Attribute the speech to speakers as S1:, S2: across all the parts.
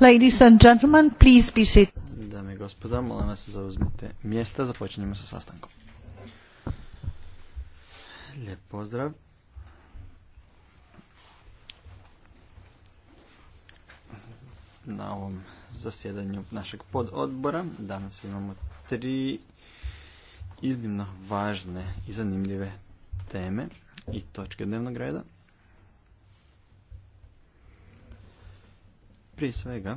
S1: Ladies and gentlemen, please be seated.
S2: Dame i gospoda, molim vas zauzmite mjesta, započinjemo sa sastankom. Lijep pozdrav. Na ovom zasjedanju našeg pododbora danas imamo tri iznimno važne i zanimljive teme i točke dnevnog reda. Prije svega,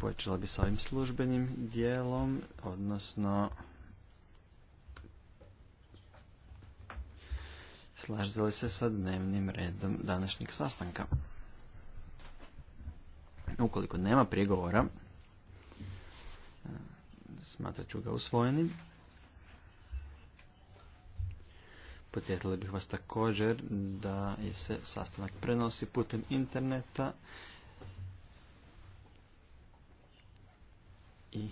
S2: počela bi s ovim službenim dijelom, odnosno slažete se sa dnevnim redom današnjeg sastanka? Ukoliko nema prigovora, smatrat ću ga usvojenim. Podsjetila bih vas također da se sastanak prenosi putem interneta i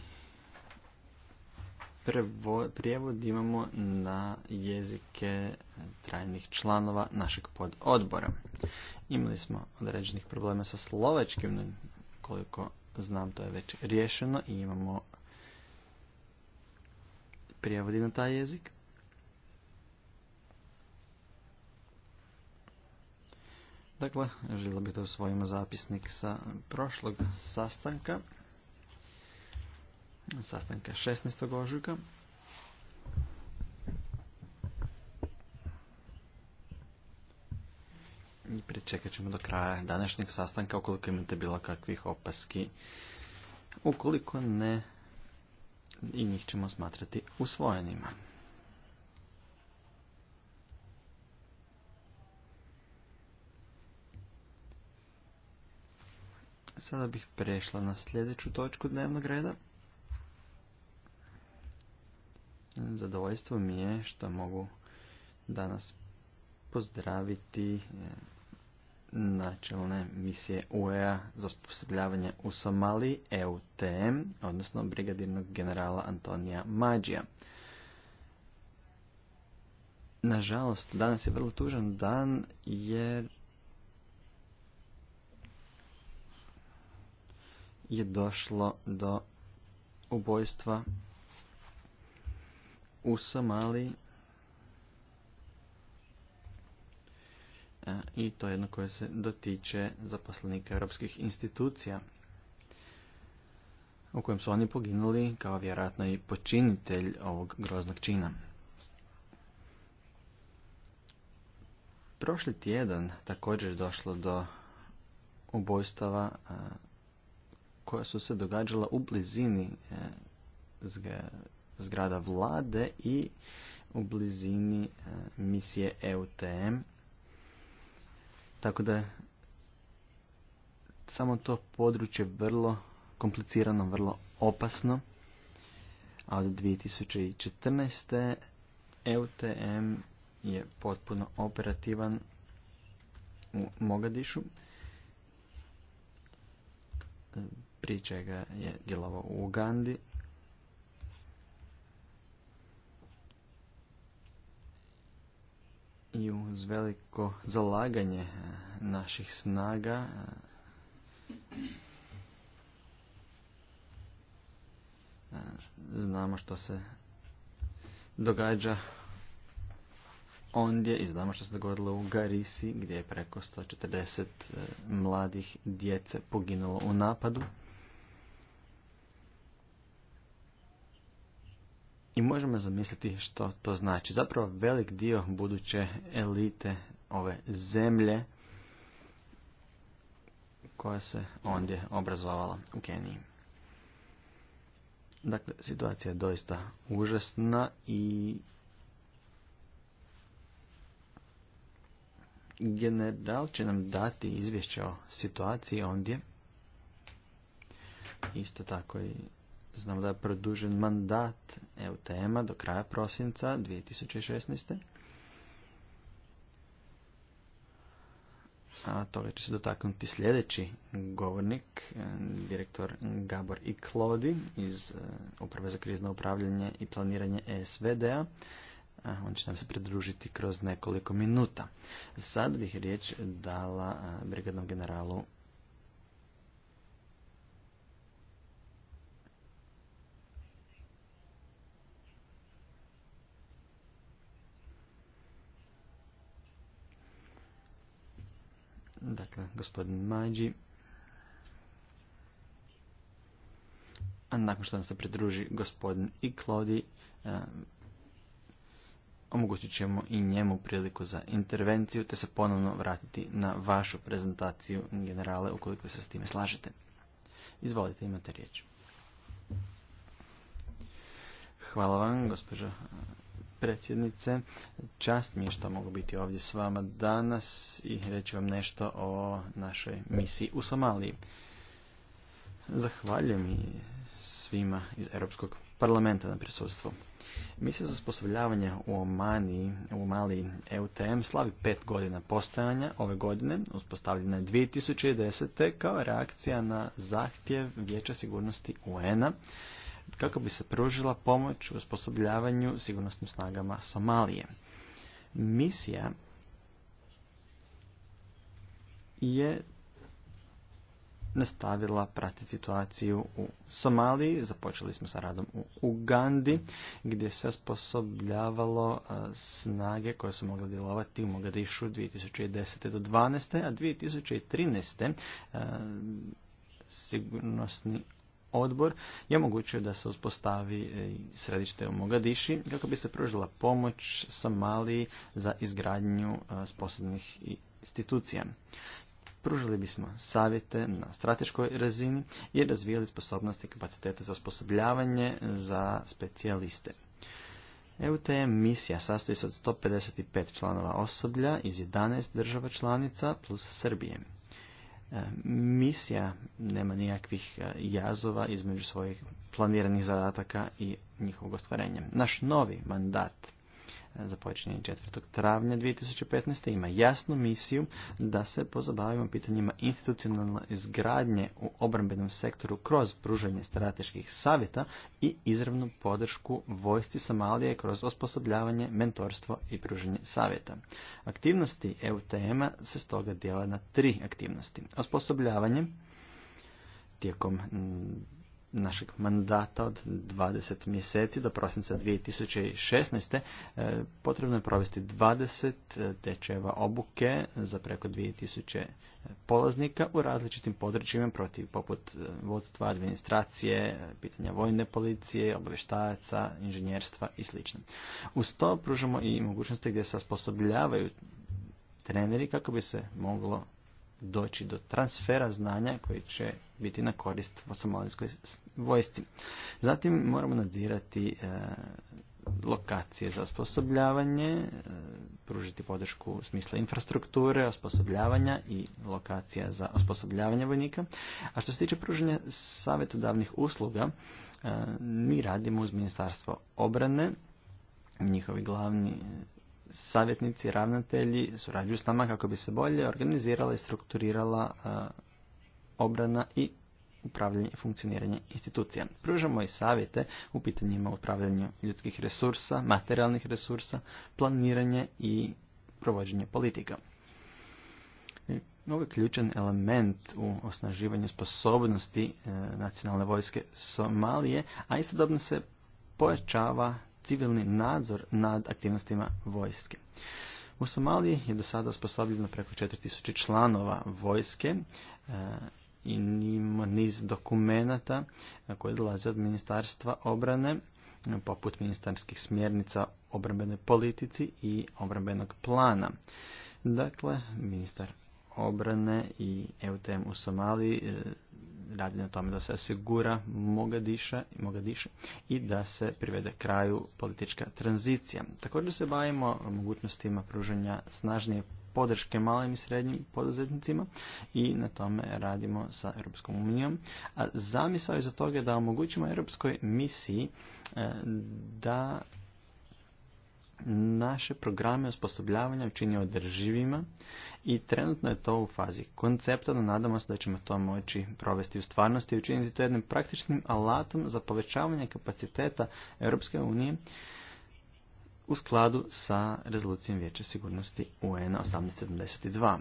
S2: prijevod imamo na jezike trajnih članova našeg pododbora. Imali smo određenih problema sa slovačkim, koliko znam to je već riješeno i imamo prijevodi na taj jezik. Dakle, želio bih da osvojimo zapisnik sa prošlog sastanka, sastanka 16. ožujka. I pričekat ćemo do kraja današnjeg sastanka ukoliko imate bilo kakvih opaski. Ukoliko ne, i njih ćemo smatrati usvojenima. Sada bih prešla na sljedeću točku dnevnog reda. Zadovoljstvo mi je što mogu danas pozdraviti eh, načelne misije ue za osposobljavanje u Somaliji, EUTM, odnosno brigadirnog generala Antonija Mađija. Nažalost, danas je vrlo tužan dan jer je došlo do ubojstva u Somaliji e, i to je jedno koje se dotiče zaposlenika europskih institucija u kojem su oni poginuli kao vjerojatno i počinitelj ovog groznog čina. Prošli tjedan također je došlo do ubojstava e, koja su se događala u blizini e, zgrada vlade i u blizini e, misije EUTM. Tako da je samo to područje vrlo komplicirano, vrlo opasno. A od 2014. EUTM je potpuno operativan u Mogadišu prije čega je djelovao u Ugandi. I uz veliko zalaganje eh, naših snaga eh, znamo što se događa ondje i znamo što se dogodilo u Garisi gdje je preko 140 eh, mladih djece poginulo u napadu. I možemo zamisliti što to znači. Zapravo velik dio buduće elite ove zemlje koja se ondje obrazovala u Keniji. Dakle, situacija je doista užasna i general će nam dati izvješće o situaciji ondje. Isto tako i znam da je produžen mandat EU tema do kraja prosinca 2016. A toga će se dotaknuti sljedeći govornik, e, direktor Gabor klodi iz e, Uprave za krizno upravljanje i planiranje esvd a e, On će nam se pridružiti kroz nekoliko minuta. Sad bih riječ dala brigadnom generalu Dakle, gospodin Mađi. A nakon što nam se pridruži gospodin i Klodi, e, omogućit ćemo i njemu priliku za intervenciju, te se ponovno vratiti na vašu prezentaciju generale, ukoliko se s time slažete. Izvolite, imate riječ. Hvala vam, gospođo predsjednice. Čast mi je što mogu biti ovdje s vama danas i reći vam nešto o našoj misiji u Somaliji. Zahvaljujem i svima iz Europskog parlamenta na prisustvu. Misija za osposobljavanje u Omani, u Mali EUTM slavi pet godina postojanja ove godine, uspostavljena je 2010. kao reakcija na zahtjev Vijeća sigurnosti UN-a kako bi se pružila pomoć u osposobljavanju sigurnosnim snagama Somalije. Misija je nastavila pratiti situaciju u Somaliji. Započeli smo sa radom u Ugandi gdje se osposobljavalo e, snage koje su mogle djelovati u Mogadišu 2010. do 2012. a 2013. E, sigurnosni odbor je omogućio da se uspostavi e, središte u Mogadiši kako bi se pružila pomoć Somaliji za izgradnju e, sposobnih institucija. Pružili bismo savjete na strateškoj razini i razvijali sposobnosti i kapacitete za osposobljavanje za specijaliste. EUTM misija sastoji se od 155 članova osoblja iz 11 država članica plus Srbije. E, misija nema nikakvih e, jazova između svojih planiranih zadataka i njihovog ostvarenja. Naš novi mandat započinje 4. travnja 2015. ima jasnu misiju da se pozabavimo pitanjima institucionalne izgradnje u obrambenom sektoru kroz pružanje strateških savjeta i izravnu podršku vojsci Somalije kroz osposobljavanje, mentorstvo i pružanje savjeta. Aktivnosti EUTM-a se stoga dijela na tri aktivnosti. Osposobljavanje tijekom našeg mandata od 20 mjeseci do prosinca 2016. E, potrebno je provesti 20 e, tečeva obuke za preko 2000 e, polaznika u različitim područjima protiv poput vodstva, administracije, pitanja vojne policije, obavještajaca, inženjerstva i sl. Uz to pružamo i mogućnosti gdje se osposobljavaju treneri kako bi se moglo doći do transfera znanja koji će biti na korist somalijskoj vojsci. Zatim moramo nadzirati e, lokacije za osposobljavanje, e, pružiti podršku u smislu infrastrukture, osposobljavanja i lokacija za osposobljavanje vojnika. A što se tiče pružanja savjetodavnih usluga, e, mi radimo uz Ministarstvo obrane, njihovi glavni savjetnici, ravnatelji surađuju s nama kako bi se bolje organizirala i strukturirala e, obrana i upravljanje i funkcioniranje institucija. Pružamo i savjete u pitanjima upravljanja ljudskih resursa, materijalnih resursa, planiranje i provođenje politika. E, ovo je ključan element u osnaživanju sposobnosti e, nacionalne vojske Somalije, a istodobno se pojačava civilni nadzor nad aktivnostima vojske. U Somaliji je do sada osposobljeno preko 4000 članova vojske e, i nima niz dokumenata e, koje dolaze od Ministarstva obrane, e, poput ministarskih smjernica obrambenoj politici i obrambenog plana. Dakle, ministar obrane i EUTM u Somaliji radi na tome da se osigura Mogadiša i i da se privede kraju politička tranzicija. Također se bavimo mogućnostima pružanja snažnije podrške malim i srednjim poduzetnicima i na tome radimo sa Europskom unijom. A zamisao je za toga da omogućimo europskoj misiji eh, da naše programe osposobljavanja učinio održivima i trenutno je to u fazi koncepta, no nadamo se da ćemo to moći provesti u stvarnosti i učiniti to jednim praktičnim alatom za povećavanje kapaciteta Europske unije u skladu sa rezolucijom Vijeća sigurnosti un 1872.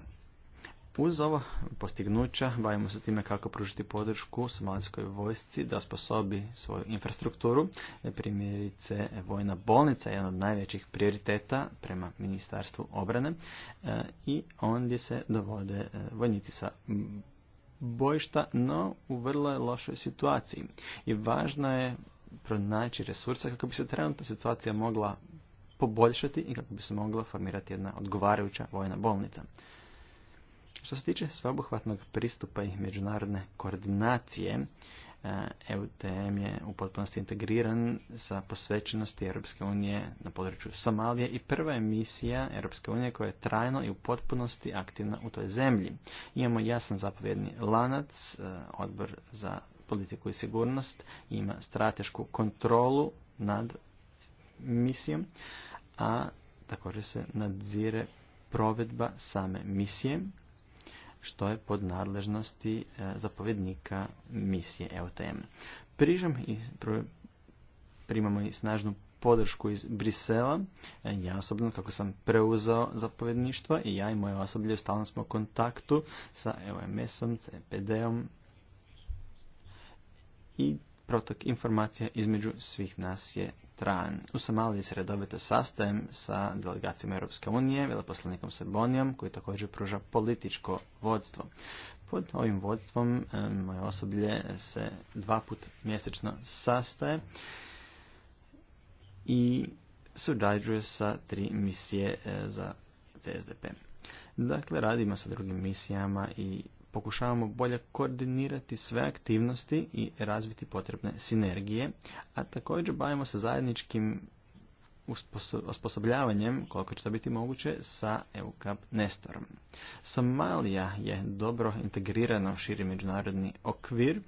S2: Uz ovo postignuća bavimo se time kako pružiti podršku somalijskoj vojsci da sposobi svoju infrastrukturu. Primjerice, vojna bolnica je jedan od najvećih prioriteta prema Ministarstvu obrane e, i ondje se dovode e, vojnici sa bojišta, no u vrlo lošoj situaciji. I važno je pronaći resurse kako bi se trenutna situacija mogla poboljšati i kako bi se mogla formirati jedna odgovarajuća vojna bolnica. Što se tiče sveobuhvatnog pristupa i međunarodne koordinacije, EUTM e je u potpunosti integriran sa posvećenosti Europske unije na području Somalije i prva je misija Europske unije koja je trajno i u potpunosti aktivna u toj zemlji. Imamo jasan zapovjedni lanac, e, odbor za politiku i sigurnost ima stratešku kontrolu nad misijom, a također se nadzire provedba same misije što je pod nadležnosti e, zapovjednika misije EOTM. Prižam i primamo i snažnu podršku iz Brisela. E, ja osobno, kako sam preuzao zapovjedništvo, i ja i moje osoblje stalno smo u kontaktu sa EOMS-om, CPD-om i protok informacija između svih nas je trajan. U Somaliji se redovito sastajem sa delegacijom Europske unije, veleposlanikom Serbonijom, koji također pruža političko vodstvo. Pod ovim vodstvom e, moje osoblje se dva put mjesečno sastaje i surađuje sa tri misije e, za CSDP. Dakle, radimo sa drugim misijama i pokušavamo bolje koordinirati sve aktivnosti i razviti potrebne sinergije, a također bavimo se zajedničkim osposobljavanjem, koliko će to biti moguće, sa EUCAP Nestorom. Somalija je dobro integrirana u širi međunarodni okvir,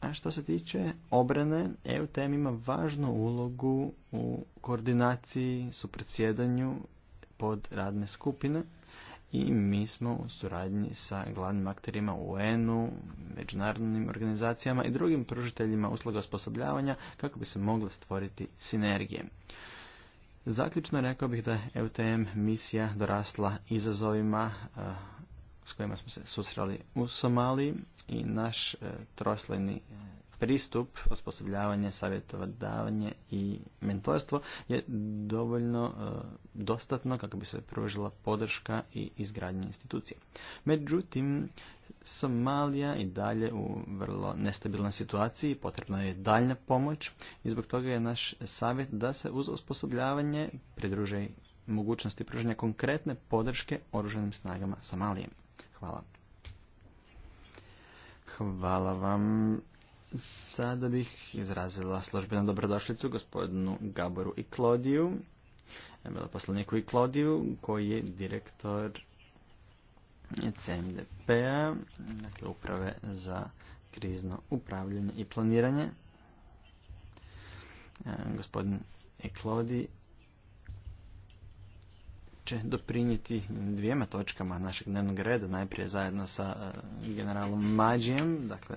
S2: a što se tiče obrane, tem ima važnu ulogu u koordinaciji, supredsjedanju pod radne skupine, i mi smo u suradnji sa glavnim akterima UN-u, međunarodnim organizacijama i drugim pružiteljima usluga osposobljavanja kako bi se mogle stvoriti sinergije. Zaključno rekao bih da je EUTM misija dorasla izazovima eh, s kojima smo se susreli u Somaliji i naš eh, troslojni eh, pristup, osposobljavanje, savjetovanje i mentorstvo je dovoljno e, dostatno kako bi se pružila podrška i izgradnja institucije. Međutim, Somalija i dalje u vrlo nestabilnoj situaciji, potrebna je daljna pomoć i zbog toga je naš savjet da se uz osposobljavanje pridruže mogućnosti pružanja konkretne podrške oruženim snagama Somalije. Hvala. Hvala vam Sada bih izrazila službenu dobrodošlicu gospodinu Gaboru i Klodiju, poslaniku i Klodiju, koji je direktor CMDP-a, dakle uprave za krizno upravljanje i planiranje. E, gospodin Eklodi će doprinijeti dvijema točkama našeg dnevnog reda, najprije zajedno sa e, generalom Mađijem, dakle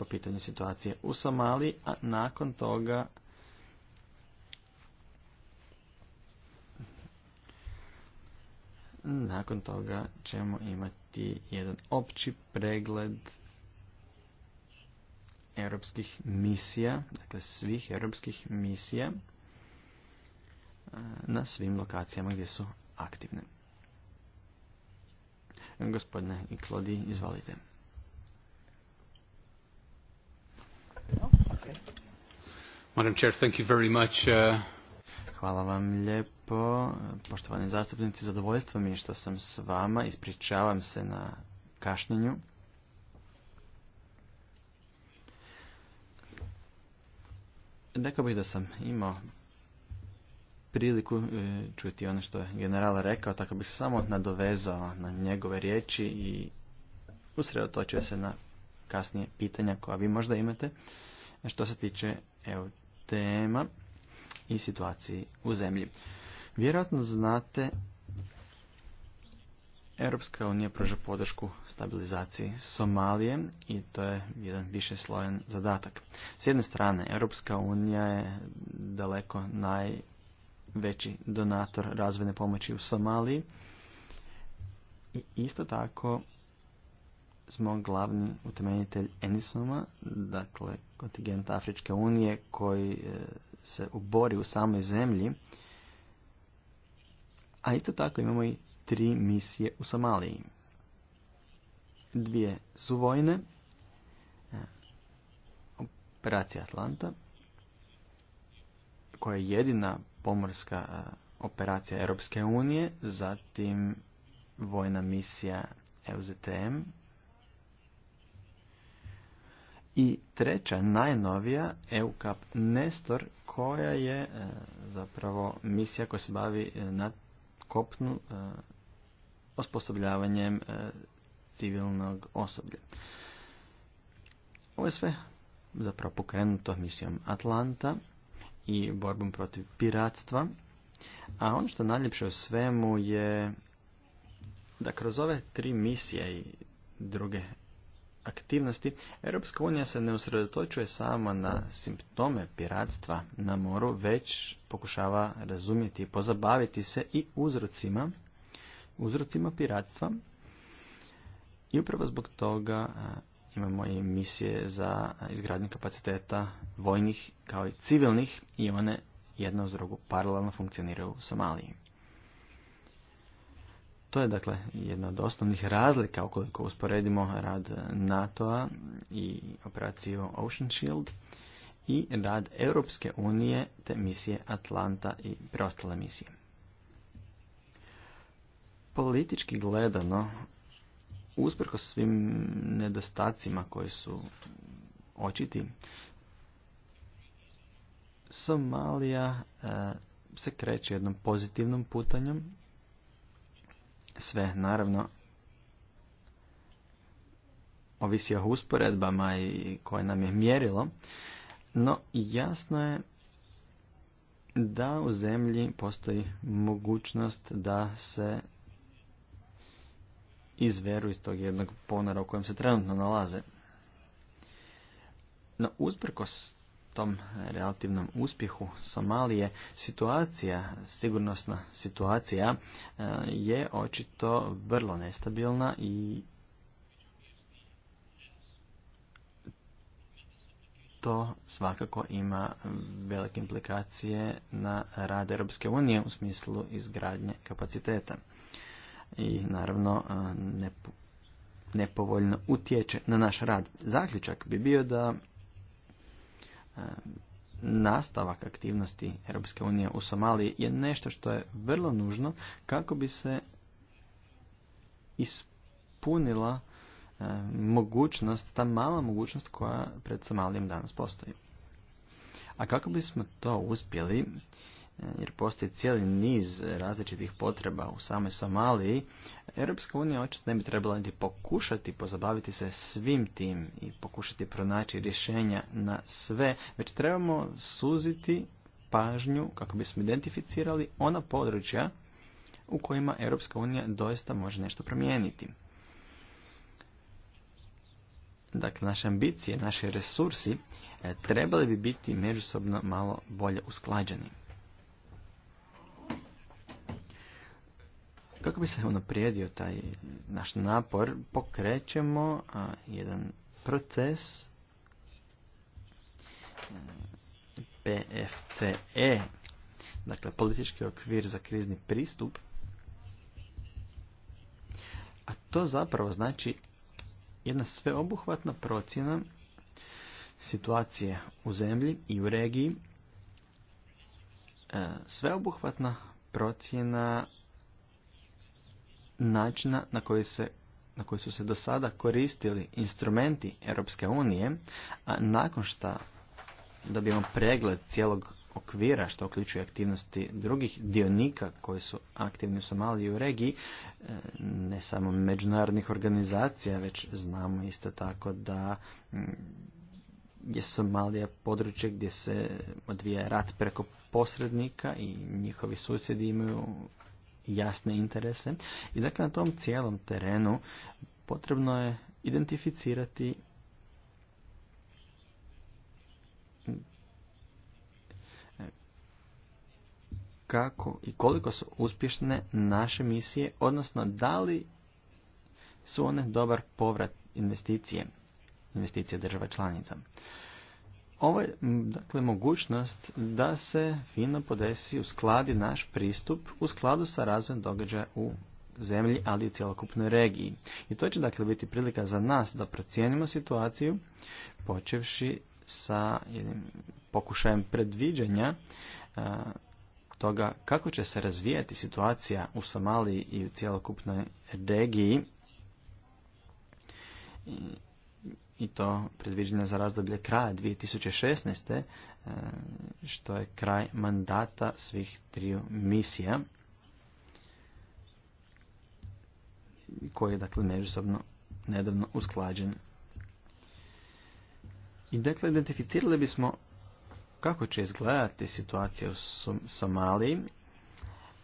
S2: po pitanju situacije u Somaliji, a nakon toga nakon toga ćemo imati jedan opći pregled europskih misija, dakle svih europskih misija na svim lokacijama gdje su aktivne. Gospodine Iklodi, izvalite.
S3: Uh, Hvala vam lijepo, poštovani zastupnici,
S2: zadovoljstvo mi je što sam s vama, ispričavam se na kašnjenju. Rekao bih da sam imao priliku e, čuti ono što je general rekao, tako bih se samo nadovezao na njegove riječi i usredotočio se na kasnije pitanja koja vi možda imate što se tiče evo, tema i situaciji u zemlji. Vjerojatno znate Europska unija pruža podršku stabilizaciji Somalije i to je jedan više slojen zadatak. S jedne strane, Europska unija je daleko najveći donator razvojne pomoći u Somaliji i isto tako smo glavni utemeljitelj Enisoma, dakle kontingent Afričke unije koji e, se ubori u samoj zemlji, a isto tako imamo i tri misije u Somaliji. Dvije su vojne, e, operacija Atlanta, koja je jedina pomorska e, operacija Europske unije, zatim vojna misija EUZTM, i treća, najnovija, EUCAP Nestor, koja je e, zapravo misija koja se bavi e, na kopnu e, osposobljavanjem civilnog osoblja. Ovo je sve zapravo pokrenuto misijom Atlanta i borbom protiv piratstva. A ono što najljepše u svemu je da kroz ove tri misije i druge aktivnosti, Europska unija se ne usredotočuje samo na simptome piratstva na moru, već pokušava razumjeti i pozabaviti se i uzrocima, uzrocima piratstva. I upravo zbog toga imamo i misije za izgradnju kapaciteta vojnih kao i civilnih i one jedna uz drugu paralelno funkcioniraju u Somaliji. To je dakle jedna od osnovnih razlika ukoliko usporedimo rad NATO-a i operaciju Ocean Shield i rad Europske unije te misije Atlanta i preostale misije. Politički gledano, usprko svim nedostacima koji su očiti, Somalija eh, se kreće jednom pozitivnom putanjem sve naravno ovisi o usporedbama i koje nam je mjerilo, no jasno je da u zemlji postoji mogućnost da se izveru iz tog jednog ponora u kojem se trenutno nalaze. No, usprkos tom relativnom uspjehu Somalije, situacija, sigurnosna situacija e, je očito vrlo nestabilna i to svakako ima velike implikacije na rad Europske unije u smislu izgradnje kapaciteta. I naravno e, nepovoljno utječe na naš rad. Zaključak bi bio da nastavak aktivnosti Europske unije u Somaliji je nešto što je vrlo nužno kako bi se ispunila e, mogućnost, ta mala mogućnost koja pred Somalijom danas postoji. A kako bismo to uspjeli, jer postoji cijeli niz različitih potreba u samoj Somaliji, Europska unija očito ne bi trebala niti pokušati pozabaviti se svim tim i pokušati pronaći rješenja na sve, već trebamo suziti pažnju kako bismo identificirali ona područja u kojima Europska unija doista može nešto promijeniti. Dakle, naše ambicije, naši resursi e, trebali bi biti međusobno malo bolje usklađeni. Kako bi se unaprijedio taj naš napor, pokrećemo a, jedan proces PFCE, e, dakle politički okvir za krizni pristup, a to zapravo znači jedna sveobuhvatna procjena situacije u zemlji i u regiji, e, sveobuhvatna procjena načina na koji se na koji su se do sada koristili instrumenti Europske unije, a nakon što dobijemo pregled cijelog okvira što uključuje aktivnosti drugih dionika koji su aktivni u Somaliji i u regiji, ne samo međunarodnih organizacija, već znamo isto tako da mm, je Somalija područje gdje se odvija rat preko posrednika i njihovi susjedi imaju jasne interese. I dakle na tom cijelom terenu potrebno je identificirati kako i koliko su uspješne naše misije, odnosno da li su one dobar povrat investicije, investicije država članica. Ovo je dakle, mogućnost da se fino podesi uskladi naš pristup u skladu sa razvojem događaja u zemlji, ali i u cjelokupnoj regiji. I to će dakle biti prilika za nas da procijenimo situaciju, počevši sa jednim pokušajem predviđanja toga kako će se razvijati situacija u Somaliji i u cjelokupnoj regiji i to predviđeno za razdoblje kraja 2016. E, što je kraj mandata svih triju misija koji je dakle međusobno nedavno usklađen. I dakle identificirali bismo kako će izgledati situacija u Somaliji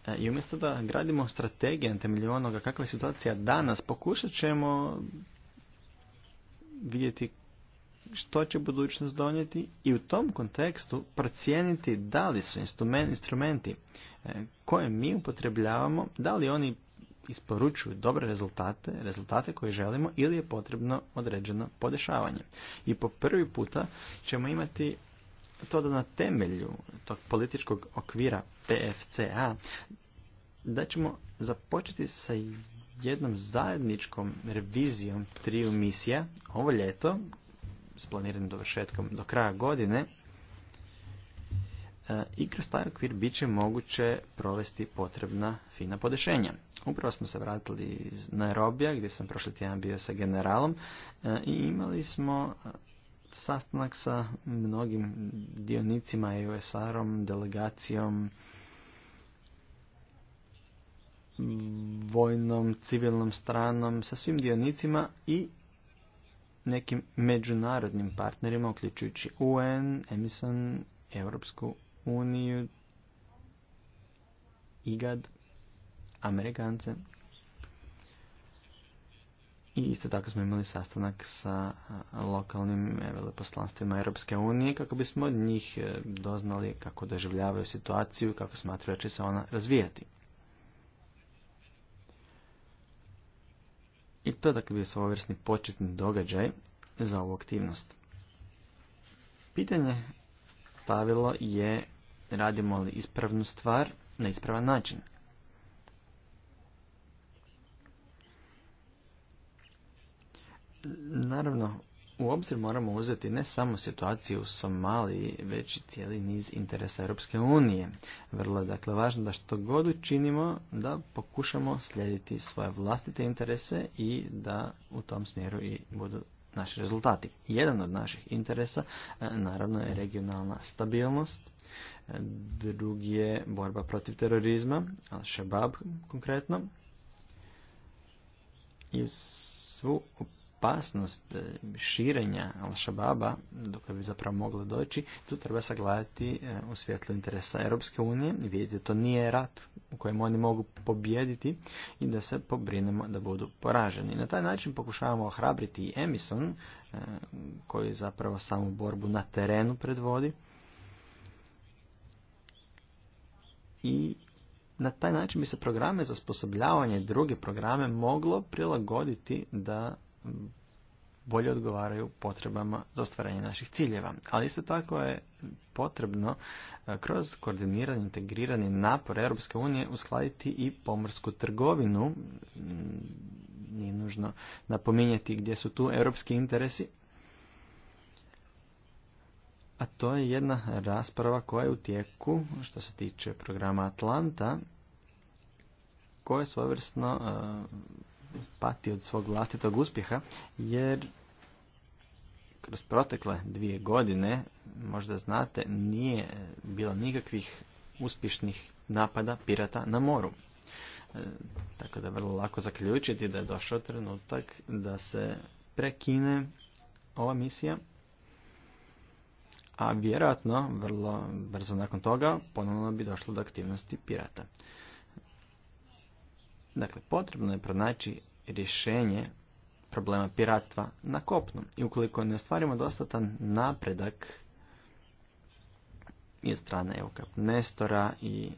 S2: e, i umjesto da gradimo strategije na temelju onoga kakva je situacija danas, pokušat ćemo vidjeti što će budućnost donijeti i u tom kontekstu procijeniti da li su instrumenti e, koje mi upotrebljavamo, da li oni isporučuju dobre rezultate, rezultate koje želimo ili je potrebno određeno podešavanje. I po prvi puta ćemo imati to da na temelju tog političkog okvira PFCA da ćemo započeti sa jednom zajedničkom revizijom triju misija ovo ljeto s planiranim dovršetkom do kraja godine e, i kroz taj okvir bit će moguće provesti potrebna fina podešenja. Upravo smo se vratili iz Nairobija gdje sam prošli tjedan bio sa generalom e, i imali smo e, sastanak sa mnogim dionicima i USR-om, delegacijom vojnom, civilnom stranom, sa svim dionicima i nekim međunarodnim partnerima, uključujući UN, Emison, Europsku uniju, IGAD, Amerikance. I isto tako smo imali sastanak sa lokalnim e, veleposlanstvima Europske unije kako bismo od njih e, doznali kako doživljavaju situaciju kako smatraju da će se ona razvijati. I to je dakle bio svojevrsni početni događaj za ovu aktivnost. Pitanje pavilo je radimo li ispravnu stvar na ispravan način.
S3: Naravno,
S2: u obzir moramo uzeti ne samo situaciju u Somaliji, već i cijeli niz interesa Europske unije. Vrlo je dakle važno da što god učinimo, da pokušamo slijediti svoje vlastite interese i da u tom smjeru i budu naši rezultati. Jedan od naših interesa e, naravno je regionalna stabilnost, e, drugi je borba protiv terorizma, al-Shabaab konkretno, i svu opasnost e, širenja Al-Shababa, do koje bi zapravo moglo doći, tu treba sagledati e, u svjetlu interesa Europske unije i vidjeti da to nije rat u kojem oni mogu pobijediti i da se pobrinemo da budu poraženi. Na taj način pokušavamo ohrabriti i Emison, e, koji zapravo samu borbu na terenu predvodi, i na taj način bi se programe za sposobljavanje druge programe moglo prilagoditi da bolje odgovaraju potrebama za ostvaranje naših ciljeva. Ali isto tako je potrebno e, kroz koordinirani, integrirani napor Europske unije uskladiti i pomorsku trgovinu. Nije nužno napominjati gdje su tu europski interesi. A to je jedna rasprava koja je u tijeku što se tiče programa Atlanta koje svojevrsno e, pati od svog vlastitog uspjeha, jer kroz protekle dvije godine, možda znate, nije bilo nikakvih uspješnih napada pirata na moru. E, tako da je vrlo lako zaključiti da je došao trenutak da se prekine ova misija, a vjerojatno vrlo brzo nakon toga ponovno bi došlo do aktivnosti pirata. Dakle, potrebno je pronaći rješenje problema piratstva na kopnu. I ukoliko ne ostvarimo dostatan napredak i od strane EUCAP Nestora i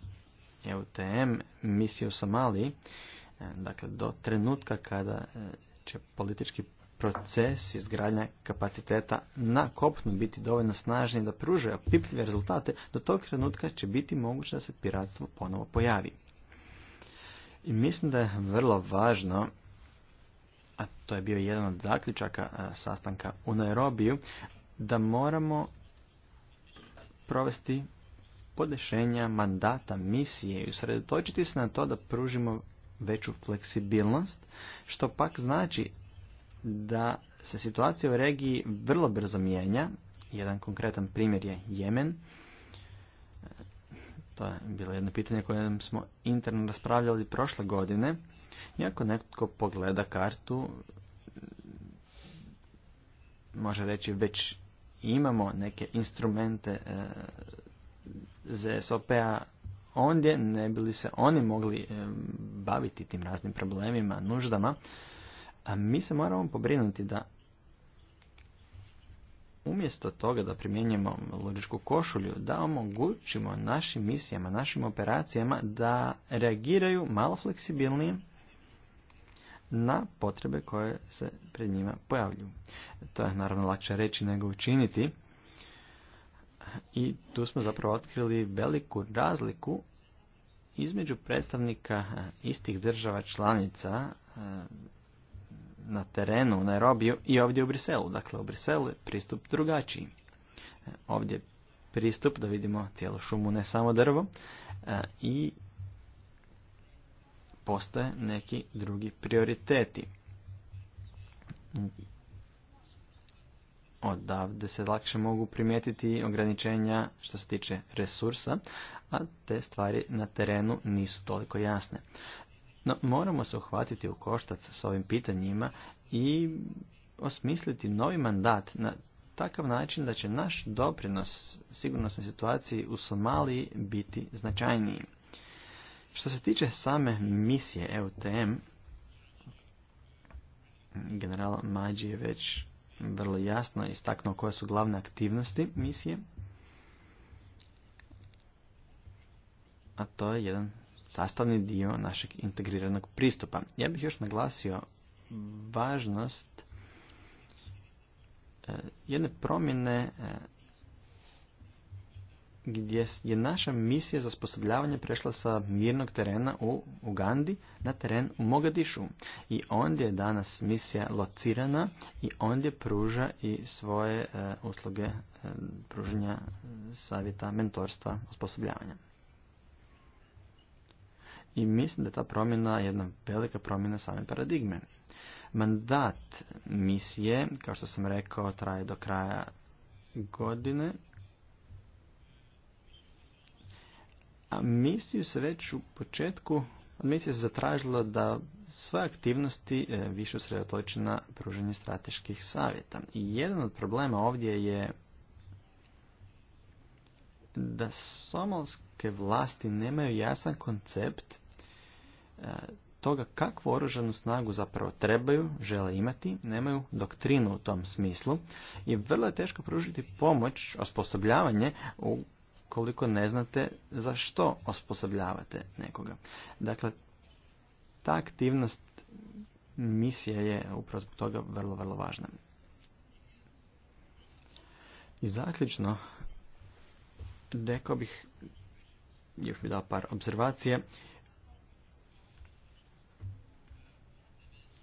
S2: EUTM misije u Somaliji, e, dakle do trenutka kada e, će politički proces izgradnja kapaciteta na kopnu biti dovoljno snažni da pružuje opipljive rezultate, do tog trenutka će biti moguće da se piratstvo ponovo pojavi. I mislim da je vrlo važno, a to je bio jedan od zaključaka e, sastanka u Nairobiju, da moramo provesti podešenja mandata misije i usredotočiti se na to da pružimo veću fleksibilnost, što pak znači da se situacija u regiji vrlo brzo mijenja. Jedan konkretan primjer je Jemen, to je bilo jedno pitanje koje smo interno raspravljali prošle godine. I ako netko pogleda kartu, može reći već imamo neke instrumente e, ZSOP-a ondje, ne bi li se oni mogli e, baviti tim raznim problemima, nuždama. A mi se moramo pobrinuti da umjesto toga da primjenjujemo logičku košulju, da omogućimo našim misijama, našim operacijama da reagiraju malo fleksibilnije na potrebe koje se pred njima pojavljuju. To je naravno lakše reći nego učiniti. I tu smo zapravo otkrili veliku razliku između predstavnika istih država članica na terenu u Nairobiju i ovdje u Briselu. Dakle, u Briselu je pristup drugačiji. E, ovdje je pristup da vidimo cijelu šumu, ne samo drvo. E, I postoje neki drugi prioriteti. Odavde se lakše mogu primijetiti ograničenja što se tiče resursa, a te stvari na terenu nisu toliko jasne moramo se uhvatiti u koštac s ovim pitanjima i osmisliti novi mandat na takav način da će naš doprinos sigurnosnoj situaciji u Somaliji biti značajniji. Što se tiče same misije EUTM, general Mađi je već vrlo jasno istaknuo koje su glavne aktivnosti misije, a to je jedan sastavni dio našeg integriranog pristupa. Ja bih još naglasio važnost e, jedne promjene e, gdje je naša misija za sposobljavanje prešla sa mirnog terena u Ugandi na teren u Mogadišu. I ondje je danas misija locirana i ondje pruža i svoje e, usluge pružanja savjeta, mentorstva, osposobljavanja. I mislim da je ta promjena jedna velika promjena same paradigme. Mandat misije, kao što sam rekao, traje do kraja godine. A misiju se već u početku misija se zatražila da sve aktivnosti e, više usredotoče na pružanje strateških savjeta. I jedan od problema ovdje je da somalski vlasti nemaju jasan koncept e, toga kakvu oružanu snagu zapravo trebaju, žele imati, nemaju doktrinu u tom smislu i vrlo je teško pružiti pomoć, osposobljavanje ukoliko ne znate za što osposobljavate nekoga. Dakle, ta aktivnost misija je upravo zbog toga vrlo, vrlo važna. I zaključno, rekao bih još bi dao par observacije.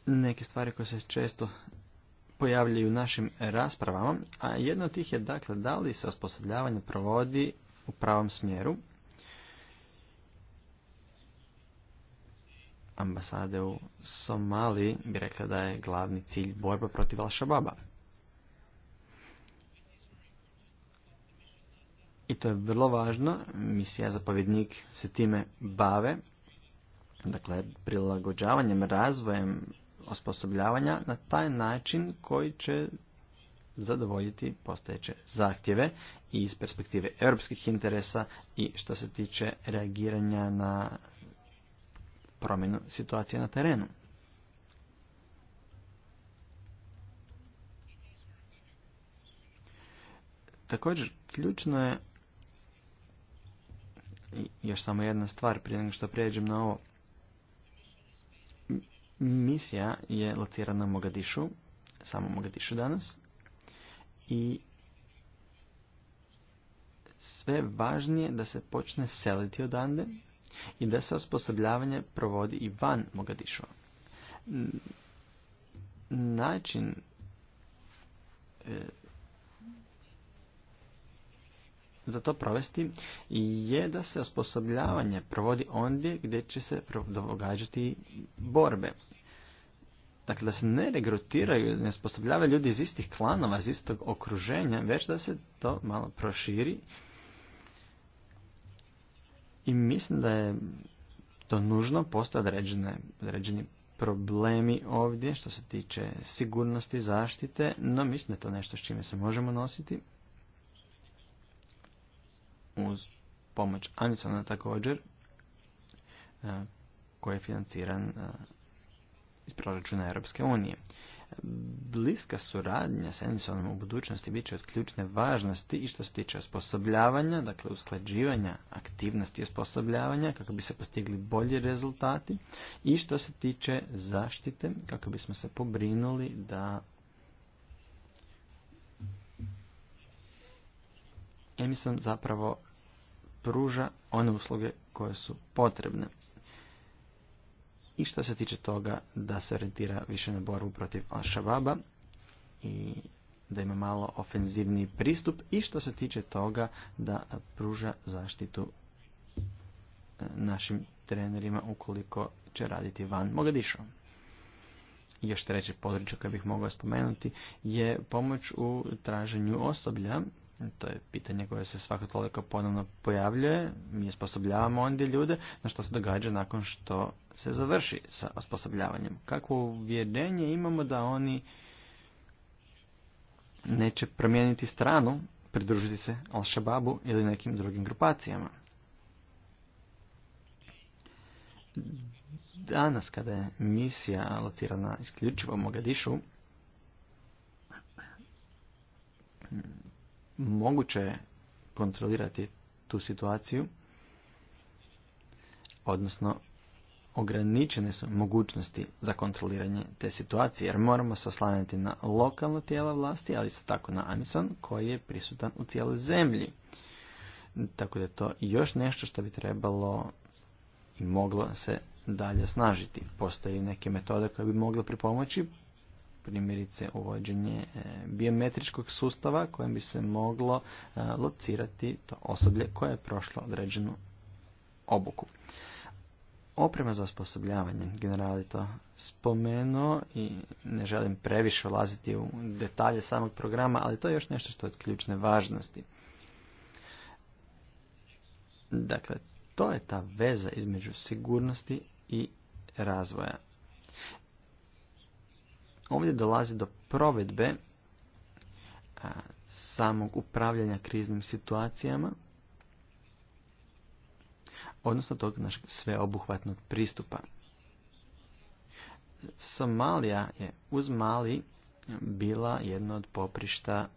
S2: Neke stvari koje se često pojavljaju u našim raspravama, a jedna od tih je dakle da li se osposobljavanje provodi u pravom smjeru. Ambasade u Somaliji bi rekla da je glavni cilj borba protiv Al-Shababa. I to je vrlo važno. Misija zapovjednik se time bave. Dakle, prilagođavanjem, razvojem osposobljavanja na taj način koji će zadovoljiti postojeće zahtjeve i iz perspektive europskih interesa i što se tiče reagiranja na promjenu situacije na terenu. Također, ključno je i još samo jedna stvar prije nego što prijeđem na ovo. Misija je locirana u Mogadišu, samo Mogadišu danas. I sve važnije da se počne seliti odande i da se osposobljavanje provodi i van Mogadišova. Način e, za to provesti je da se osposobljavanje provodi ondje gdje će se događati borbe. Dakle, da se ne regrutiraju, ne osposobljavaju ljudi iz istih klanova, iz istog okruženja, već da se to malo proširi. I mislim da je to nužno, postoje određene, određeni problemi ovdje što se tiče sigurnosti, zaštite, no mislim da je to nešto s čime se možemo nositi uz pomoć Anisona također, e, koji je financiran e, iz proračuna Europske unije. Bliska suradnja s Anisonom u budućnosti bit će od ključne važnosti i što se tiče osposobljavanja, dakle usklađivanja aktivnosti osposobljavanja kako bi se postigli bolji rezultati i što se tiče zaštite kako bismo se pobrinuli da Emison zapravo pruža one usluge koje su potrebne. I što se tiče toga da se orientira više na borbu protiv al i da ima malo ofenzivni pristup i što se tiče toga da pruža zaštitu e, našim trenerima ukoliko će raditi van Mogadišu. Još treće područje koje bih mogao spomenuti je pomoć u traženju osoblja to je pitanje koje se svako toliko ponovno pojavljuje. Mi osposobljavamo ondje ljude, na što se događa nakon što se završi sa osposobljavanjem. Kakvo uvjerenje imamo da oni neće promijeniti stranu, pridružiti se Al-Shababu ili nekim drugim grupacijama. Danas kada je misija locirana isključivo Mogadišu, moguće je kontrolirati tu situaciju, odnosno ograničene su mogućnosti za kontroliranje te situacije, jer moramo se oslanjati na lokalno tijela vlasti, ali se tako na anison koji je prisutan u cijeloj zemlji. Tako da je to još nešto što bi trebalo i moglo se dalje snažiti. Postoje neke metode koje bi mogle pripomoći, primjerice uvođenje e, biometričkog sustava kojem bi se moglo e, locirati to osoblje koje je prošlo određenu obuku. Oprema za osposobljavanje, general je to spomenuo i ne želim previše ulaziti u detalje samog programa, ali to je još nešto što je od ključne važnosti. Dakle, to je ta veza između sigurnosti i razvoja ovdje dolazi do provedbe e, samog upravljanja kriznim situacijama, odnosno tog našeg sveobuhvatnog pristupa. Somalija je uz Mali bila jedna od poprišta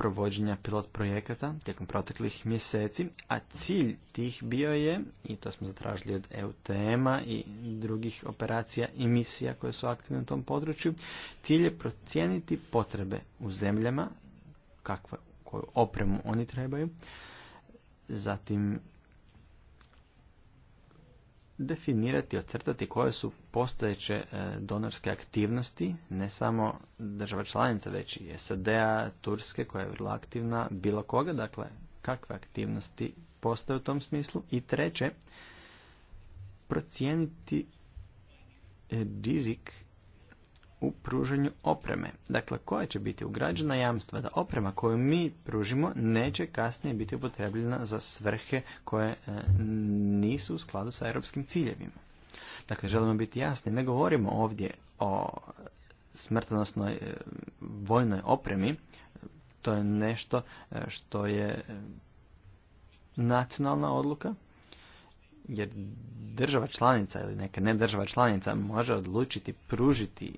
S2: provođenja pilot projekata tijekom proteklih mjeseci, a cilj tih bio je, i to smo zatražili od EUTM-a i drugih operacija i misija koje su aktivne u tom području, cilj je procijeniti potrebe u zemljama, kakvu koju opremu oni trebaju, zatim definirati, ocrtati koje su postojeće e, donorske aktivnosti, ne samo država članica, već i SAD-a, Turske koja je vrlo aktivna, bilo koga, dakle kakve aktivnosti postoje u tom smislu. I treće, procijeniti e, rizik u pružanju opreme. Dakle, koja će biti ugrađena jamstva da oprema koju mi pružimo neće kasnije biti upotrebljena za svrhe koje e, nisu u skladu sa europskim ciljevima. Dakle, želimo biti jasni, ne govorimo ovdje o smrtonosnoj e, vojnoj opremi, to je nešto e, što je nacionalna odluka, jer država članica ili neka ne država članica može odlučiti pružiti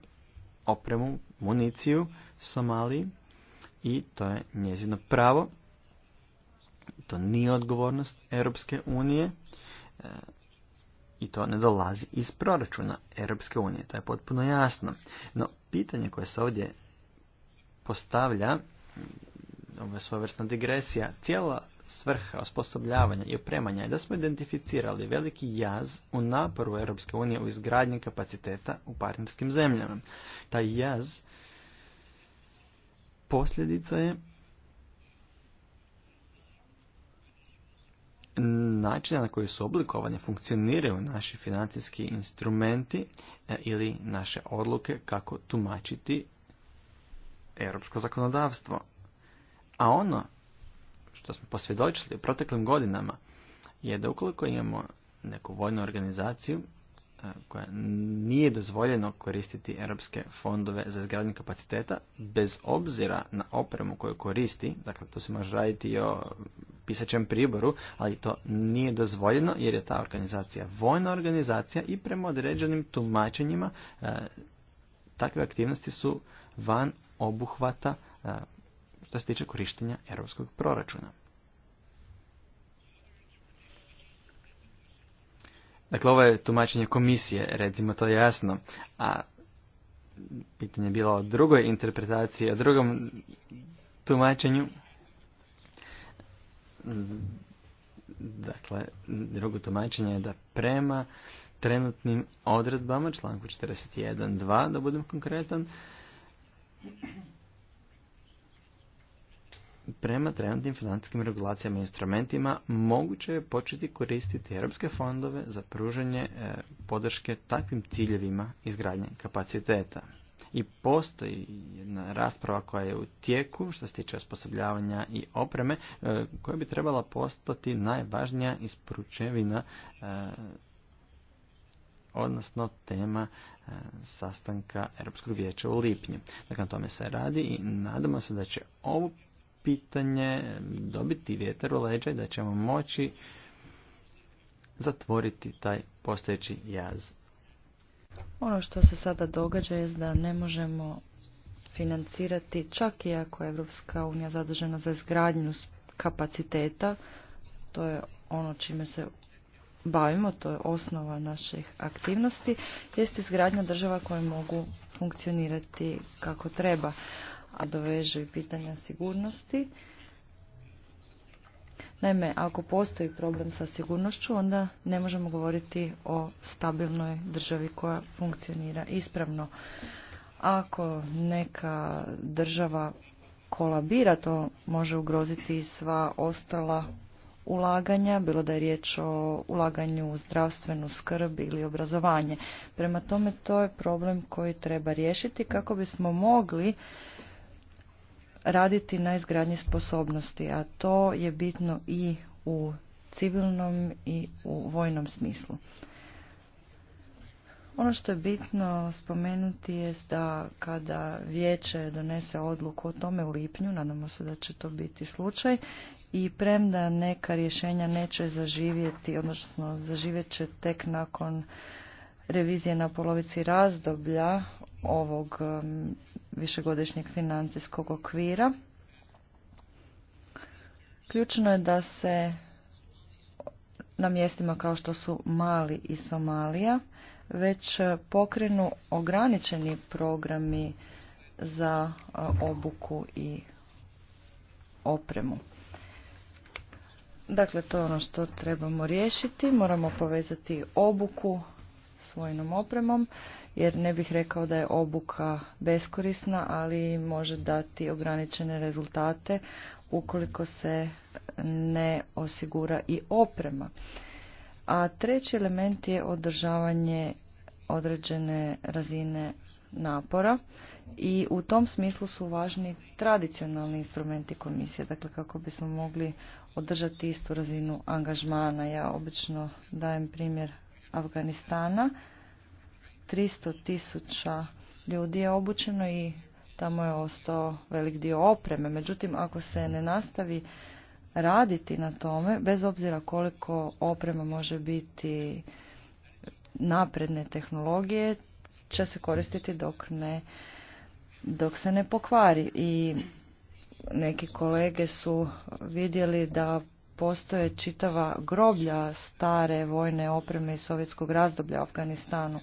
S2: opremu, municiju Somaliji i to je njezino pravo. To nije odgovornost Europske unije e, i to ne dolazi iz proračuna Europske unije. To je potpuno jasno. No, pitanje koje se ovdje postavlja, ovo je svojevrsna digresija, cijela svrha osposobljavanja i opremanja je da smo identificirali veliki jaz u naporu Europske unije u izgradnji kapaciteta u partnerskim zemljama. Taj jaz posljedica je načina na koji su oblikovani funkcioniraju naši financijski instrumenti e, ili naše odluke kako tumačiti europsko zakonodavstvo. A ono što smo posvjedočili u proteklim godinama je da ukoliko imamo neku vojnu organizaciju e, koja nije dozvoljeno koristiti europske fondove za izgradnju kapaciteta, bez obzira na opremu koju koristi, dakle to se može raditi i o pisaćem priboru, ali to nije dozvoljeno jer je ta organizacija vojna organizacija i prema određenim tumačenjima e, takve aktivnosti su van obuhvata e, što se tiče korištenja europskog proračuna. Dakle, ovo je tumačenje komisije, recimo to jasno, a pitanje je bilo o drugoj interpretaciji, o drugom tumačenju. Dakle, drugo tumačenje je da prema trenutnim odredbama, članku 41.2, da budem konkretan, prema trenutnim financijskim regulacijama i instrumentima moguće je početi koristiti europske fondove za pružanje e, podrške takvim ciljevima izgradnje kapaciteta. I postoji jedna rasprava koja je u tijeku što se tiče osposobljavanja i opreme e, koja bi trebala postati najvažnija isporučevina e, odnosno tema sastanka Europskog vijeća u lipnju. Dakle, na tome se radi i nadamo se da će ovu pitanje dobiti vjetar u leđa da ćemo moći zatvoriti taj postojeći jaz.
S1: Ono što se sada događa je da ne možemo financirati čak i ako je Evropska unija zadužena za izgradnju kapaciteta. To je ono čime se bavimo, to je osnova naših aktivnosti, jest izgradnja država koje mogu funkcionirati kako treba doveže i pitanja sigurnosti. Naime, ako postoji problem sa sigurnošću, onda ne možemo govoriti o stabilnoj državi koja funkcionira ispravno. Ako neka država kolabira, to može ugroziti i sva ostala ulaganja, bilo da je riječ o ulaganju u zdravstvenu skrb ili obrazovanje. Prema tome, to je problem koji treba riješiti kako bismo mogli raditi na izgradnji sposobnosti, a to je bitno i u civilnom i u vojnom smislu. Ono što je bitno spomenuti je da kada vijeće donese odluku o tome u lipnju, nadamo se da će to biti slučaj, i premda neka rješenja neće zaživjeti, odnosno zaživjet će tek nakon revizije na polovici razdoblja ovog višegodišnjeg financijskog okvira. Ključno je da se na mjestima kao što su Mali i Somalija već pokrenu ograničeni programi za obuku i opremu. Dakle, to je ono što trebamo riješiti. Moramo povezati obuku s vojnom opremom jer ne bih rekao da je obuka beskorisna, ali može dati ograničene rezultate ukoliko se ne osigura i oprema. A treći element je održavanje određene razine napora i u tom smislu su važni tradicionalni instrumenti komisije, dakle kako bismo mogli održati istu razinu angažmana. Ja obično dajem primjer Afganistana 300 tisuća ljudi je obučeno i tamo je ostao velik dio opreme. Međutim, ako se ne nastavi raditi na tome, bez obzira koliko oprema može biti napredne tehnologije, će se koristiti dok ne dok se ne pokvari i neki kolege su vidjeli da postoje čitava groblja stare vojne opreme iz sovjetskog razdoblja u Afganistanu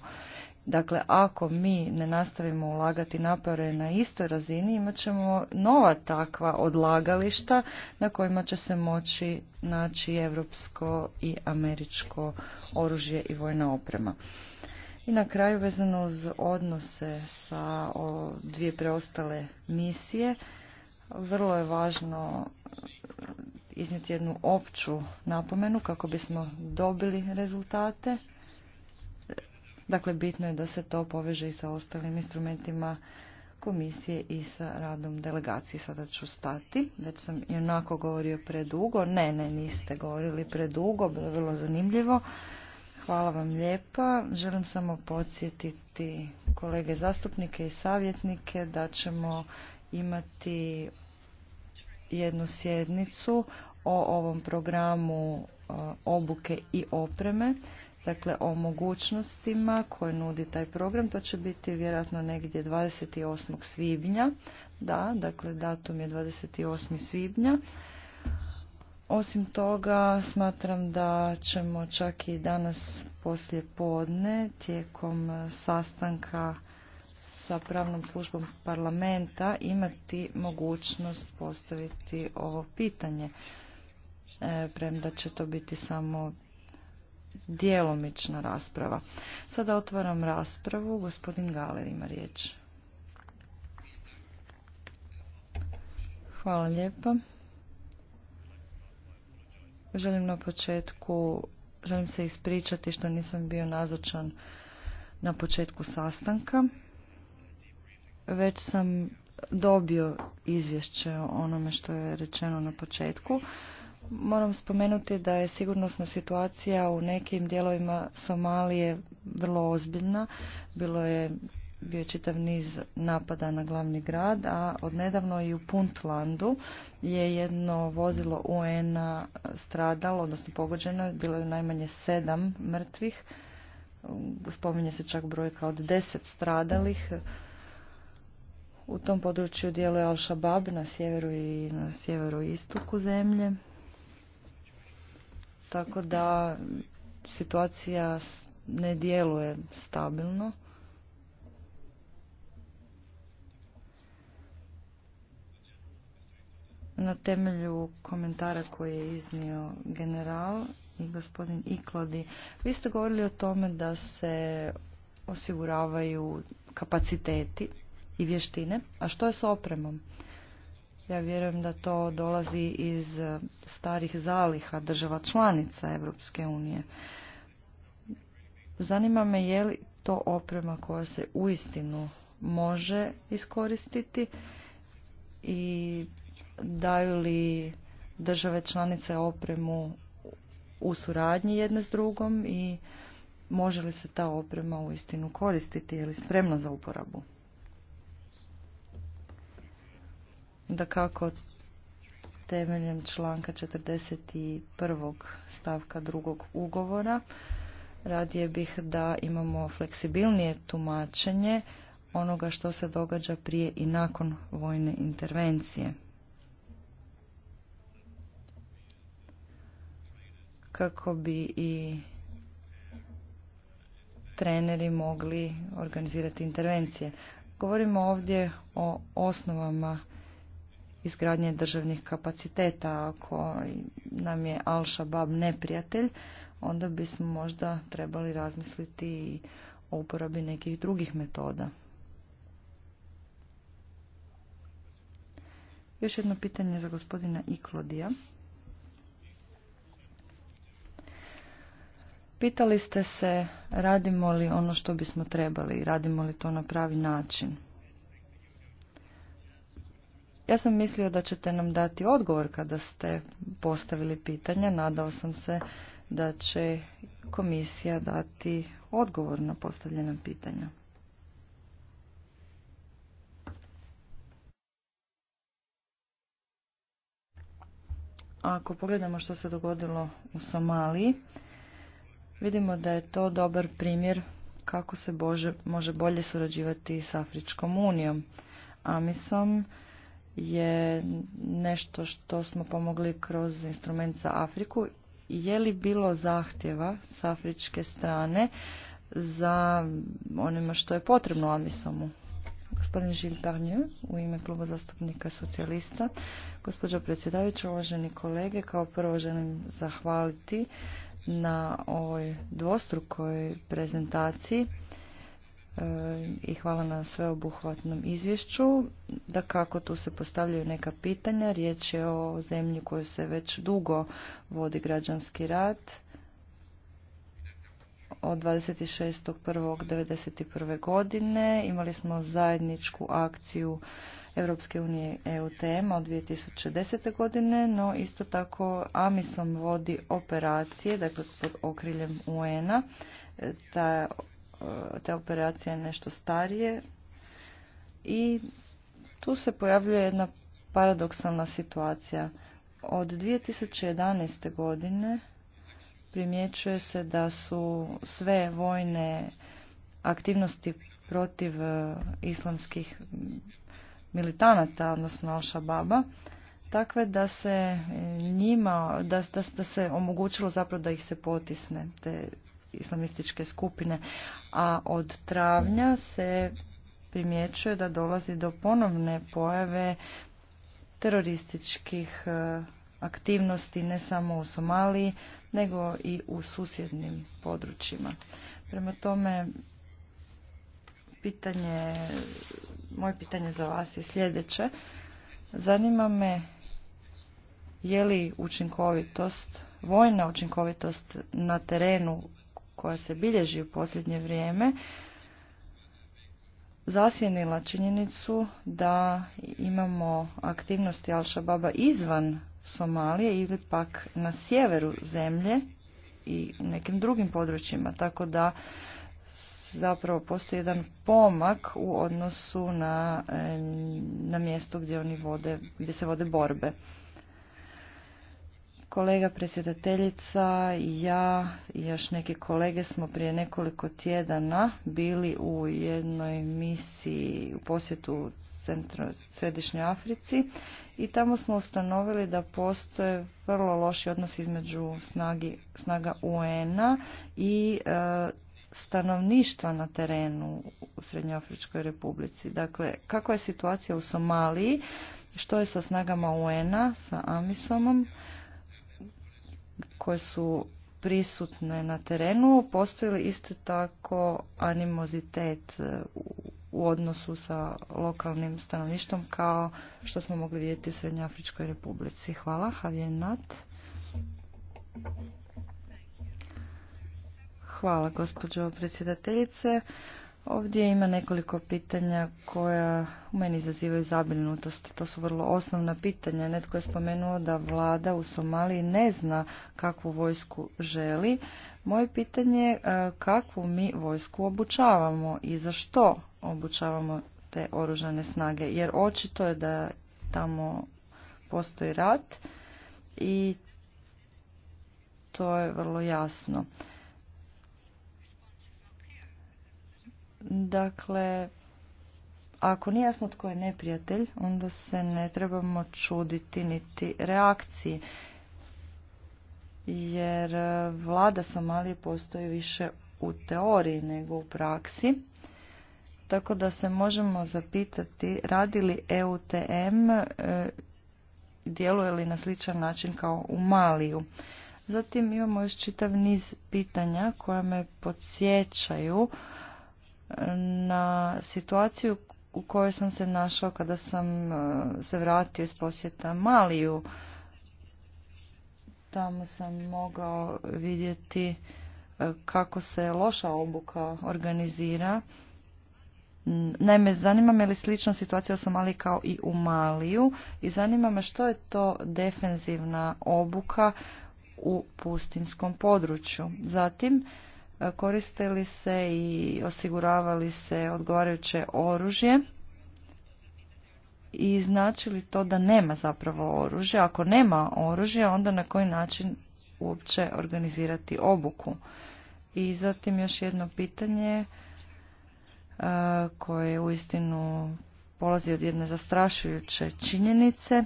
S1: Dakle, ako mi ne nastavimo ulagati napore na istoj razini, imat ćemo nova takva odlagališta na kojima će se moći naći evropsko i američko oružje i vojna oprema. I na kraju, vezano uz odnose sa dvije preostale misije, vrlo je važno iznijeti jednu opću napomenu kako bismo dobili rezultate Dakle, bitno je da se to poveže i sa ostalim instrumentima komisije i sa radom delegacije. Sada ću stati, već sam i onako govorio predugo. Ne, ne, niste govorili predugo, bilo je vrlo zanimljivo. Hvala vam lijepa. Želim samo podsjetiti kolege zastupnike i savjetnike da ćemo imati jednu sjednicu o ovom programu e, obuke i opreme dakle o mogućnostima koje nudi taj program. To će biti vjerojatno negdje 28. svibnja. Da, dakle datum je 28. svibnja. Osim toga, smatram da ćemo čak i danas poslije podne tijekom e, sastanka sa pravnom službom parlamenta imati mogućnost postaviti ovo pitanje. E, premda će to biti samo djelomična rasprava. Sada otvaram raspravu. Gospodin Galer ima riječ. Hvala lijepa. Želim na početku, želim se ispričati što nisam bio nazočan na početku sastanka. Već sam dobio izvješće o onome što je rečeno na početku. Moram spomenuti da je sigurnosna situacija u nekim dijelovima Somalije vrlo ozbiljna. Bilo je bio čitav niz napada na glavni grad, a odnedavno i u Puntlandu je jedno vozilo un stradalo, odnosno pogođeno, bilo je najmanje sedam mrtvih, spominje se čak brojka od deset stradalih. U tom području djeluje Al-Shabaab na sjeveru i na sjeveru istoku zemlje. Tako da situacija ne djeluje stabilno. Na temelju komentara koje je iznio general i gospodin Iklodi, vi ste govorili o tome da se osiguravaju kapaciteti i vještine. A što je s opremom? Ja vjerujem da to dolazi iz e, starih zaliha država članica Europske unije. Zanima me je li to oprema koja se uistinu može iskoristiti i daju li države članice opremu u suradnji jedne s drugom i može li se ta oprema uistinu koristiti, je li spremna za uporabu? da kako temeljem članka 41. stavka drugog ugovora radije bih da imamo fleksibilnije tumačenje onoga što se događa prije i nakon vojne intervencije. Kako bi i treneri mogli organizirati intervencije. Govorimo ovdje o osnovama izgradnje državnih kapaciteta. Ako nam je Al-Shabaab neprijatelj, onda bismo možda trebali razmisliti o uporabi nekih drugih metoda. Još jedno pitanje za gospodina Iklodija. Pitali ste se radimo li ono što bismo trebali, radimo li to na pravi način. Ja sam mislio da ćete nam dati odgovor kada ste postavili pitanja. Nadao sam se da će komisija dati odgovor na postavljena pitanja. Ako pogledamo što se dogodilo u Somaliji, vidimo da je to dobar primjer kako se bože, može bolje surađivati s Afričkom unijom. Amisom, je nešto što smo pomogli kroz instrument za Afriku. Je li bilo zahtjeva s afričke strane za onima što je potrebno Amisomu? Gospodin Gilles Barnier u ime kluba zastupnika socijalista. Gospođo predsjedavajući, uvaženi kolege, kao prvo želim zahvaliti na ovoj dvostrukoj prezentaciji E, i hvala na sveobuhvatnom izvješću. Da kako tu se postavljaju neka pitanja, riječ je o zemlji koju se već dugo vodi građanski rat od 26.1.1991. godine. Imali smo zajedničku akciju Europske unije EUTM od 2010. godine, no isto tako Amisom vodi operacije, dakle pod okriljem UN-a. E, ta E, te operacije nešto starije i tu se pojavljuje jedna paradoksalna situacija. Od 2011. godine primjećuje se da su sve vojne aktivnosti protiv e, islamskih militanata, odnosno Al-Shababa, takve da se njima, da, da, da se omogućilo zapravo da ih se potisne, te islamističke skupine, a od travnja se primjećuje da dolazi do ponovne pojave terorističkih e, aktivnosti ne samo u Somaliji, nego i u susjednim područjima. Prema tome, pitanje, moje pitanje za vas je sljedeće. Zanima me je li učinkovitost, vojna učinkovitost na terenu koja se bilježi u posljednje vrijeme zasjenila činjenicu da imamo aktivnosti Al-Shababa izvan Somalije ili pak na sjeveru zemlje i u nekim drugim područjima. Tako da zapravo postoji jedan pomak u odnosu na, na mjesto gdje oni vode, gdje se vode borbe kolega predsjedateljica, ja i još neki kolege smo prije nekoliko tjedana bili u jednoj misiji u posjetu centru, Središnjoj Africi i tamo smo ustanovili da postoje vrlo loši odnos između snagi, snaga UN-a i e, stanovništva na terenu u Srednjoafričkoj republici. Dakle, kakva je situacija u Somaliji, što je sa snagama UN-a, sa Amisomom, koje su prisutne na terenu, postoji isto tako animozitet e, u odnosu sa lokalnim stanovništvom kao što smo mogli vidjeti u Srednjoafričkoj republici. Hvala, Javier Nat. Hvala, gospođo predsjedateljice. Ovdje ima nekoliko pitanja koja u meni izazivaju zabrinutost. To su vrlo osnovna pitanja. Netko je spomenuo da vlada u Somaliji ne zna kakvu vojsku želi. Moje pitanje je e, kakvu mi vojsku obučavamo i za što obučavamo te oružane snage. Jer očito je da tamo postoji rat i to je vrlo jasno. Dakle, ako nije jasno tko je neprijatelj, onda se ne trebamo čuditi niti reakciji. Jer e, vlada Somalije postoji više u teoriji nego u praksi. Tako da se možemo zapitati radi li EUTM, e, djeluje li na sličan način kao u Maliju. Zatim imamo još čitav niz pitanja koja me podsjećaju na situaciju u kojoj sam se našao kada sam e, se vratio iz posjeta Maliju. Tamo sam mogao vidjeti e, kako se loša obuka organizira. Naime, zanima me li slična situacija u Somaliji kao i u Maliju i zanima me što je to defenzivna obuka u pustinskom području. Zatim, Koristili se i osiguravali se odgovarajuće oružje i znači li to da nema zapravo oružja. Ako nema oružja, onda na koji način uopće organizirati obuku. I zatim još jedno pitanje e, koje uistinu polazi od jedne zastrašujuće činjenice.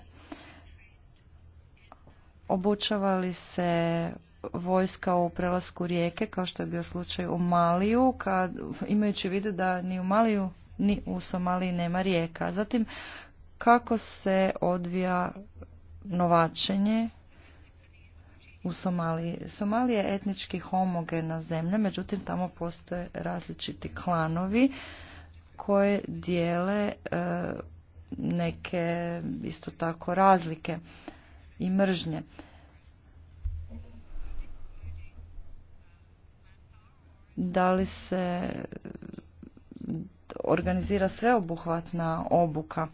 S1: Obučavali se vojska u prelasku rijeke, kao što je bio slučaj u Maliju, kad, imajući vidu da ni u Maliju, ni u Somaliji nema rijeka. Zatim, kako se odvija novačenje u Somaliji. Somalija je etnički homogena zemlja, međutim tamo postoje različiti klanovi koje dijele e, neke isto tako razlike i mržnje. da li se organizira sveobuhvatna obuka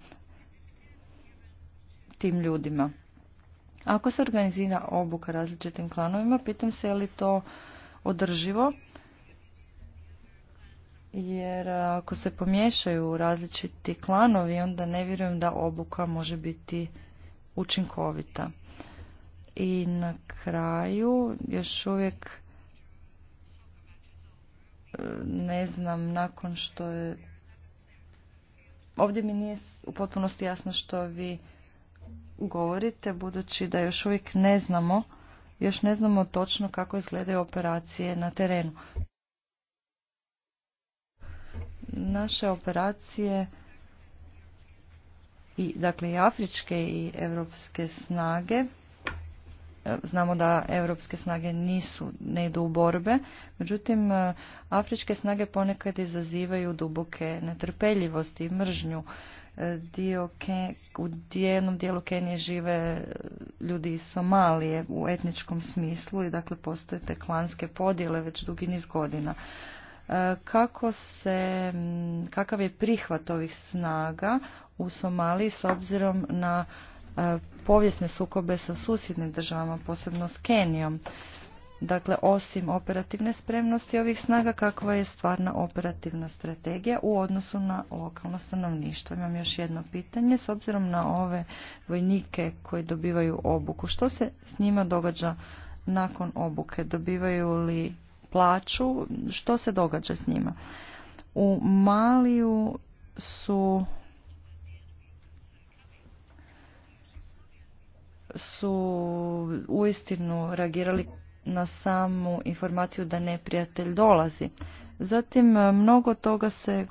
S1: tim ljudima. Ako se organizira obuka različitim klanovima, pitam se je li to održivo, jer ako se pomiješaju različiti klanovi, onda ne vjerujem da obuka može biti učinkovita. I na kraju još uvijek ne znam, nakon što je... Ovdje mi nije u potpunosti jasno što vi govorite, budući da još uvijek ne znamo, još ne znamo točno kako izgledaju operacije na terenu. Naše operacije i dakle i afričke i europske snage Znamo da europske snage nisu, ne idu u borbe, međutim e, afričke snage ponekad izazivaju duboke netrpeljivosti i mržnju. E, dio u jednom dijelu Kenije žive e, ljudi iz Somalije u etničkom smislu i dakle postoje te klanske podjele već dugi niz godina. Kako se, kakav je prihvat ovih snaga u Somaliji s obzirom na E, povijesne sukobe sa susjednim državama, posebno s Kenijom. Dakle, osim operativne spremnosti ovih snaga, kakva je stvarna operativna strategija u odnosu na lokalno stanovništvo? Imam još jedno pitanje, s obzirom na ove vojnike koji dobivaju obuku, što se s njima događa nakon obuke? Dobivaju li plaću? Što se događa s njima? U Maliju su su uistinu reagirali na samu informaciju da neprijatelj dolazi. Zatim, mnogo toga se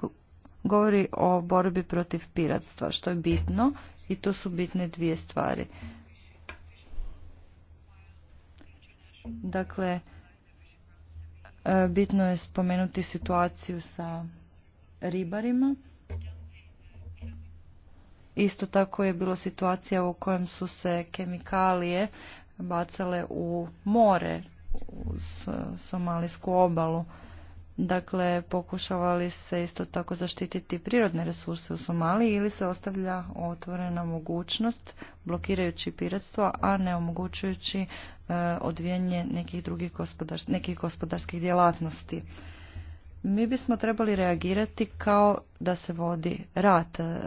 S1: govori o borbi protiv piratstva, što je bitno i to su bitne dvije stvari. Dakle, e, bitno je spomenuti situaciju sa ribarima Isto tako je bilo situacija u kojem su se kemikalije bacale u more, u somalijsku obalu. Dakle, pokušavali se isto tako zaštititi prirodne resurse u Somaliji ili se ostavlja otvorena mogućnost blokirajući piratstvo, a ne omogućujući e, odvijanje nekih drugih nekih gospodarskih djelatnosti mi bismo trebali reagirati kao da se vodi rat, e,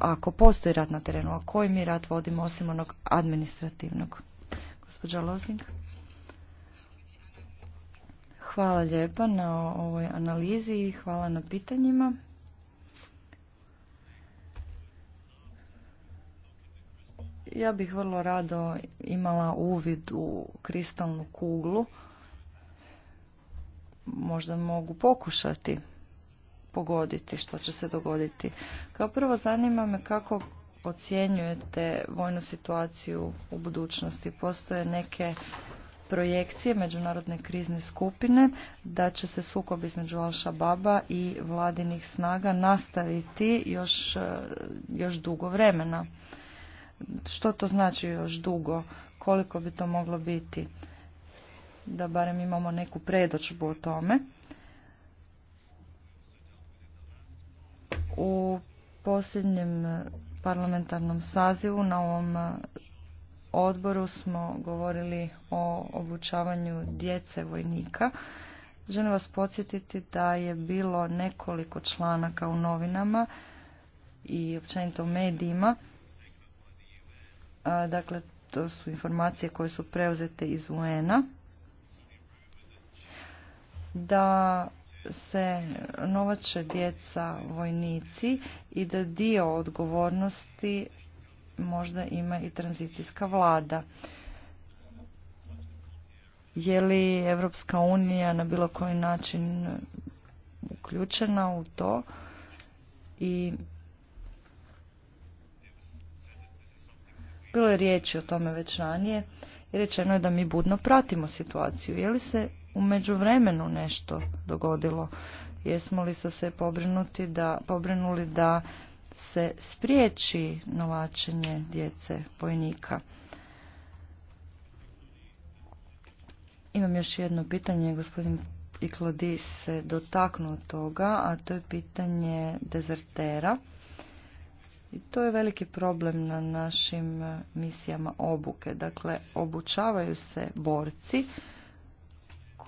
S1: ako postoji rat na terenu, a koji mi rat vodimo osim onog administrativnog. Gospođa Lozing. Hvala lijepa na ovoj analizi i hvala na pitanjima. Ja bih vrlo rado imala uvid u kristalnu kuglu možda mogu pokušati pogoditi što će se dogoditi. Kao prvo zanima me kako ocjenjujete vojnu situaciju u budućnosti. Postoje neke projekcije međunarodne krizne skupine da će se sukob između al baba i vladinih snaga nastaviti još, još dugo vremena. Što to znači još dugo? Koliko bi to moglo biti? da barem imamo neku predočbu o tome. U posljednjem parlamentarnom sazivu na ovom odboru smo govorili o obučavanju djece vojnika. Želim vas podsjetiti da je bilo nekoliko članaka u novinama i općenito u medijima. Dakle, to su informacije koje su preuzete iz UN-a da se novače djeca vojnici i da dio odgovornosti možda ima i tranzicijska vlada. Je li Evropska unija na bilo koji način uključena u to i bilo je riječi o tome već ranije i rečeno je da mi budno pratimo situaciju. Je li se u međuvremenu nešto dogodilo? Jesmo li se pobrinuti da, pobrinuli da se spriječi novačenje djece vojnika? Imam još jedno pitanje, gospodin Iklodis se dotaknuo toga, a to je pitanje dezertera. I to je veliki problem na našim misijama obuke. Dakle, obučavaju se borci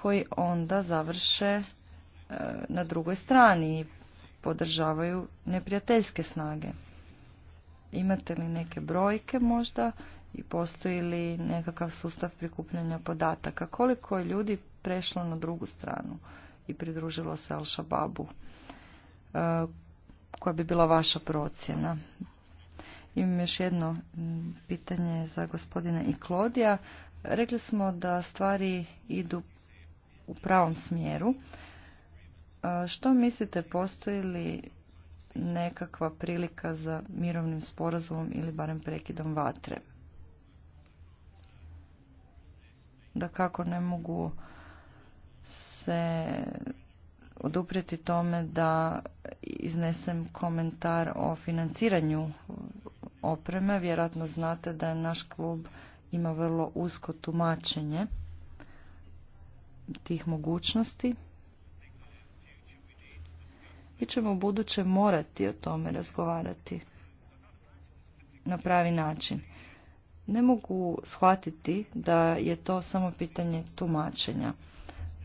S1: koji onda završe e, na drugoj strani i podržavaju neprijateljske snage. Imate li neke brojke možda i postoji li nekakav sustav prikupljanja podataka? Koliko je ljudi prešlo na drugu stranu i pridružilo se al Babu, e, Koja bi bila vaša procjena? Imam još jedno pitanje za gospodina Klodija. Rekli smo da stvari idu u pravom smjeru. E, što mislite, postoji li nekakva prilika za mirovnim sporazumom ili barem prekidom vatre? Da kako ne mogu se oduprijeti tome da iznesem komentar o financiranju opreme. Vjerojatno znate da je naš klub ima vrlo usko tumačenje tih mogućnosti. Mi ćemo u buduće morati o tome razgovarati na pravi način. Ne mogu shvatiti da je to samo pitanje tumačenja.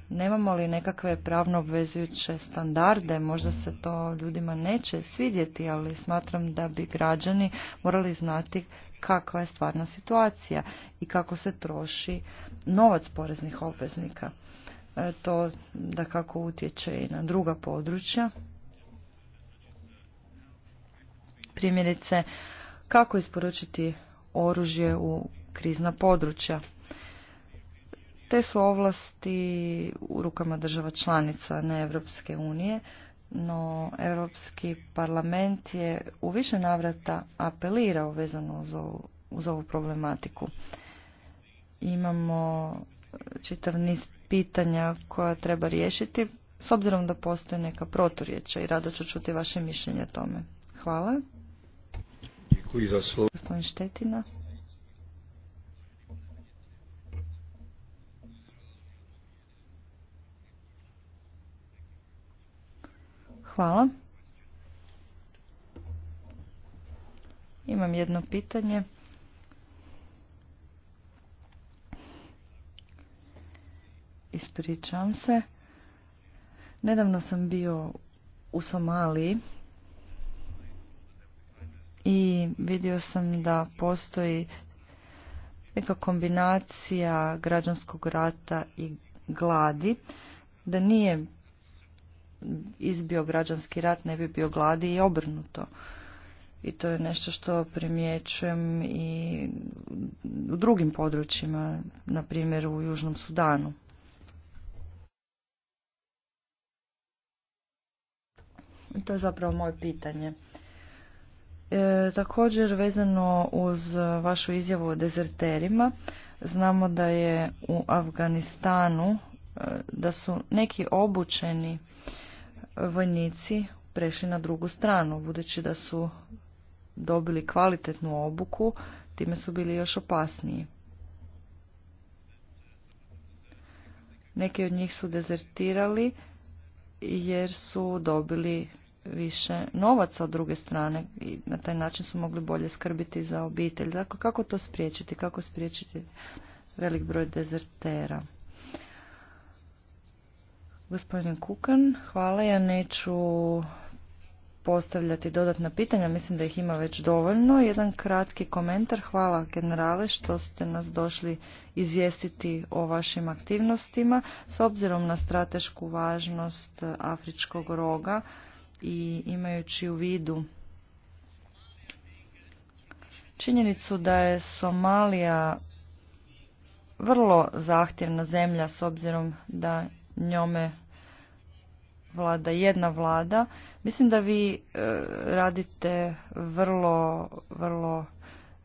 S1: Nemamo li nekakve pravno obvezujuće standarde, možda se to ljudima neće svidjeti, ali smatram da bi građani morali znati kakva je stvarna situacija i kako se troši novac poreznih obveznika. E, to da kako utječe i na druga područja. Primjerice, kako isporučiti oružje u krizna područja. Te su ovlasti u rukama država članica ne Evropske unije, no Europski parlament je u više navrata apelirao vezano uz ovu, problematiku. Imamo čitav niz pitanja koja treba riješiti, s obzirom da postoje neka proturječa i rado ću čuti vaše mišljenje o tome. Hvala. Štetina. Hvala. Imam jedno pitanje. Ispričam se. Nedavno sam bio u Somaliji i vidio sam da postoji neka kombinacija građanskog rata i gladi, da nije izbio građanski rat ne bi bio gladi i obrnuto. I to je nešto što primjećujem i u drugim područjima, na primjer u Južnom Sudanu. to je zapravo moje pitanje. E, također vezano uz vašu izjavu o dezerterima, znamo da je u Afganistanu e, da su neki obučeni vojnici prešli na drugu stranu, budući da su dobili kvalitetnu obuku, time su bili još opasniji. Neki od njih su dezertirali jer su dobili više novaca od druge strane i na taj način su mogli bolje skrbiti za obitelj. Dakle, kako to spriječiti? Kako spriječiti velik broj dezertera? Gospodin Kukan, hvala. Ja neću postavljati dodatna pitanja, mislim da ih ima već dovoljno. Jedan kratki komentar. Hvala generale što ste nas došli izvijestiti o vašim aktivnostima. S obzirom na stratešku važnost afričkog roga i imajući u vidu činjenicu da je Somalija vrlo zahtjevna zemlja s obzirom da njome vlada jedna vlada. Mislim da vi e, radite vrlo, vrlo,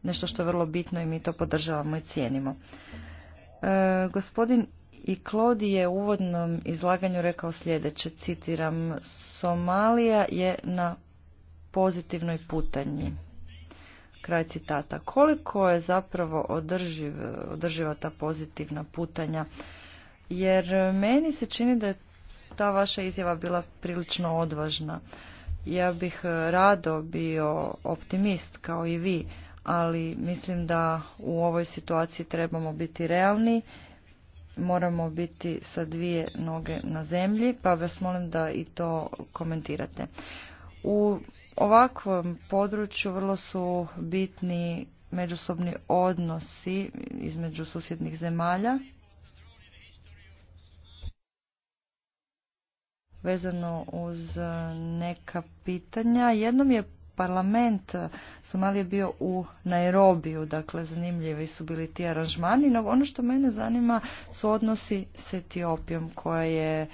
S1: nešto što je vrlo bitno i mi to podržavamo i cijenimo. E, gospodin i Klodi je u uvodnom izlaganju rekao sljedeće, citiram, Somalija je na pozitivnoj putanji. Kraj citata. Koliko je zapravo održiv, održiva ta pozitivna putanja? jer e, meni se čini da je ta vaša izjava bila prilično odvažna. Ja bih e, rado bio optimist kao i vi, ali mislim da u ovoj situaciji trebamo biti realni, moramo biti sa dvije noge na zemlji, pa vas molim da i to komentirate. U ovakvom području vrlo su bitni međusobni odnosi između susjednih zemalja vezano uz e, neka pitanja. Jednom je parlament e, Somalije bio u Nairobiju, dakle zanimljivi su bili ti aranžmani, no ono što mene zanima su odnosi s Etiopijom koja je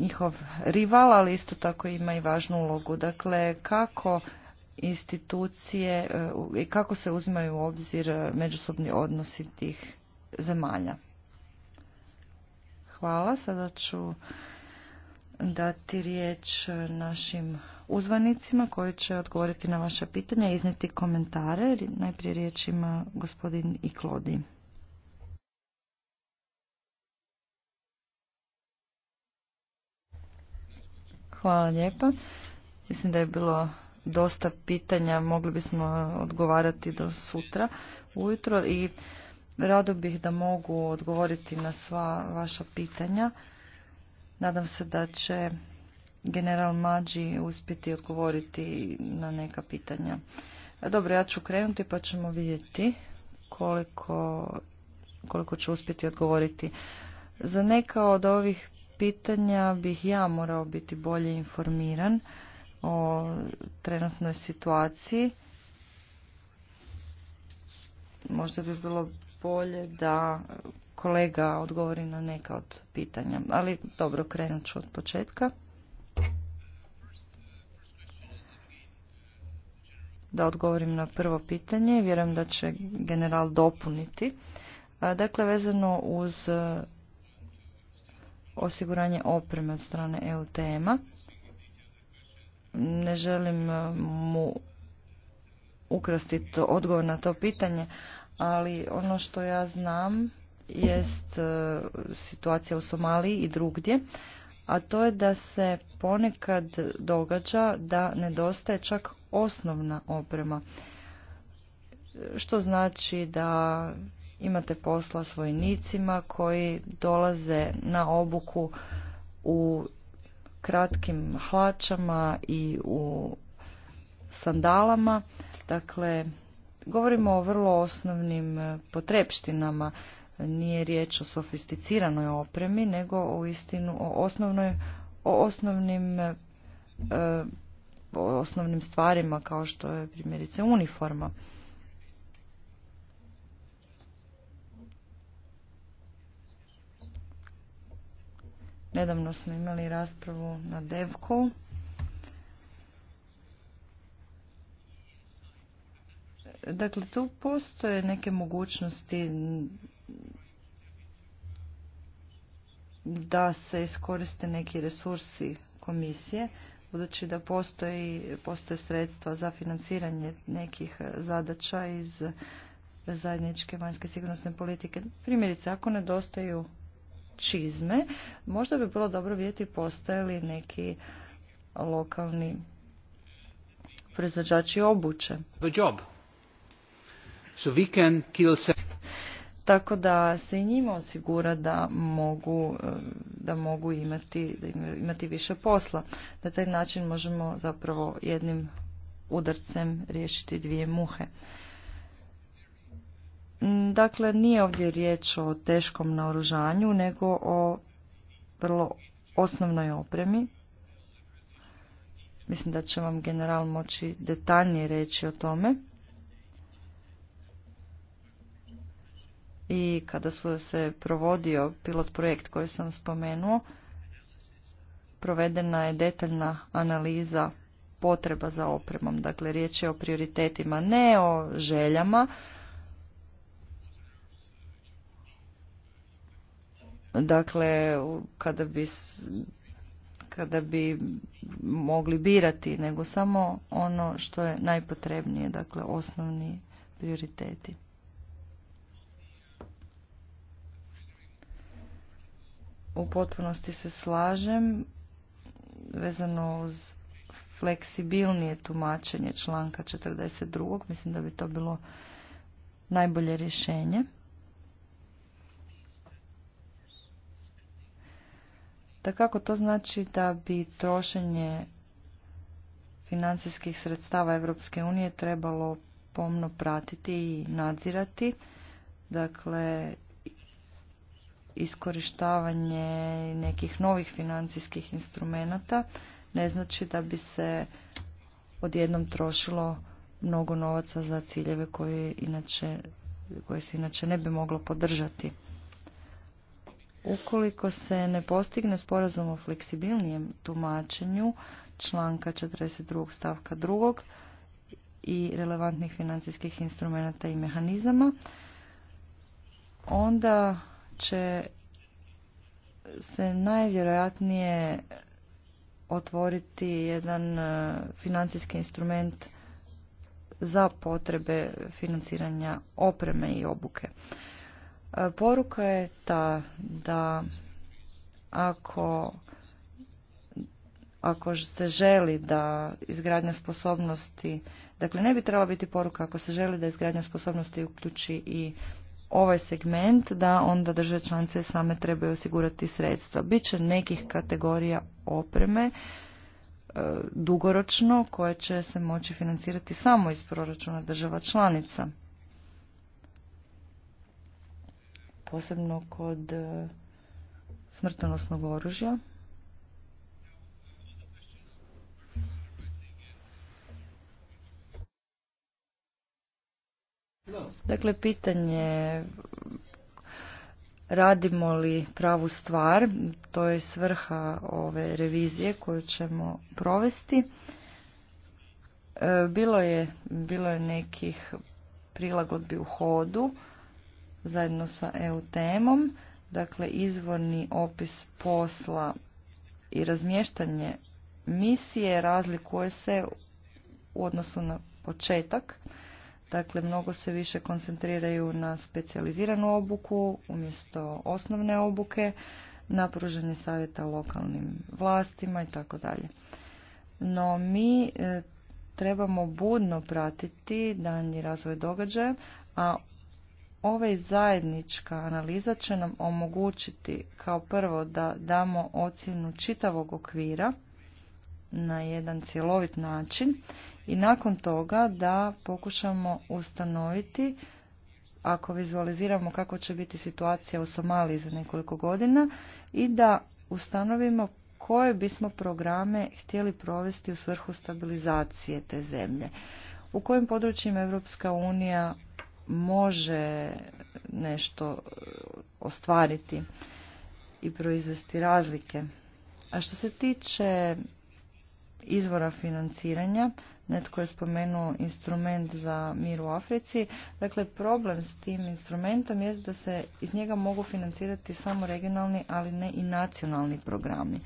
S1: njihov rival, ali isto tako ima i važnu ulogu. Dakle, kako institucije e, i kako se uzimaju u obzir međusobni odnosi tih zemalja. Hvala, sada ću dati riječ našim uzvanicima koji će odgovoriti na vaša pitanja i iznijeti komentare. Najprije riječ ima gospodin Iklodi. Hvala lijepa. Mislim da je bilo dosta pitanja, mogli bismo odgovarati do sutra ujutro i rado bih da mogu odgovoriti na sva vaša pitanja. Nadam se da će general Mađi uspjeti odgovoriti na neka pitanja. Dobro, ja ću krenuti pa ćemo vidjeti koliko, koliko ću uspjeti odgovoriti. Za neka od ovih pitanja bih ja morao biti bolje informiran o trenutnoj situaciji. Možda bi bilo bolje da kolega odgovori na neka od pitanja. Ali dobro, krenut ću od početka. Da odgovorim na prvo pitanje, vjerujem da će general dopuniti. Dakle, vezano uz e, osiguranje opreme od strane EUTM-a. Ne želim e, mu ukrasti odgovor na to pitanje, ali ono što ja znam jest e, situacija u Somaliji i drugdje, a to je da se ponekad događa da nedostaje čak osnovna oprema, što znači da imate posla s vojnicima koji dolaze na obuku u kratkim hlačama i u sandalama. Dakle, govorimo o vrlo osnovnim e, potrepštinama nije riječ o sofisticiranoj opremi, nego u istinu o, osnovnoj, osnovnim e, o osnovnim stvarima kao što je primjerice uniforma. Nedavno smo imali raspravu na Devku. Dakle, tu postoje neke mogućnosti da se iskoriste neki resursi komisije, budući da postoji, postoje sredstva za financiranje nekih e, zadaća iz zajedničke vanjske sigurnosne politike. Primjerice, ako nedostaju čizme, možda bi bilo dobro vidjeti postoje li neki lokalni proizvođači obuće.
S3: The job. So
S1: we can kill tako da se i njima osigura da mogu, eh, da mogu imati, da imati više posla. Na taj način možemo zapravo jednim udarcem riješiti dvije muhe. Mm, dakle, nije ovdje riječ o teškom naoružanju, nego o vrlo osnovnoj opremi. Mislim da će vam general moći detaljnije reći o tome. i kada su se provodio pilot projekt koji sam spomenuo, provedena je detaljna analiza potreba za opremom. Dakle, riječ je o prioritetima, ne o željama. Dakle, kada bi, kada bi mogli birati, nego samo ono što je najpotrebnije, dakle, osnovni prioriteti. u potpunosti se slažem vezano uz fleksibilnije tumačenje članka 42. Mislim da bi to bilo najbolje rješenje. kako to znači da bi trošenje financijskih sredstava Europske unije trebalo pomno pratiti i nadzirati. Dakle, iskorištavanje nekih novih financijskih instrumenata ne znači da bi se odjednom trošilo mnogo novaca za ciljeve koje inače koje se inače ne bi moglo podržati. Ukoliko se ne postigne sporazum o fleksibilnijem tumačenju članka 42. stavka 2. i relevantnih financijskih instrumenata i mehanizama, onda će se najvjerojatnije otvoriti jedan e, financijski instrument za potrebe financiranja opreme i obuke. E, poruka je ta da ako ako se želi da izgradnja sposobnosti, dakle ne bi trebala biti poruka ako se želi da izgradnja sposobnosti uključi i ovaj segment da onda države članice same trebaju osigurati sredstva. Biće nekih kategorija opreme e, dugoročno koje će se moći financirati samo iz proračuna država članica. Posebno kod e, smrtonosnog oružja. Dakle, pitanje radimo li pravu stvar, to je svrha ove revizije koju ćemo provesti. E, bilo je, bilo je nekih prilagodbi u hodu zajedno sa EU temom, dakle izvorni opis posla i razmještanje misije razlikuje se u odnosu na početak. Dakle, mnogo se više koncentriraju na specijaliziranu obuku umjesto osnovne obuke, na pružanje savjeta lokalnim vlastima i tako dalje. No mi e, trebamo budno pratiti danji razvoj događaja, a ovaj zajednička analiza će nam omogućiti kao prvo da damo ocjenu čitavog okvira na jedan cjelovit način i nakon toga da pokušamo ustanoviti ako vizualiziramo kako će biti situacija u Somaliji za nekoliko godina i da ustanovimo koje bismo programe htjeli provesti u svrhu stabilizacije te zemlje. U kojim područjima Europska unija može nešto e, ostvariti i proizvesti razlike. A što se tiče izvora financiranja. Netko je spomenuo instrument za mir u Africi. Dakle, problem s tim instrumentom je da se iz njega mogu financirati samo regionalni, ali ne i nacionalni programi.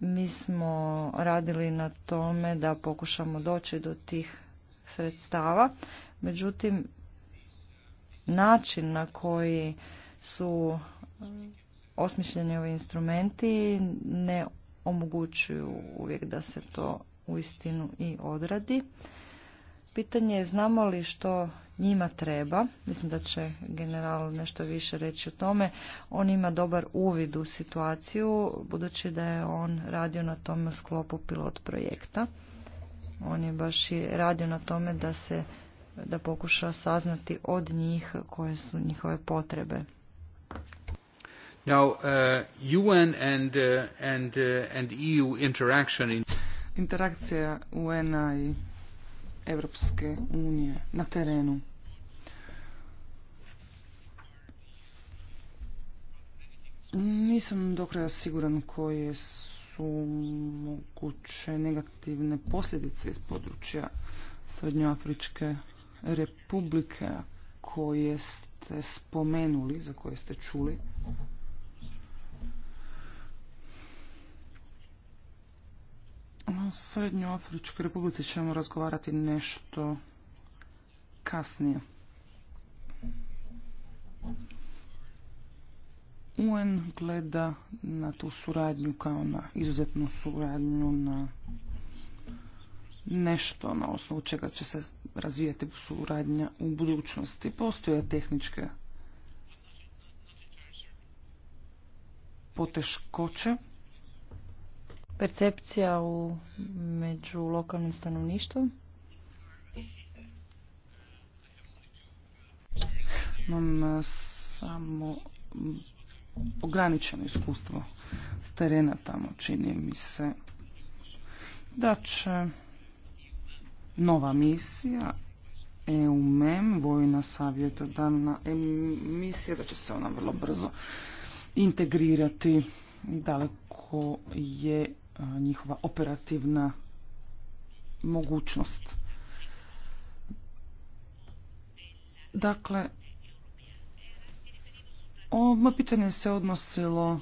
S1: Mi smo radili na tome da pokušamo doći do tih sredstava. Međutim, način na koji su osmišljeni ovi instrumenti ne omogućuju uvijek da se to uistinu i odradi. Pitanje je znamo li što njima treba, mislim da će general nešto više reći o tome, on ima dobar uvid u situaciju, budući da je on radio na tome sklopu pilot projekta. On je baš i radio na tome da se da pokuša saznati od njih koje su njihove potrebe.
S3: Now, UN uh, and, uh, and, uh, and EU interaction in...
S1: Interakcija
S4: UN-a i Evropske unije na terenu. Nisam do kraja siguran koje su moguće negativne posljedice iz područja Srednjoafričke republike koje ste spomenuli, za koje ste čuli. O Srednjoafričkoj republici ćemo razgovarati nešto kasnije. UN gleda na tu suradnju kao na izuzetnu suradnju na nešto na osnovu čega će se razvijati suradnja u budućnosti. Postoje
S1: tehničke poteškoće percepcija u, među lokalnim stanovništvom?
S4: Imam e, samo ograničeno iskustvo s terena tamo, čini mi se da će nova misija EUMEM, e vojna savjetodavna misija, da će se ona vrlo brzo integrirati daleko je njihova operativna mogućnost. Dakle, ovo pitanje se odnosilo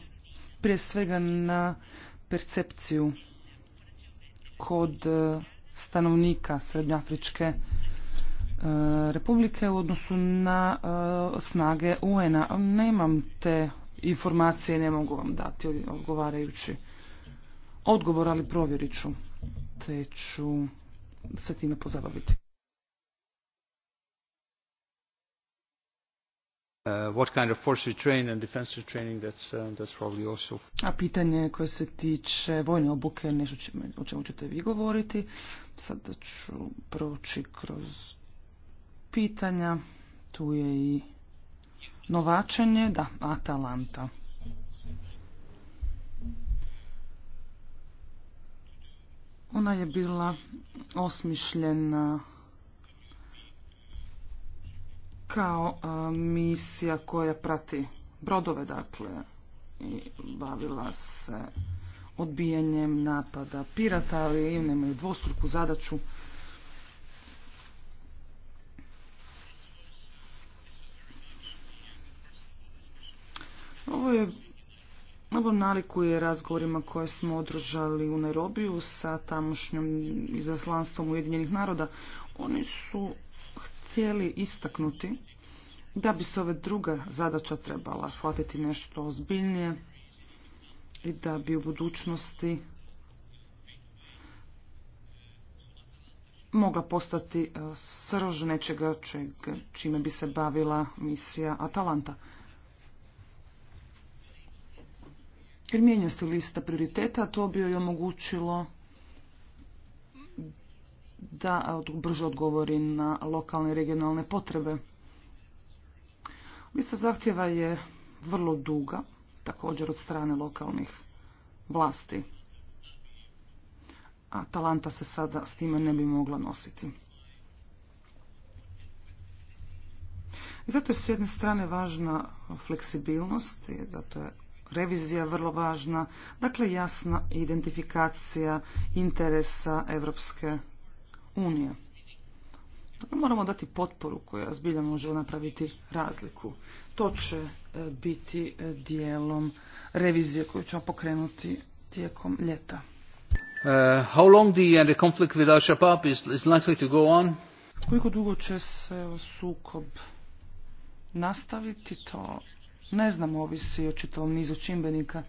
S4: prije svega na percepciju kod e, stanovnika Srednjoafričke e, republike u odnosu na e, snage UN-a. Nemam te informacije, ne mogu vam dati odgovarajući odgovor, ali provjerit ću, te ću se time pozabaviti. A pitanje koje se tiče vojne obuke, nešto o čemu ćete vi govoriti. Sada ću proći kroz pitanja. Tu je i novačenje, da, Atalanta. Ona je bila osmišljena kao e, misija koja prati brodove, dakle, i bavila se odbijanjem napada pirata, ali imaju dvostruku zadaću naliku je razgovorima koje smo održali u Nairobiju sa tamošnjom izaslanstvom Ujedinjenih naroda. Oni su htjeli istaknuti da bi se ove druga zadaća trebala shvatiti nešto ozbiljnije i da bi u budućnosti mogla postati e, srž nečega čime bi se bavila misija Atalanta. jer mijenja se lista prioriteta, a to bi joj omogućilo da brže odgovori na lokalne i regionalne potrebe. Lista zahtjeva je vrlo duga, također od strane lokalnih vlasti. A Talanta se sada s time ne bi mogla nositi. I zato je s jedne strane važna fleksibilnost, zato je revizija vrlo važna, dakle jasna identifikacija interesa Evropske unije. Dakle, moramo dati potporu koja zbilja može napraviti razliku. To će e, biti e, dijelom revizije koju ćemo pokrenuti tijekom ljeta.
S3: Uh, how long the, uh, conflict with Al-Shabaab is likely to go on?
S4: Koliko dugo će se sukob nastaviti, to ne znam, ovisi o čitavom nizu čimbenika.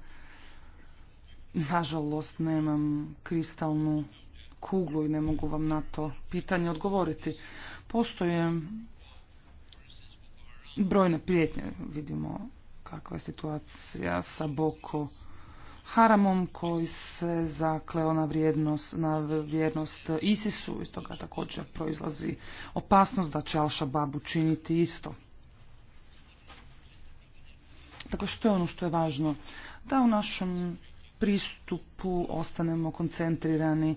S4: Nažalost, nemam kristalnu kuglu i ne mogu vam na to pitanje odgovoriti. Postoje brojne prijetnje, vidimo kakva je situacija sa Boko Haramom koji se zakleo na vrijednost, na vrijednost Isisu, iz toga također proizlazi opasnost da će al Babu činiti isto. Dakle, što je ono što je važno? Da u našem pristupu ostanemo koncentrirani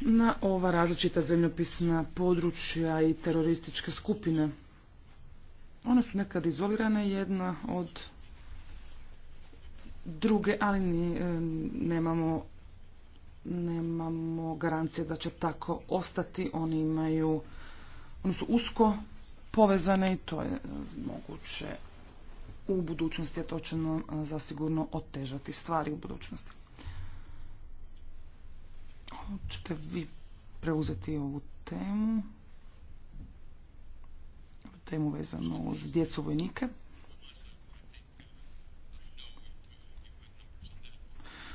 S4: na ova različita zemljopisna područja i terorističke skupine. One su nekad izolirane jedna od druge, ali ni, e, nemamo, nemamo garancije da će tako ostati. Oni imaju, one su usko povezane i to je moguće u budućnosti, je to će nam e, zasigurno otežati stvari u budućnosti. Hoćete vi preuzeti ovu temu? Temu vezano uz djecu vojnike.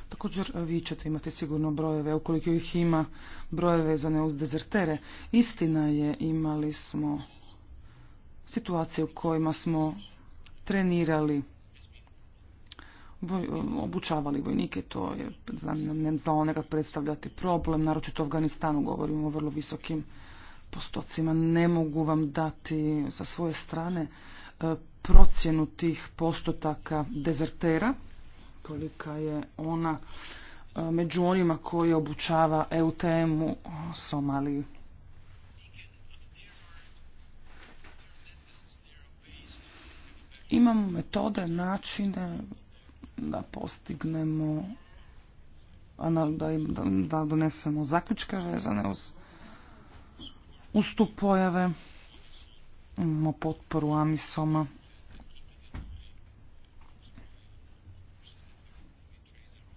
S4: Također e, vi ćete imati sigurno brojeve, ukoliko ih ima brojeve vezane uz dezertere. Istina je, imali smo situacije u kojima smo trenirali, obučavali vojnike, to je za, ne znao nekad predstavljati problem, naročito u Afganistanu govorimo o vrlo visokim postocima. Ne mogu vam dati sa svoje strane e, procjenu tih postotaka dezertera, kolika je ona e, među onima koji obučava EUTM u Somaliji. imamo metode, načine da postignemo, da donesemo zaključke vezane uz ustup pojave. Imamo potporu Amisoma.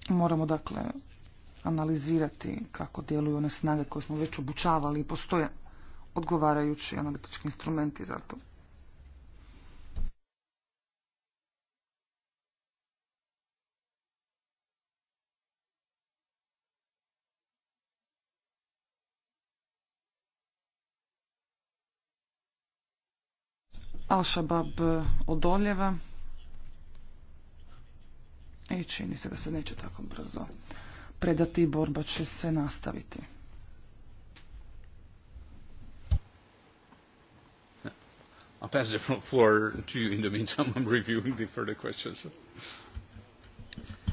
S4: Moramo dakle analizirati kako djeluju one snage koje smo već obučavali i postoje odgovarajući analitički instrumenti za to. Al-Shabaab odoljeva i čini se da se neće tako brzo predati i borba će se nastaviti.
S3: I'll pass the floor to you in the meantime. I'm reviewing the further questions.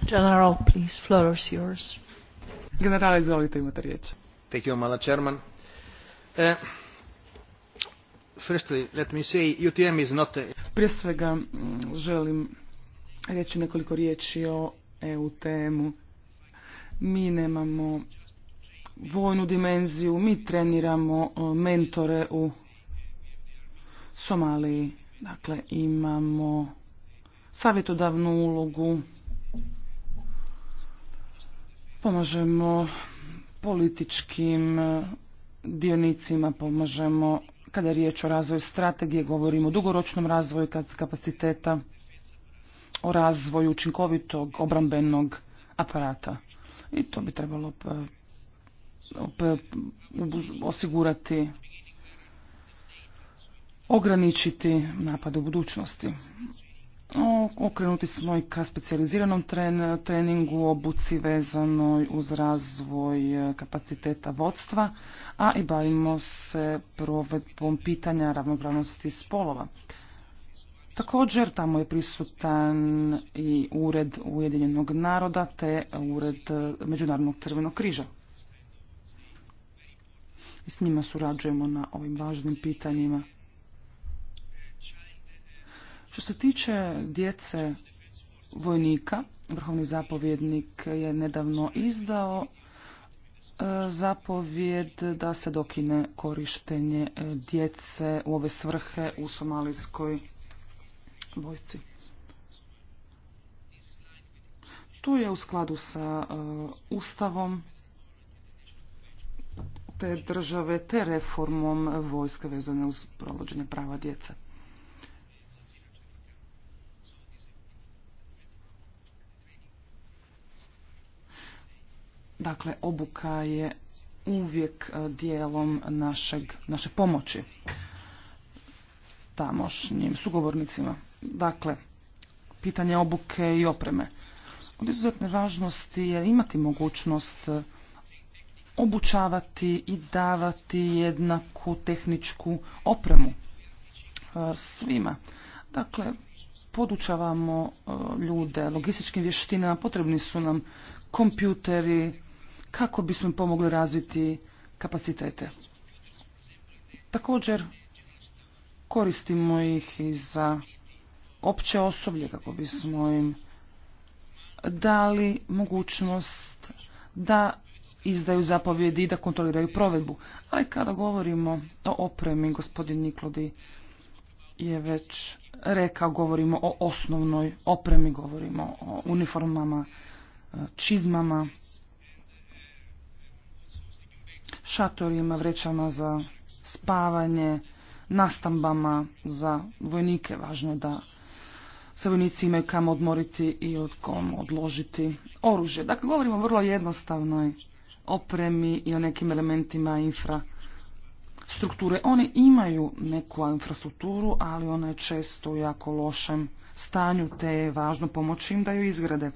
S1: General, please, floor is yours.
S4: General, izvolite, imate riječ. Thank you, Mala Chairman. Uh, prije svega mm, želim reći nekoliko riječi o EU temu, Mi nemamo vojnu dimenziju, mi treniramo e, mentore u Somaliji. Dakle, imamo savjetodavnu ulogu, pomažemo političkim e, dionicima, pomažemo kada je riječ o razvoju strategije, govorimo o dugoročnom razvoju kapaciteta, o razvoju učinkovitog obrambenog aparata. I to bi trebalo e, e, osigurati, ograničiti napad u budućnosti. Okrenuti smo i ka specijaliziranom tren, treningu, obuci vezanoj uz razvoj e, kapaciteta vodstva, a i bavimo se provedbom pitanja ravnopravnosti spolova. Također tamo je prisutan i ured Ujedinjenog naroda te ured Međunarodnog crvenog križa. I s njima surađujemo na ovim važnim pitanjima. Što se tiče djece vojnika, vrhovni zapovjednik je nedavno izdao e, zapovjed da se dokine korištenje e, djece u ove svrhe u somalijskoj vojci. To je u skladu sa e, ustavom te države te reformom vojske vezane uz provođenje prava djece. Dakle, obuka je uvijek e, dijelom našeg, naše pomoći tamošnjim sugovornicima. Dakle, pitanje obuke i opreme. Od izuzetne važnosti je imati mogućnost e, obučavati i davati jednaku tehničku opremu e, svima. Dakle, podučavamo ljude logističkim vještinama, potrebni su nam kompjuteri, kako bismo im pomogli razviti kapacitete. Također koristimo ih i za opće osoblje kako bismo im dali mogućnost da izdaju zapovjedi i da kontroliraju provedbu. Ali kada govorimo o opremi, gospodin Niklodi je već rekao, govorimo o osnovnoj opremi, govorimo o uniformama, čizmama, šatorima, vrećama za spavanje, nastambama za vojnike. Važno je da se vojnici imaju kam odmoriti i od kom odložiti oružje. Dakle, govorimo o vrlo jednostavnoj opremi i o nekim elementima infrastrukture. Oni imaju neku infrastrukturu, ali ona je često u jako lošem stanju, te je važno pomoći im da ju izgrade.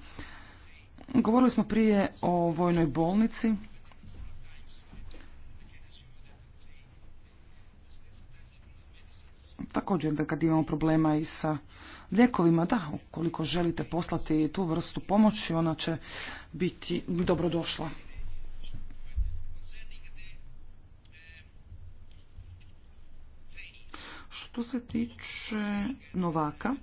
S4: Govorili smo prije o vojnoj bolnici, Također da kad imamo problema i sa lijekovima, da, ukoliko želite poslati tu vrstu pomoći, ona će biti dobrodošla. Što se tiče novaka,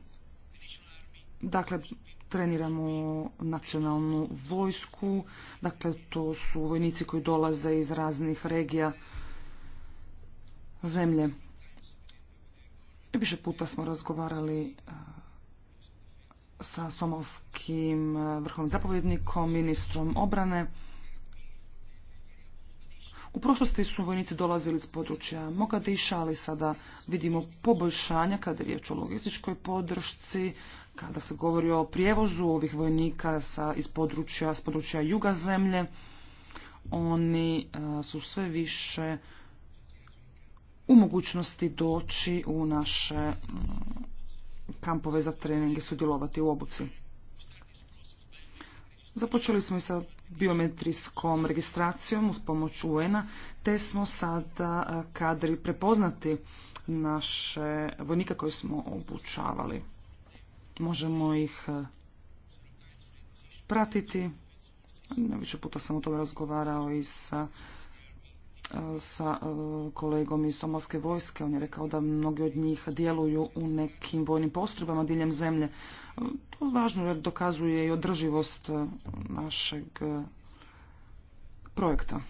S4: dakle, treniramo nacionalnu vojsku, dakle, to su vojnici koji dolaze iz raznih regija zemlje. Više puta smo razgovarali e, sa somalskim e, vrhovnim zapovjednikom, ministrom obrane. U prošlosti su vojnici dolazili iz područja Mogadiša, ali sada vidimo poboljšanja kada je riječ o logističkoj podršci, kada se govori o prijevozu ovih vojnika sa, iz područja, s područja juga zemlje. Oni e, su sve više u mogućnosti doći u naše mm, kampove za trening sudjelovati u obuci. Započeli smo i sa biometrijskom registracijom uz pomoć UN-a, te smo sada e, kadri prepoznati naše vojnike koje smo obučavali. Možemo ih e, pratiti. Više puta sam o tome razgovarao i sa sa e, kolegom iz somalske vojske. On je rekao da mnogi od njih djeluju u nekim vojnim postrojbama diljem zemlje. E, to je važno jer dokazuje i održivost e, našeg projekta.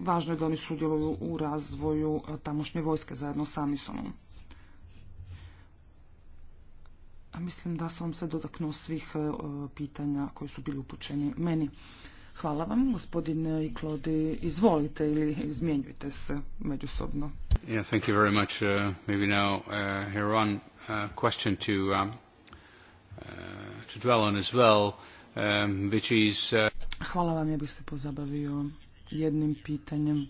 S4: važno je da oni sudjeluju u razvoju tamošnje vojske zajedno sa Amisonom. Mislim da sam se dotaknuo svih e, pitanja koji su bili upućeni meni. Hvala vam, gospodine i Klodi. Izvolite ili izmjenjujte se međusobno.
S3: Yeah, thank you very much. Uh, maybe now uh, here on uh, question to, um, uh, to dwell on as well, um, which is... Uh,
S4: Hvala vam, ja bih se pozabavio jednim pitanjem.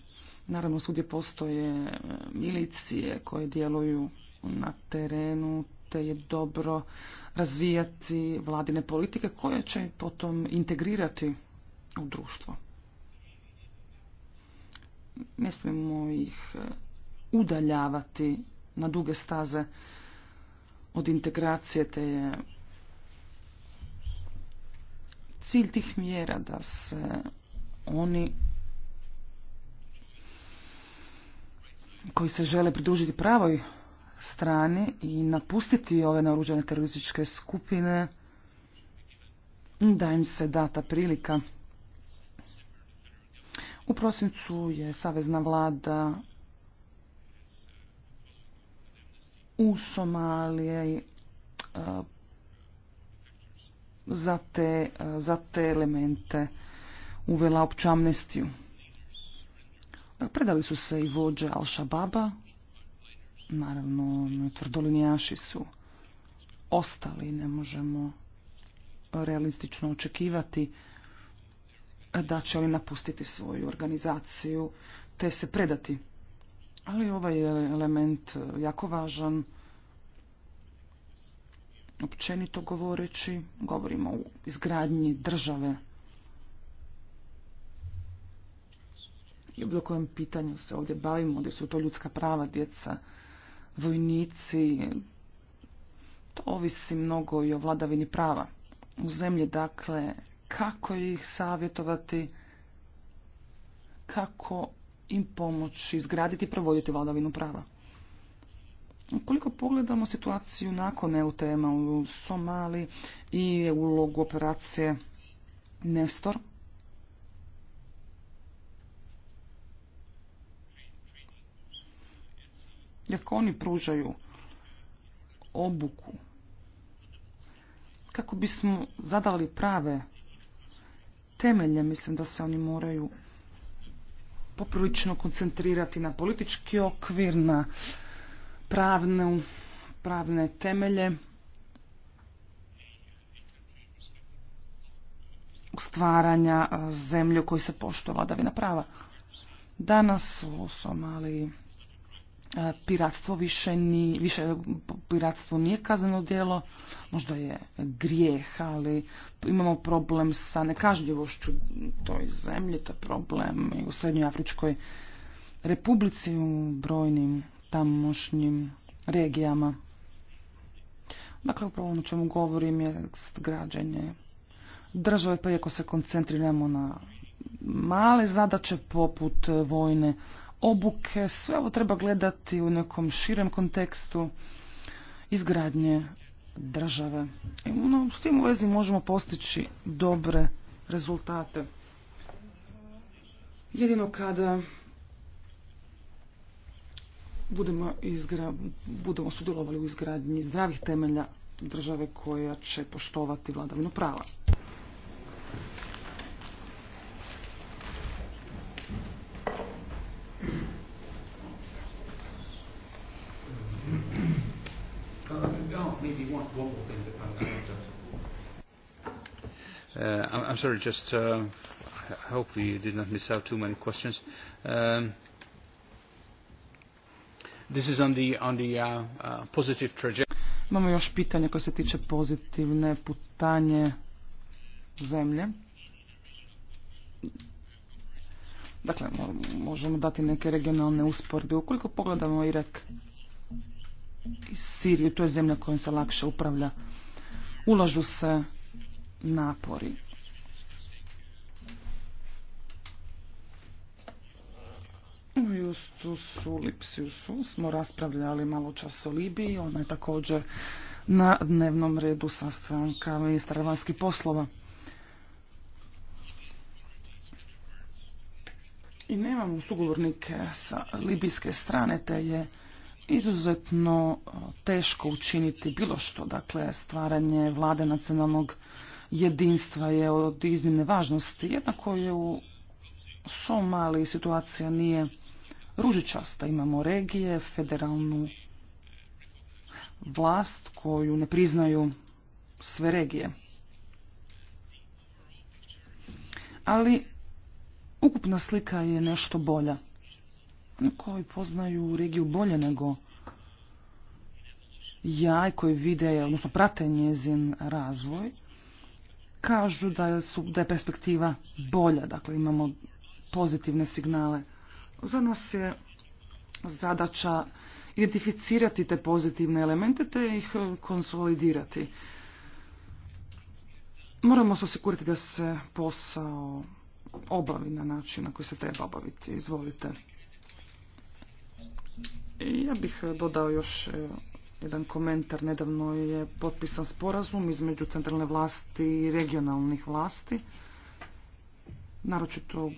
S4: Naravno, svugdje postoje milicije koje djeluju na terenu, te je dobro razvijati vladine politike koje će potom integrirati u društvo. Ne smijemo ih e, udaljavati na duge staze od integracije te je cilj tih mjera da se oni koji se žele pridružiti pravoj strani i napustiti ove naoružane terorističke skupine, da im se data prilika. U prosincu je Savezna vlada u Somalije za te, elemente uvela opću amnestiju. Predali su se i vođe Al-Shababa, Naravno, tvrdolinijaši su ostali, ne možemo realistično očekivati da će oni napustiti svoju organizaciju te se predati. Ali ovaj je element jako važan. Općenito govoreći, govorimo o izgradnji države. I u kojem pitanju se ovdje bavimo, gdje su to ljudska prava djeca, vojnici, to ovisi mnogo i o vladavini prava u zemlji, dakle, kako ih savjetovati, kako im pomoći izgraditi i provoditi vladavinu prava. Ukoliko pogledamo situaciju nakon EU tema u Somali i ulogu operacije Nestor, Iako oni pružaju obuku kako bismo zadali prave temelje, mislim da se oni moraju poprilično koncentrirati na politički okvir, na pravne temelje. stvaranja zemlje u kojoj se poštova vladavina prava. Danas u Somaliji E, piratstvo više ni, više piratstvo nije kazneno djelo, možda je grijeh, ali imamo problem sa nekažljivošću toj zemlji, to je problem i u Srednjoj Afričkoj republici u brojnim tamošnjim regijama. Dakle, upravo ono čemu govorim je građenje države, pa iako se koncentriramo na male zadaće poput vojne obuke, sve ovo treba gledati u nekom širem kontekstu izgradnje države. I ono, s tim u vezi možemo postići dobre rezultate. Jedino kada budemo, budemo sudjelovali u izgradnji zdravih temelja države koja će poštovati vladavinu prava.
S3: Uh, I'm sorry, just uh, I hope we did not miss out too many questions. Um, this is on the, on the uh, uh, positive trajectory.
S4: Imamo još pitanje koje se tiče pozitivne putanje zemlje. Dakle, možemo dati neke regionalne usporbe. Ukoliko pogledamo Irak e Siriju. To je zemlja kojom se lakše upravlja. Ulažu se napori. U Justusu Lipsiusu smo raspravljali malo čas o Libiji. Ona je također na dnevnom redu sastanka ministra vanjskih poslova. I nemamo sugovornike sa libijske strane, te je izuzetno e, teško učiniti bilo što. Dakle, stvaranje vlade nacionalnog jedinstva je od iznimne važnosti. Jednako je u Somali situacija nije ružičasta. Imamo regije, federalnu vlast koju ne priznaju sve regije. Ali ukupna slika je nešto bolja koji poznaju regiju bolje nego ja i koji vide, odnosno prate njezin razvoj, kažu da, su, da je perspektiva bolja, dakle imamo pozitivne signale. Za nas je zadaća identificirati te pozitivne elemente te ih e, konsolidirati. Moramo se osigurati da se posao obavi na način na koji se treba obaviti. Izvolite. Ja bih e, dodao još e, jedan komentar. Nedavno je potpisan sporazum između centralne vlasti i regionalnih vlasti. Naročito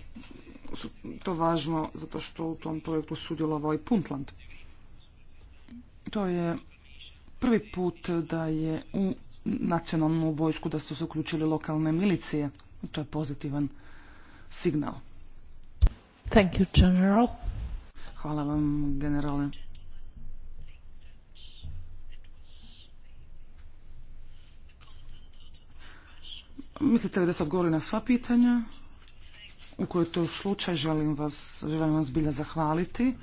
S4: to važno zato što u tom projektu sudjelovao i Puntland. To je prvi put da je u nacionalnu vojsku da su se uključili lokalne milicije. To je pozitivan signal.
S1: Thank you, General.
S4: Hvala vam, generale. Mislite li da ste odgovorili na sva pitanja? U kojoj to slučaj želim vas, želim vas bilja zahvaliti.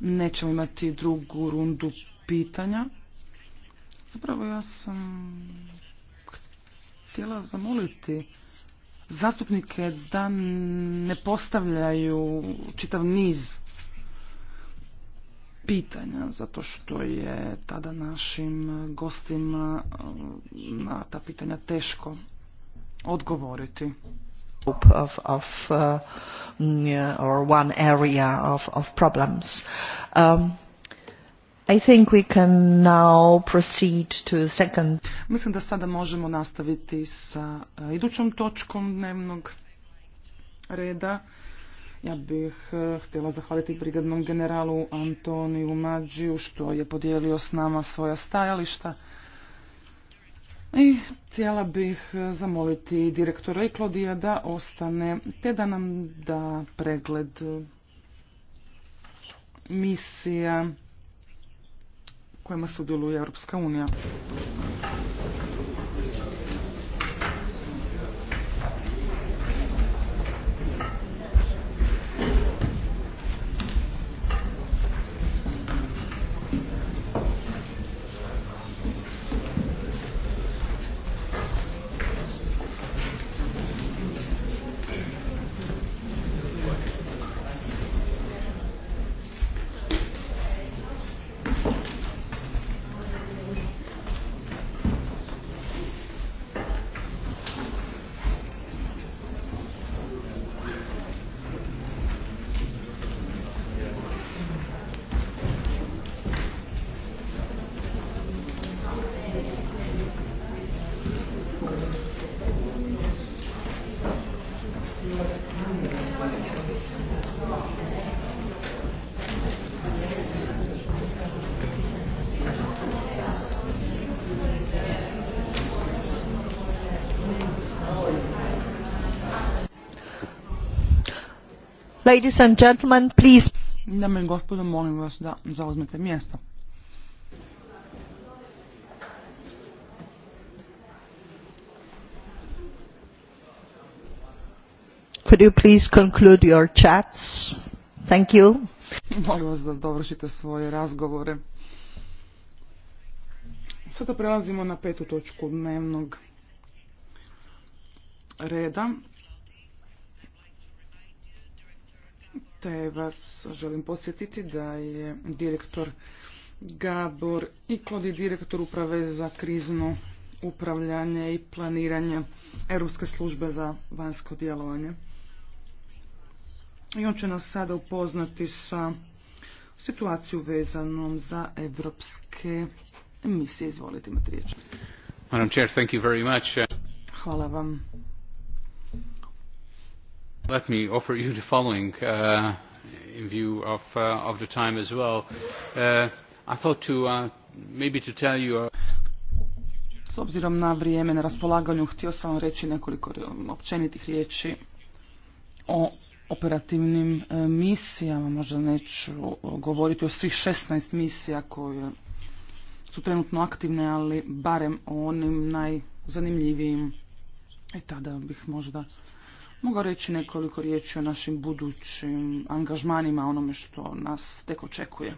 S4: Nećemo imati drugu rundu pitanja. Zapravo ja sam htjela zamoliti zastupnike da ne postavljaju čitav niz pitanja, zato što je tada našim gostima eh, na ta pitanja teško
S1: odgovoriti. Of, of, uh, or one area of, of problems. Um, i think we can now proceed to the second.
S4: Mislim da sada možemo nastaviti sa eh, idućom točkom dnevnog reda. Ja bih e, htjela zahvaliti brigadnom generalu Antoniju Mađiju što je podijelio s nama svoja stajališta. I htjela bih e, zamoliti direktora i Klodija da ostane te da nam da pregled misija kojima sudjeluje Europska unija. Ladies and gentlemen, please. Dame i gospodo, molim vas da zauzmete mjesto.
S1: Could you please conclude your chats? Thank you.
S4: Molim vas da dovršite svoje razgovore. Sada prelazimo na petu točku dnevnog reda. te vas želim podsjetiti da je direktor Gabor Iklod i direktor uprave za krizno upravljanje i planiranje Europske službe za vanjsko djelovanje. I on će nas sada upoznati sa situaciju vezanom za evropske misije. Izvolite, imati riječ. Hvala vam
S3: let me offer you the following uh, in view of, uh, of the time as well. Uh, I thought to uh, maybe to tell you... Uh,
S4: S obzirom na vrijeme na raspolaganju, htio sam vam reći nekoliko općenitih riječi o operativnim e, misijama. Možda neću govoriti o svih 16 misija koje su trenutno aktivne, ali barem o onim najzanimljivijim. I e, tada bih možda mogu reći nekoliko riječi o našim budućim angažmanima, onome što nas tek očekuje.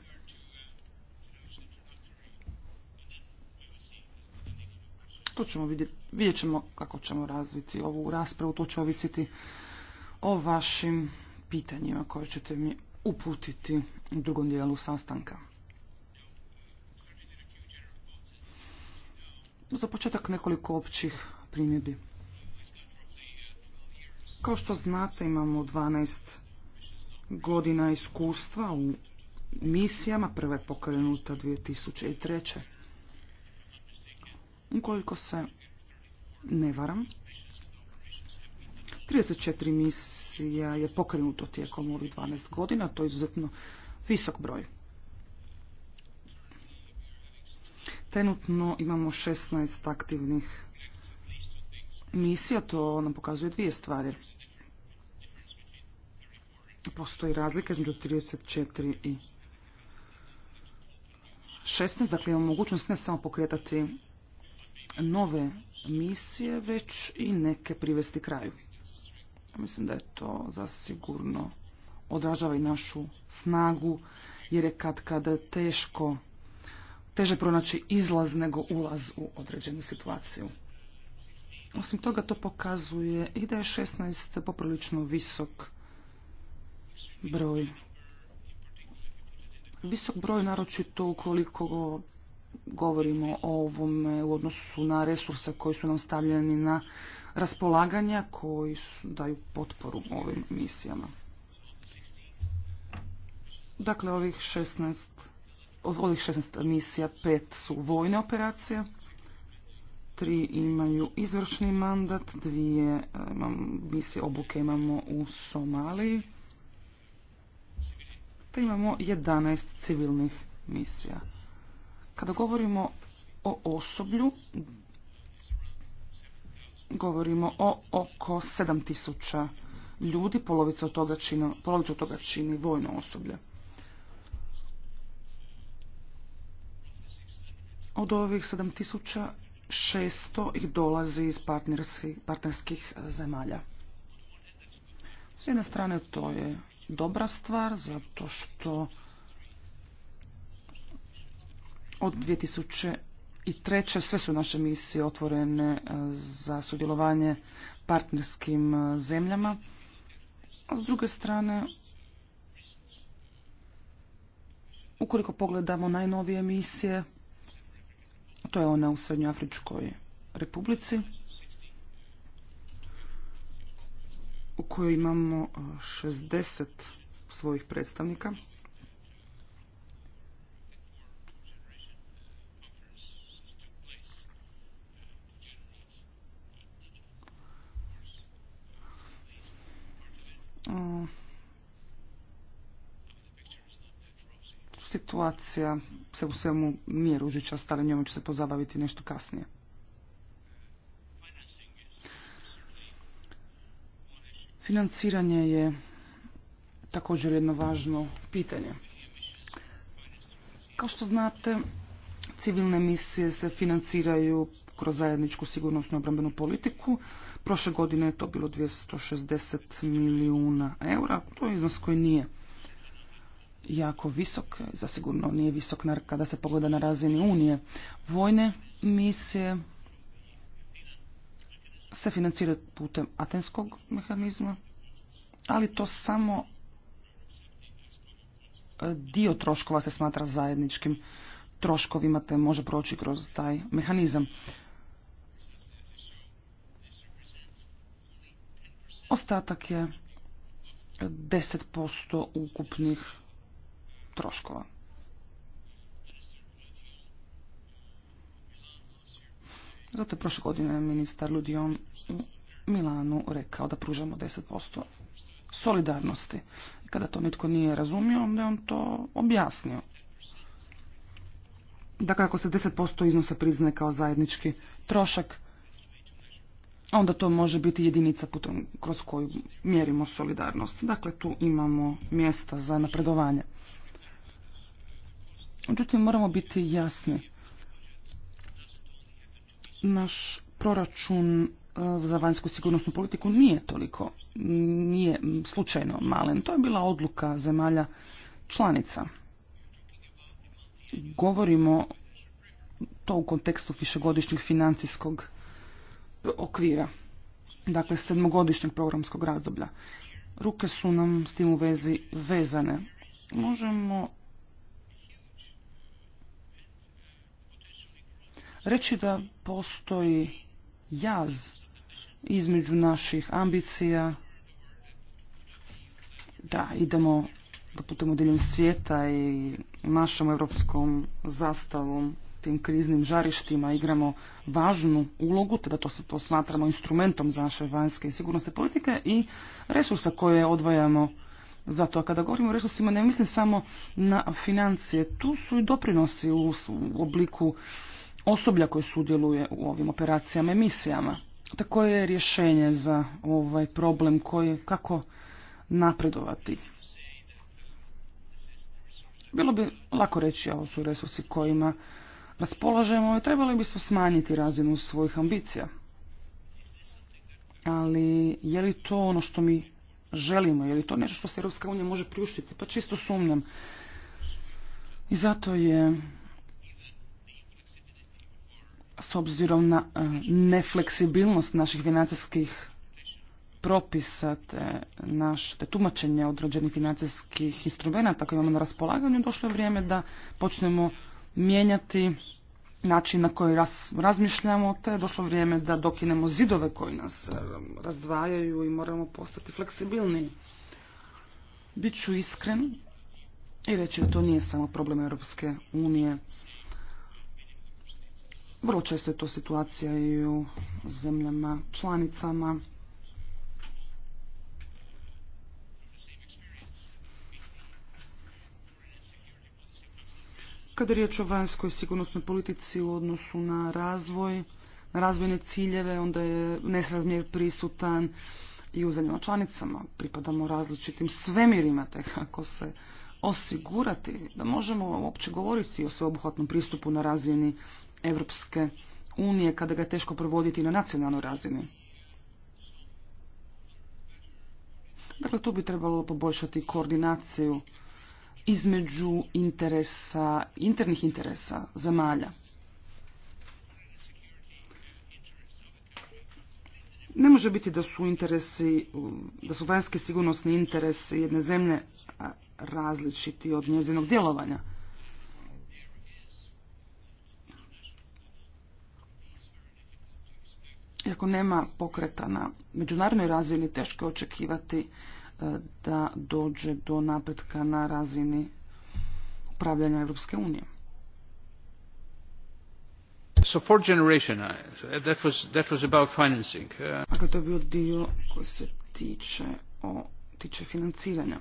S4: To ćemo vidjeti, vidjet ćemo kako ćemo razviti ovu raspravu, to će ovisiti o vašim pitanjima koje ćete mi uputiti u drugom dijelu sastanka. Za početak nekoliko općih primjedbi. Kao što znate imamo 12 godina iskustva u misijama, prva je pokrenuta 2003. Ukoliko se ne varam, 34 misija je pokrenuto tijekom ovih 12 godina, to je izuzetno visok broj. Trenutno imamo 16 aktivnih misija, to nam pokazuje dvije stvari. Postoji razlika između 34 i 16, dakle imamo mogućnost ne samo pokretati nove misije, već i neke privesti kraju. Mislim da je to zasigurno odražava i našu snagu, jer je kad kada teško, teže pronaći izlaz nego ulaz u određenu situaciju. Osim toga to pokazuje i da je 16 poprilično visok broj. Visok broj, naročito ukoliko govorimo o ovome u odnosu na resurse koji su nam stavljeni na raspolaganja koji su, daju potporu ovim misijama. Dakle, ovih 16, od ovih 16 misija pet su vojne operacije, tri imaju izvršni mandat, dvije eh, misije obuke imamo u Somaliji, imamo 11 civilnih misija. Kada govorimo o osoblju, govorimo o oko 7000 ljudi, polovica od toga čini, polovica od toga čini vojno osoblje. Od ovih 7600 ih dolazi iz partnerskih eh, zemalja. S jedne strane to je dobra stvar zato što od 2003. sve su naše misije otvorene e, za sudjelovanje partnerskim e, zemljama. A s druge strane, ukoliko pogledamo najnovije misije, to je ona u Srednjoafričkoj republici, kojoj imamo 60 e, svojih predstavnika. E, situacija se u svemu nije ružića, ali njome ću se pozabaviti nešto kasnije. Financiranje je također jedno važno pitanje. Kao što znate, civilne misije se financiraju kroz zajedničku sigurnosnu obrambenu politiku. Prošle godine je to bilo 260 milijuna eura. To je iznos koji nije jako visok, zasigurno nije visok kada se pogleda na razini Unije. Vojne misije se financira putem atenskog mehanizma, ali to samo e, dio troškova se smatra zajedničkim troškovima te može proći kroz taj mehanizam. Ostatak je 10% ukupnih troškova. Zato je prošle godine ministar Ludion u Milanu rekao da pružamo 10% solidarnosti. kada to nitko nije razumio, onda je on to objasnio. Dakle, ako se 10% iznosa priznaje kao zajednički trošak, onda to može biti jedinica putem kroz koju mjerimo solidarnost. Dakle, tu imamo mjesta za napredovanje. Međutim, moramo biti jasni naš proračun e, za vanjsku sigurnosnu politiku nije toliko, nije slučajno malen. To je bila odluka zemalja članica. Govorimo to u kontekstu višegodišnjeg financijskog okvira, dakle sedmogodišnjeg programskog razdoblja. Ruke su nam s tim u vezi vezane. Možemo reći da postoji jaz između naših ambicija da idemo da putujemo diljem svijeta i našom europskom zastavom tim kriznim žarištima igramo važnu ulogu, te da to, to smatramo instrumentom za naše vanjske i sigurnosne politike i resursa koje odvajamo za to. A kada govorimo o resursima ne mislim samo na financije, tu su i doprinosi u obliku osoblja koje sudjeluje u ovim operacijama i misijama. Tako je rješenje za ovaj problem koji kako napredovati. Bilo bi lako reći, ovo su resursi kojima raspolažemo i trebali bismo smanjiti razinu svojih ambicija. Ali je li to ono što mi želimo? Je li to nešto što se Europska unija može priuštiti? Pa čisto sumnjam. I zato je s obzirom na e, nefleksibilnost naših financijskih propisa te naš te tumačenje određenih financijskih instrumenata koje imamo na raspolaganju, došlo je vrijeme da počnemo mijenjati način na koji razmišljamo, te je došlo vrijeme da dokinemo zidove koji nas e, razdvajaju i moramo postati fleksibilni. Biću iskren i reći da to nije samo problem Europske unije. Vrlo često je to situacija i u zemljama članicama. Kada je riječ o vanjskoj sigurnosnoj politici u odnosu na razvoj, na razvojne ciljeve, onda je nesrazmjer prisutan i u zemljama članicama. Pripadamo različitim svemirima, te kako se osigurati da možemo uopće govoriti o sveobuhvatnom pristupu na razini Evropske unije kada ga je teško provoditi na nacionalnoj razini. Dakle, tu bi trebalo poboljšati koordinaciju između interesa, internih interesa zemalja. Ne može biti da su interesi, da su vanjski sigurnosni interesi jedne zemlje različiti od njezinog djelovanja. Iako nema pokreta na međunarodnoj razini, teško je očekivati e, da dođe do napretka na razini upravljanja Europske unije.
S3: So for uh, that was, that was about financing. Uh,
S4: dakle, to je bio dio koji se o, tiče financiranja.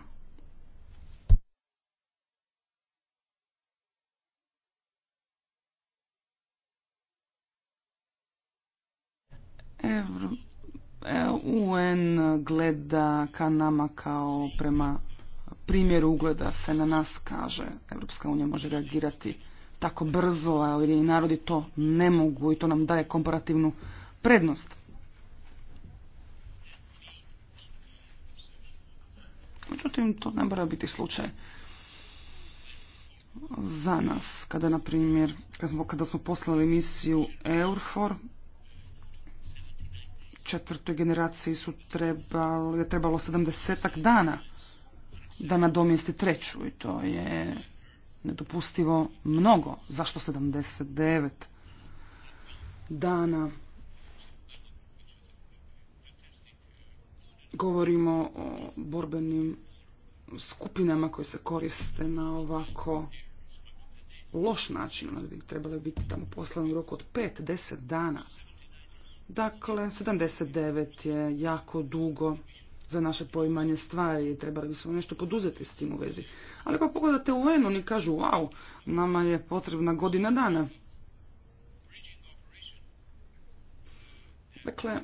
S4: E, UN gleda ka nama kao prema primjeru ugleda se na nas kaže. Europska unija može reagirati tako brzo, ali i narodi to ne mogu i to nam daje komparativnu prednost. Međutim, to ne mora biti slučaj za nas. Kada, na primjer, kada smo poslali misiju EURFOR, četvrtoj generaciji su trebalo, je trebalo sedamdesetak dana da nadomjesti treću i to je nedopustivo mnogo. Zašto 79 dana? Govorimo o borbenim skupinama koje se koriste na ovako loš način. trebalo bi biti tamo poslano u roku od 5-10 dana. Dakle, 79 je jako dugo za naše poimanje stvari i trebali bismo nešto poduzeti s tim u vezi. Ali ako pogledate u un oni kažu, wow, nama je potrebna godina dana. Dakle,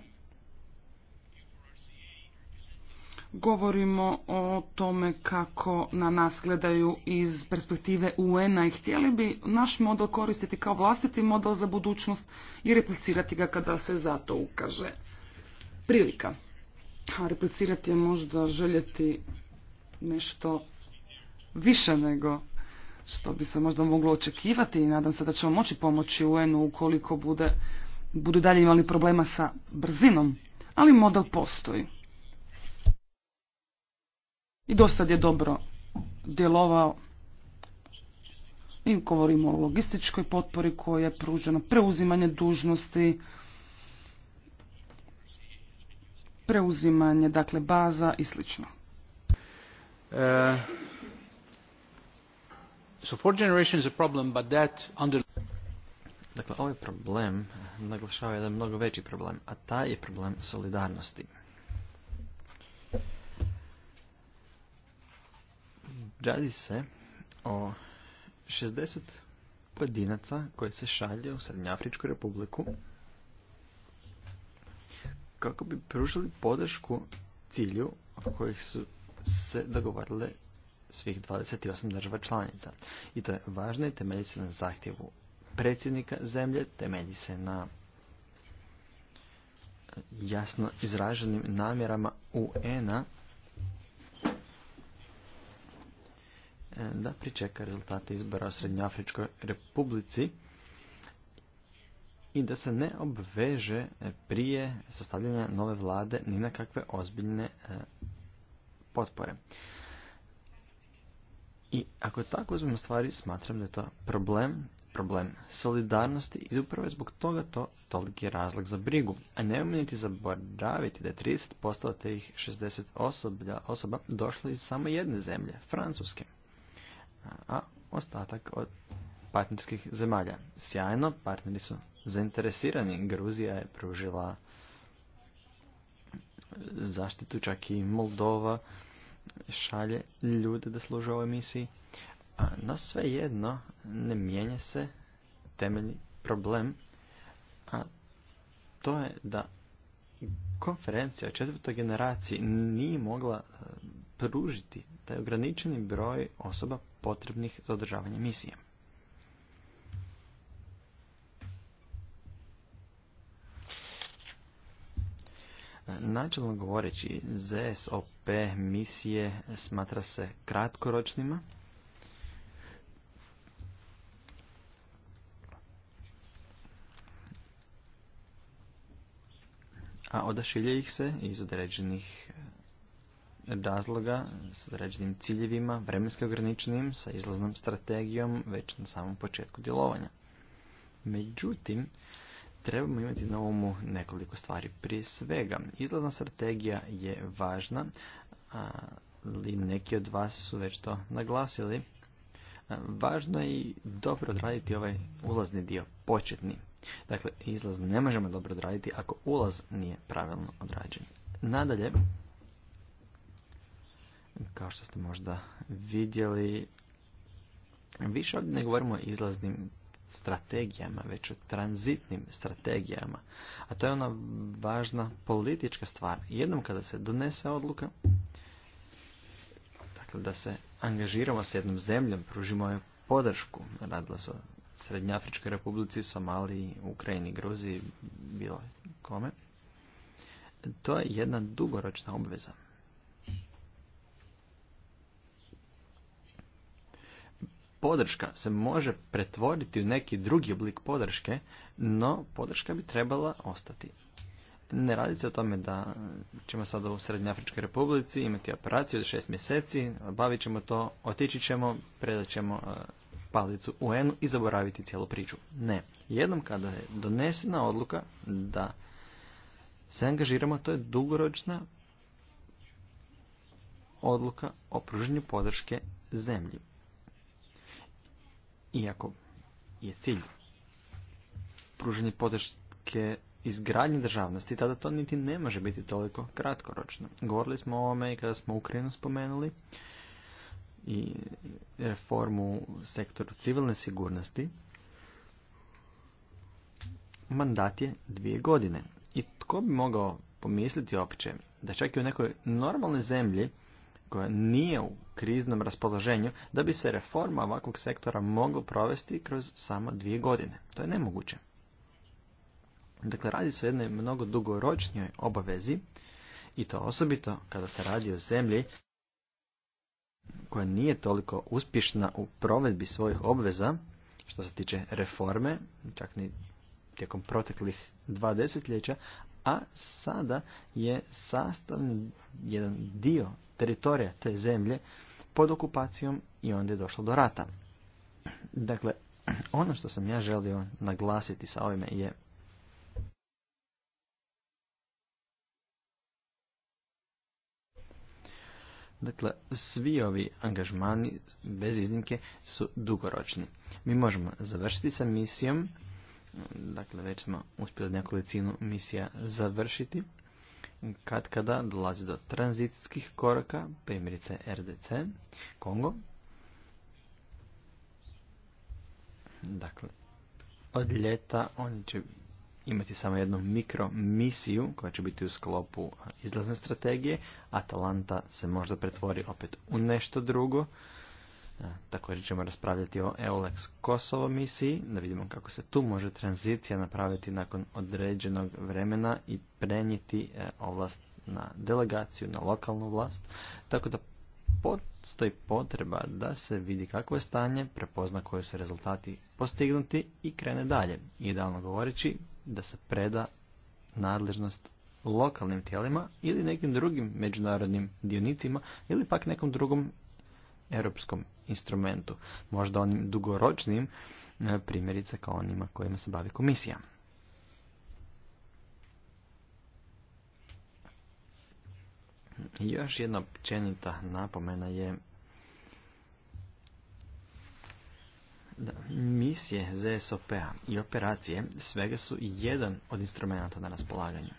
S4: govorimo o tome kako na nas gledaju iz perspektive UN-a i htjeli bi naš model koristiti kao vlastiti model za budućnost i replicirati ga kada se za to ukaže prilika. A replicirati je možda željeti nešto više nego što bi se možda moglo očekivati i nadam se da ćemo moći pomoći UN-u ukoliko bude, budu dalje imali problema sa brzinom, ali model postoji i do sad je dobro djelovao. I govorimo o logističkoj potpori koja je pružena, preuzimanje dužnosti, preuzimanje dakle baza i sl. E,
S3: problem,
S2: Dakle, ovaj problem naglašava jedan mnogo veći problem, a taj je problem solidarnosti. Radi se o 60 pojedinaca koje se šalje u Srednjafričku republiku kako bi pružili podršku cilju o kojih su se dogovorile svih 28 država članica. I to je važno i temelji se na zahtjevu predsjednika zemlje, temelji se na jasno izraženim namjerama UN-a da pričeka rezultate izbora u Srednjoafričkoj republici i da se ne obveže prije sastavljanja nove vlade ni na kakve ozbiljne e, potpore. I ako tako uzmemo stvari, smatram da je to problem, problem solidarnosti i upravo je zbog toga to toliki razlog za brigu. A ne umjeti zaboraviti da je 30% od tih 60 osoba došlo iz samo jedne zemlje, Francuske a ostatak od partnerskih zemalja. Sjajno, partneri su zainteresirani. Gruzija je pružila zaštitu, čak i Moldova šalje ljude da služe ovoj misiji. No svejedno ne mijenja se temeljni problem, a to je da konferencija četvrtoj generaciji nije mogla e, pružiti taj ograničeni broj osoba potrebnih za održavanje misije. Načelno govoreći, ZSOP misije smatra se kratkoročnima. A odašilje ih se iz određenih razloga, s određenim ciljevima, vremenski ograničenim, sa izlaznom strategijom već na samom početku djelovanja. Međutim, trebamo imati na umu nekoliko stvari. Prije svega, izlazna strategija je važna, ali neki od vas su već to naglasili. Važno je i dobro odraditi ovaj ulazni dio, početni. Dakle, izlaz ne možemo dobro odraditi ako ulaz nije pravilno odrađen. Nadalje, kao što ste možda vidjeli, više ovdje ne govorimo o izlaznim strategijama, već o tranzitnim strategijama. A to je ona važna politička stvar. Jednom kada se donese odluka, dakle da se angažiramo s jednom zemljom, pružimo joj podršku, radila se o Srednjafričkoj republici, Somaliji, Ukrajini, Gruziji, bilo kome, to je jedna dugoročna obveza. podrška se može pretvoriti u neki drugi oblik podrške, no podrška bi trebala ostati. Ne radi se o tome da ćemo sada u Srednjoafričkoj republici imati operaciju od šest mjeseci, bavit ćemo to, otići ćemo, predat ćemo e, palicu un enu i zaboraviti cijelu priču. Ne. Jednom kada je donesena odluka da se angažiramo, to je dugoročna odluka o pružanju podrške zemlji. Iako je cilj pružanje podrške izgradnje državnosti, tada to niti ne može biti toliko kratkoročno. Govorili smo o ovome i kada smo Ukrajinu spomenuli i reformu u sektoru civilne sigurnosti. Mandat je dvije godine. I tko bi mogao pomisliti opće da čak i u nekoj normalnoj zemlji koja nije u kriznom raspoloženju da bi se reforma ovakvog sektora mogla provesti kroz samo dvije godine. To je nemoguće. Dakle, radi se o jednoj mnogo dugoročnijoj obavezi i to osobito kada se radi o zemlji koja nije toliko uspješna u provedbi svojih obveza što se tiče reforme, čak ni tijekom proteklih dva desetljeća, a sada je sastavni jedan dio teritorija te zemlje pod okupacijom i onda je došlo do rata. Dakle, ono što sam ja želio naglasiti sa ovime je Dakle, svi ovi angažmani, bez iznimke, su dugoročni. Mi možemo završiti sa misijom Dakle, već smo uspjeli nekolicinu misija završiti. Kad kada dolazi do tranzicijskih koraka, primjerice RDC, Kongo. Dakle, od ljeta oni će imati samo jednu mikro misiju koja će biti u sklopu izlazne strategije. Atalanta se možda pretvori opet u nešto drugo. E, također ćemo raspravljati o EOLEX Kosovo misiji, da vidimo kako se tu može tranzicija napraviti nakon određenog vremena i prenijeti e, ovlast na delegaciju, na lokalnu vlast, tako da postoji potreba da se vidi kakvo je stanje, prepozna koji su rezultati postignuti i krene dalje. Idealno govoreći da se preda nadležnost lokalnim tijelima ili nekim drugim međunarodnim dionicima ili pak nekom drugom europskom instrumentu, možda onim dugoročnim e, primjerice kao onima kojima se bavi komisija. Još jedna općenita napomena je da misije ZSOP-a i operacije svega su jedan od instrumenta na raspolaganju.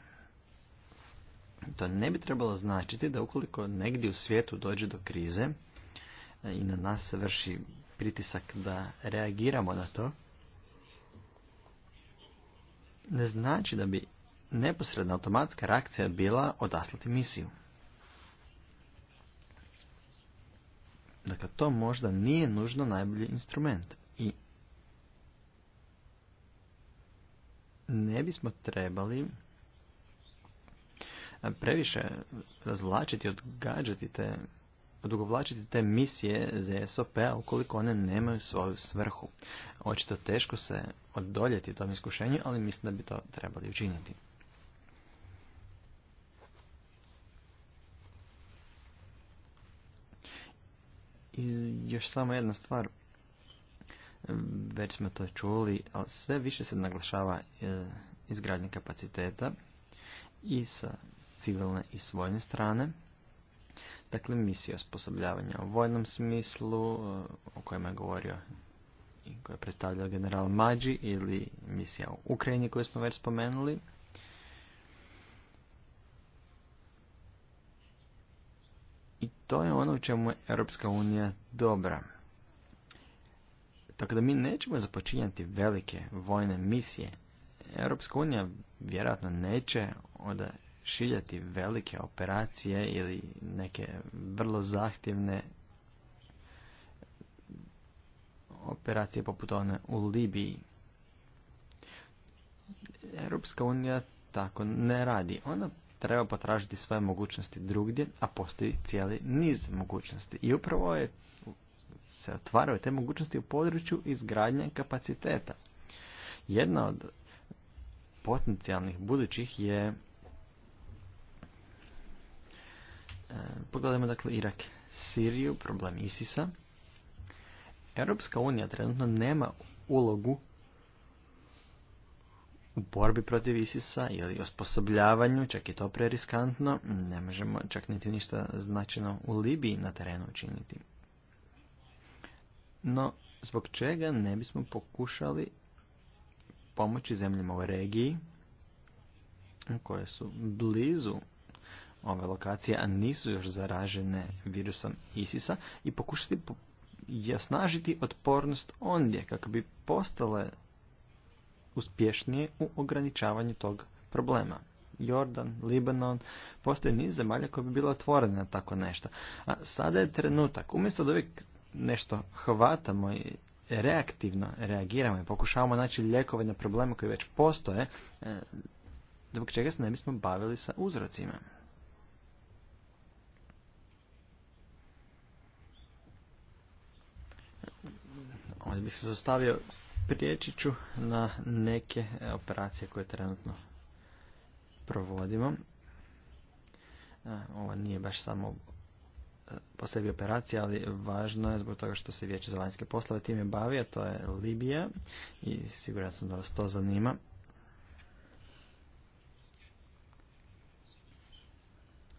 S2: To ne bi trebalo značiti da ukoliko negdje u svijetu dođe do krize, i na nas se vrši pritisak da reagiramo na to, ne znači da bi neposredna automatska reakcija bila odaslati misiju. Dakle, to možda nije nužno najbolji instrument i ne bismo trebali previše razvlačiti, odgađati te odugovlačiti te misije za SOP ukoliko one nemaju svoju svrhu. Očito teško se odoljeti tom iskušenju, ali mislim da bi to trebali učiniti. još samo jedna stvar, već smo to čuli, ali sve više se naglašava e, izgradnja kapaciteta i sa civilne i svojne strane. Dakle, misije osposobljavanja u vojnom smislu, eh, o kojima je govorio i koje je predstavljao general Mađi ili misija u Ukrajini koju smo već spomenuli. I to je ono u čemu je Europska unija dobra. Tako da mi nećemo započinjati velike vojne misije. Europska unija vjerojatno neće od šiljati velike operacije ili neke vrlo zahtjevne operacije poput one u Libiji. Europska unija tako ne radi. Ona treba potražiti svoje mogućnosti drugdje, a postoji cijeli niz mogućnosti. I upravo je, se otvaraju te mogućnosti u području izgradnje kapaciteta. Jedna od potencijalnih budućih je Pogledajmo dakle Irak, Siriju, problem Isisa. Europska unija trenutno nema ulogu u borbi protiv Isisa ili osposobljavanju, čak i to preriskantno, ne možemo čak niti ništa značajno u Libiji na terenu učiniti. No, zbog čega ne bismo pokušali pomoći zemljama u regiji koje su blizu ove lokacije, a nisu još zaražene virusom Isisa i pokušati osnažiti otpornost ondje kako bi postale uspješnije u ograničavanju tog problema. Jordan, Libanon, postoje niz zemalja koje bi bila otvorena na tako nešto. A sada je trenutak, umjesto da uvijek nešto hvatamo i reaktivno reagiramo i pokušavamo naći lijekove na probleme koji već postoje, e, zbog čega se ne bismo bavili sa uzrocima. Ali bih se zastavio, prijeći ću na neke e, operacije koje trenutno provodimo. E, ovo nije baš samo e, po sebi operacija, ali važno je zbog toga što se vijeće za vanjske poslove time bavi, a to je Libija i siguran sam da vas to zanima.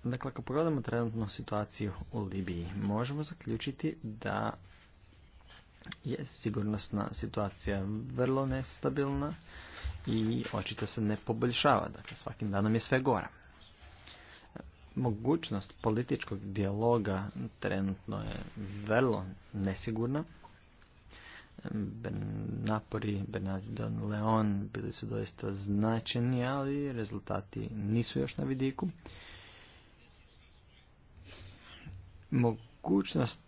S2: Dakle, ako pogledamo trenutnu situaciju u Libiji, možemo zaključiti da je sigurnosna situacija vrlo nestabilna i očito se ne poboljšava. Dakle, svakim danom je sve gora. Mogućnost političkog dijaloga trenutno je vrlo nesigurna. Napori Bernardon Leon bili su doista značajni, ali rezultati nisu još na vidiku. Mogućnost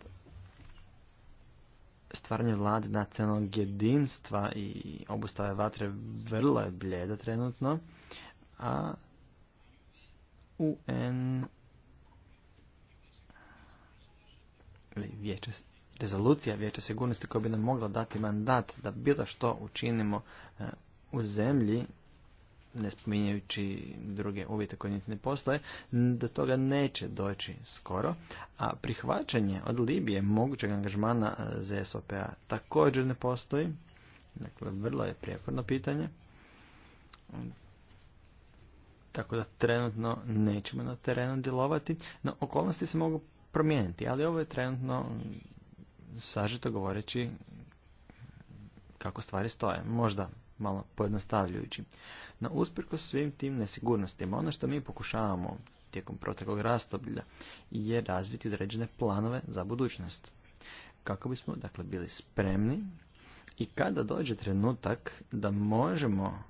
S2: stvaranje vlade nacionalnog jedinstva i obustave vatre vrlo je bljeda trenutno, a UN ili vijeće, rezolucija vijeća sigurnosti koja bi nam mogla dati mandat da bilo što učinimo e, u zemlji ne spominjajući druge uvjete koje niti ne postoje, do toga neće doći skoro, a prihvaćanje od Libije mogućeg angažmana za p-a a također ne postoji, dakle vrlo je prijeporno pitanje, tako da trenutno nećemo na terenu djelovati, no okolnosti se mogu promijeniti, ali ovo je trenutno sažeto govoreći kako stvari stoje, možda malo pojednostavljujući. Na usprko svim tim nesigurnostima, ono što mi pokušavamo tijekom proteklog rastoblja je razviti određene planove za budućnost. Kako bismo, dakle, bili spremni i kada dođe trenutak da možemo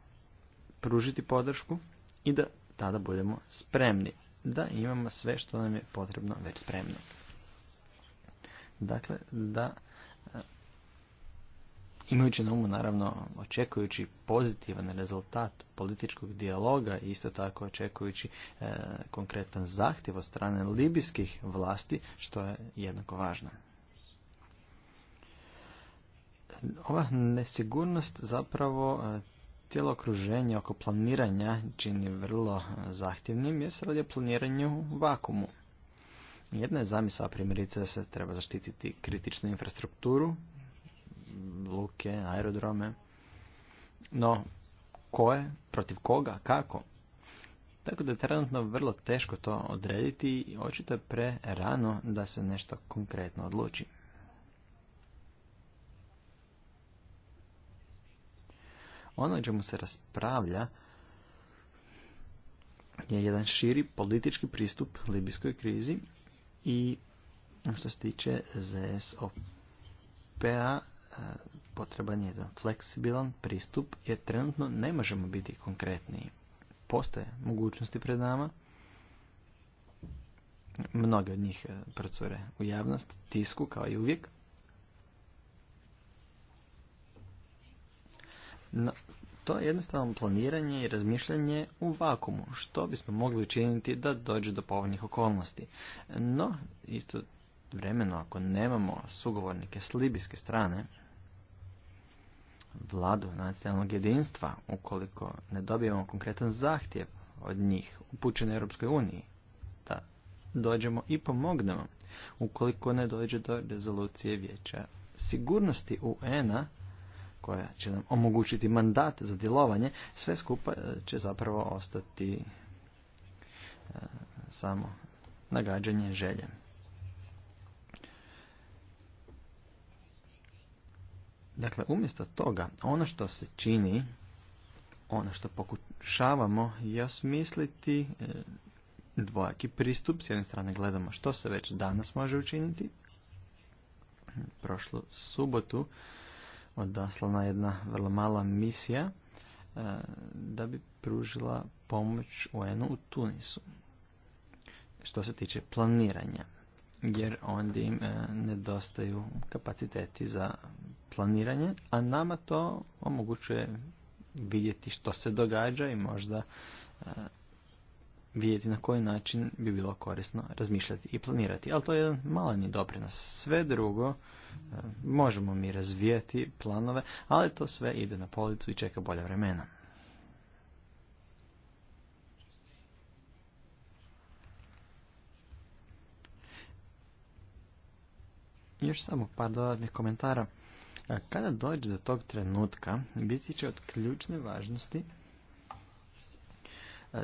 S2: pružiti podršku i da tada budemo spremni, da imamo sve što nam je potrebno već spremno. Dakle, da Imajući na umu, naravno, očekujući pozitivan rezultat političkog dijaloga i isto tako očekujući e, konkretan zahtjev od strane libijskih vlasti, što je jednako važno. Ova nesigurnost zapravo tijelo e, okruženje oko planiranja čini vrlo e, zahtjevnim jer se radi o planiranju vakumu. Jedna je zamisla primjerice da se treba zaštititi kritičnu infrastrukturu, luke, aerodrome. No, koje? protiv koga, kako? Tako da je trenutno vrlo teško to odrediti i očito je pre rano da se nešto konkretno odluči. Ono čemu se raspravlja je jedan širi politički pristup libijskoj krizi i što se tiče ZSOP-a potreban je jedan fleksibilan pristup jer trenutno ne možemo biti konkretniji. Postoje mogućnosti pred nama, mnoge od njih e, procure u javnost, tisku kao i uvijek. No, to je jednostavno planiranje i razmišljanje u vakumu, što bismo mogli učiniti da dođe do povoljnih okolnosti. No, isto vremeno, ako nemamo sugovornike s libijske strane, vladu nacionalnog jedinstva ukoliko ne dobijemo konkretan zahtjev od njih upućen Europskoj uniji da dođemo i pomognemo ukoliko ne dođe do rezolucije vijeća sigurnosti un koja će nam omogućiti mandat za djelovanje, sve skupa e, će zapravo ostati e, samo nagađanje želje. Dakle, umjesto toga, ono što se čini, ono što pokušavamo je osmisliti e, dvojaki pristup. S jedne strane gledamo što se već danas može učiniti. Prošlu subotu odaslana jedna vrlo mala misija e, da bi pružila pomoć UN-u u Tunisu. Što se tiče planiranja jer onda im e, nedostaju kapaciteti za planiranje, a nama to omogućuje vidjeti što se događa i možda e, vidjeti na koji način bi bilo korisno razmišljati i planirati. Ali to je jedan maleni doprinos. Sve drugo e, možemo mi razvijati planove, ali to sve ide na policu i čeka bolja vremena. Još samo par dodatnih komentara. E, kada dođe do tog trenutka, biti će od ključne važnosti e,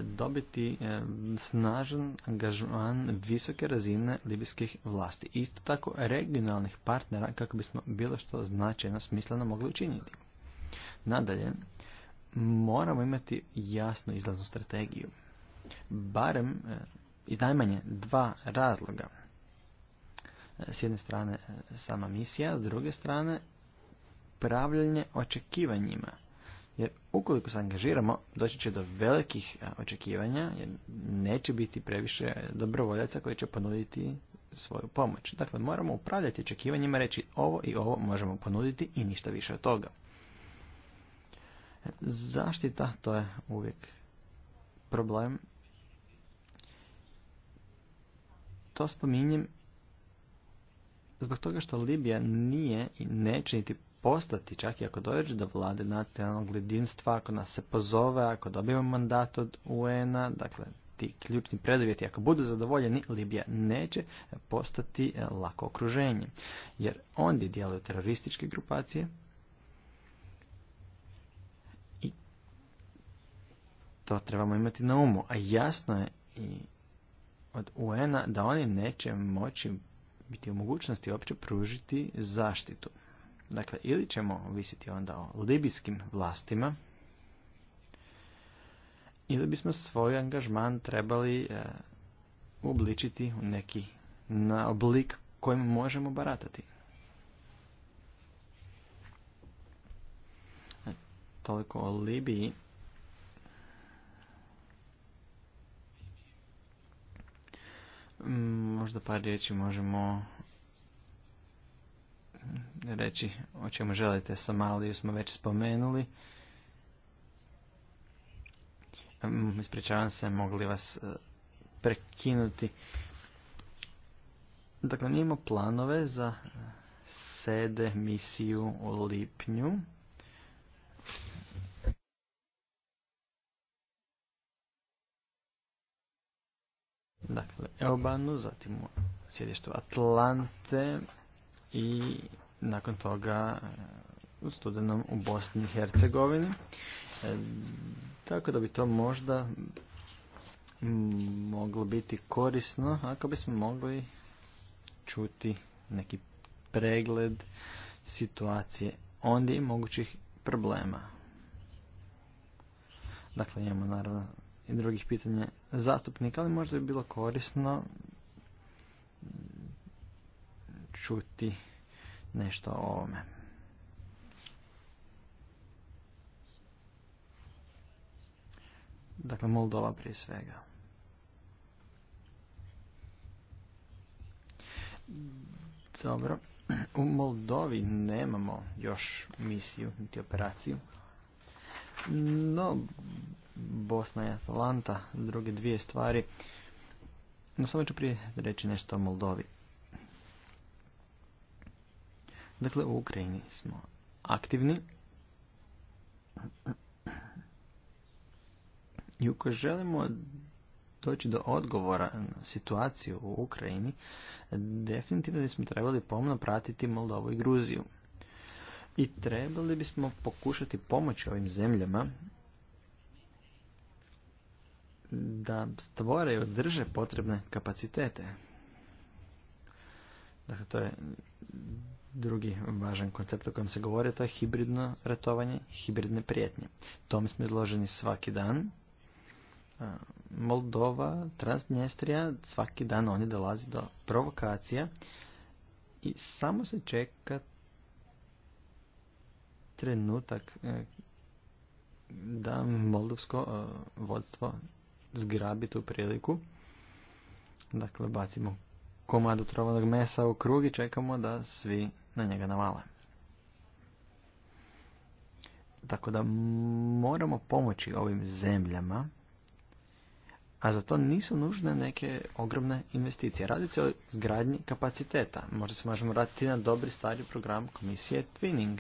S2: dobiti e, snažan angažman visoke razine libijskih vlasti. Isto tako regionalnih partnera kako bismo bilo što značajno smisleno mogli učiniti. Nadalje, moramo imati jasnu izlaznu strategiju. Barem iz najmanje dva razloga. S jedne strane e, sama misija, s druge strane upravljanje očekivanjima. Jer ukoliko se angažiramo, doći će do velikih e, očekivanja, jer neće biti previše dobrovoljaca koji će ponuditi svoju pomoć. Dakle, moramo upravljati očekivanjima, reći ovo i ovo možemo ponuditi i ništa više od toga. E, zaštita, to je uvijek problem. To spominjem zbog toga što Libija nije i neće niti postati, čak i ako dođe do vlade nacionalnog jedinstva, ako nas se pozove, ako dobijemo mandat od UN-a, dakle ti ključni preduvjeti, ako budu zadovoljeni, Libija neće postati e, lako okruženje. Jer ondje djeluju terorističke grupacije i to trebamo imati na umu. A jasno je i od UN-a da oni neće moći biti u mogućnosti uopće pružiti zaštitu. Dakle, ili ćemo visiti onda o libijskim vlastima, ili bismo svoj angažman trebali e, obličiti u neki na oblik kojim možemo baratati. E, toliko o Libiji. Mm, možda par riječi možemo reći o čemu želite. Somaliju smo već spomenuli. Mm, ispričavam se, mogli vas e, prekinuti. Dakle, mi imamo planove za sede misiju u lipnju. Dakle, Elbanu, zatim u sjedištu Atlante i nakon toga e, u studenom u Bosni i Hercegovini. E, tako da bi to možda moglo biti korisno ako bismo mogli čuti neki pregled situacije ondje i mogućih problema. Dakle, imamo naravno i drugih pitanja zastupnika, ali možda bi bilo korisno čuti nešto o ovome. Dakle, Moldova prije svega. Dobro. U Moldovi nemamo još misiju niti operaciju. No, Bosna i Atalanta, druge dvije stvari. No samo ću prije reći nešto o Moldovi. Dakle, u Ukrajini smo aktivni. I uko želimo doći do odgovora na situaciju u Ukrajini, definitivno bismo trebali pomno pratiti Moldovu i Gruziju. I trebali bismo pokušati pomoći ovim zemljama da stvore i održe potrebne kapacitete. Dakle, to je drugi važan koncept o kojem se govori, to je hibridno ratovanje, hibridne prijetnje. Tome smo izloženi svaki dan. Moldova, Transnestrija, svaki dan oni dolazi do provokacija i samo se čeka trenutak e, da moldovsko e, vodstvo zgrabi tu priliku. Dakle, bacimo komadu trovanog mesa u krug i čekamo da svi na njega navale. Tako da moramo pomoći ovim zemljama, a za to nisu nužne neke ogromne investicije. Radi se o zgradnji kapaciteta. Možda se možemo raditi na dobri stari program komisije Twinning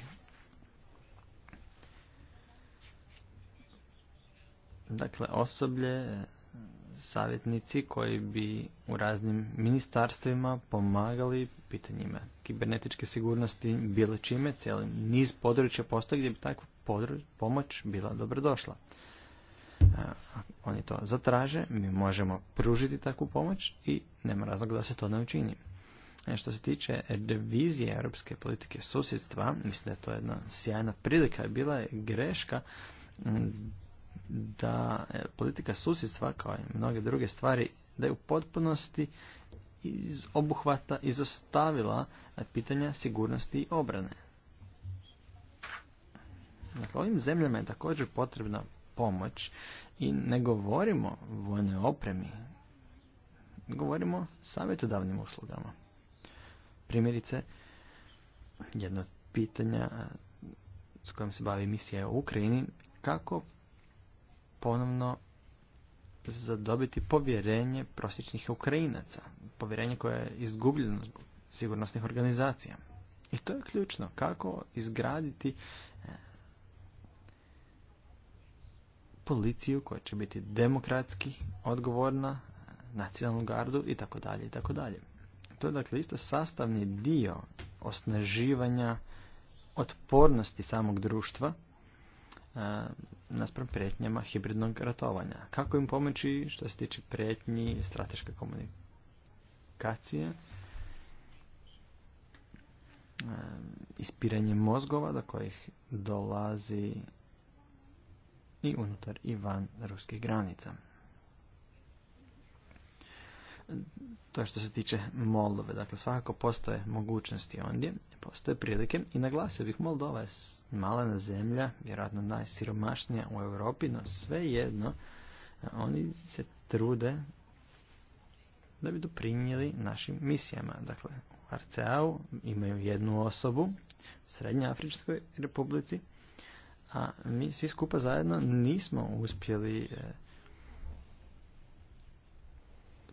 S2: Dakle, osoblje, e, savjetnici koji bi u raznim ministarstvima pomagali pitanjima kibernetičke sigurnosti bilo čime, cijeli niz područja postoji gdje bi takva pomoć bila dobrodošla. E, oni to zatraže, mi možemo pružiti takvu pomoć i nema razloga da se to ne učini. E, što se tiče revizije europske politike susjedstva, mislim da je to jedna sjajna prilika, je bila je greška da e, politika susjedstva kao i mnoge druge stvari da je u potpunosti iz obuhvata izostavila e, pitanja sigurnosti i obrane. Dakle, ovim zemljama je također potrebna pomoć i ne govorimo vojnoj opremi, govorimo savjetodavnim uslugama. Primjerice, jedno od pitanja e, s kojim se bavi misija u Ukrajini, kako ponovno zadobiti povjerenje prosječnih Ukrajinaca, povjerenje koje je izgubljeno zbog sigurnosnih organizacija. I to je ključno, kako izgraditi e, policiju koja će biti demokratski odgovorna, nacionalnu gardu i tako dalje i tako dalje. To je dakle isto sastavni dio osnaživanja otpornosti samog društva naspram prijetnjama hibridnog ratovanja. Kako im pomoći što se tiče prijetnji strateške komunikacije, ispiranje mozgova do kojih dolazi i unutar i van ruskih granica to što se tiče Moldove. Dakle, svakako postoje mogućnosti ondje, postoje prilike i naglasio bih Moldova je malena zemlja, vjerojatno najsiromašnija u Europi, no svejedno oni se trude da bi doprinijeli našim misijama. Dakle, u Arceau imaju jednu osobu u Srednjoafričkoj republici, a mi svi skupa zajedno nismo uspjeli e,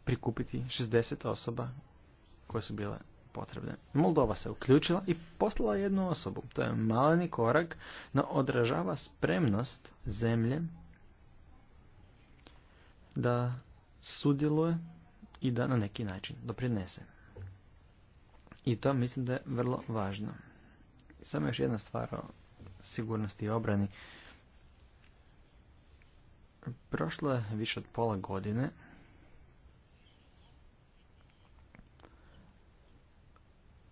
S2: prikupiti 60 osoba koje su bile potrebne. Moldova se uključila i poslala jednu osobu. To je maleni korak, no odražava spremnost zemlje da sudjeluje i da na neki način doprinese. I to mislim da je vrlo važno. Samo još jedna stvar o sigurnosti i obrani. Prošlo je više od pola godine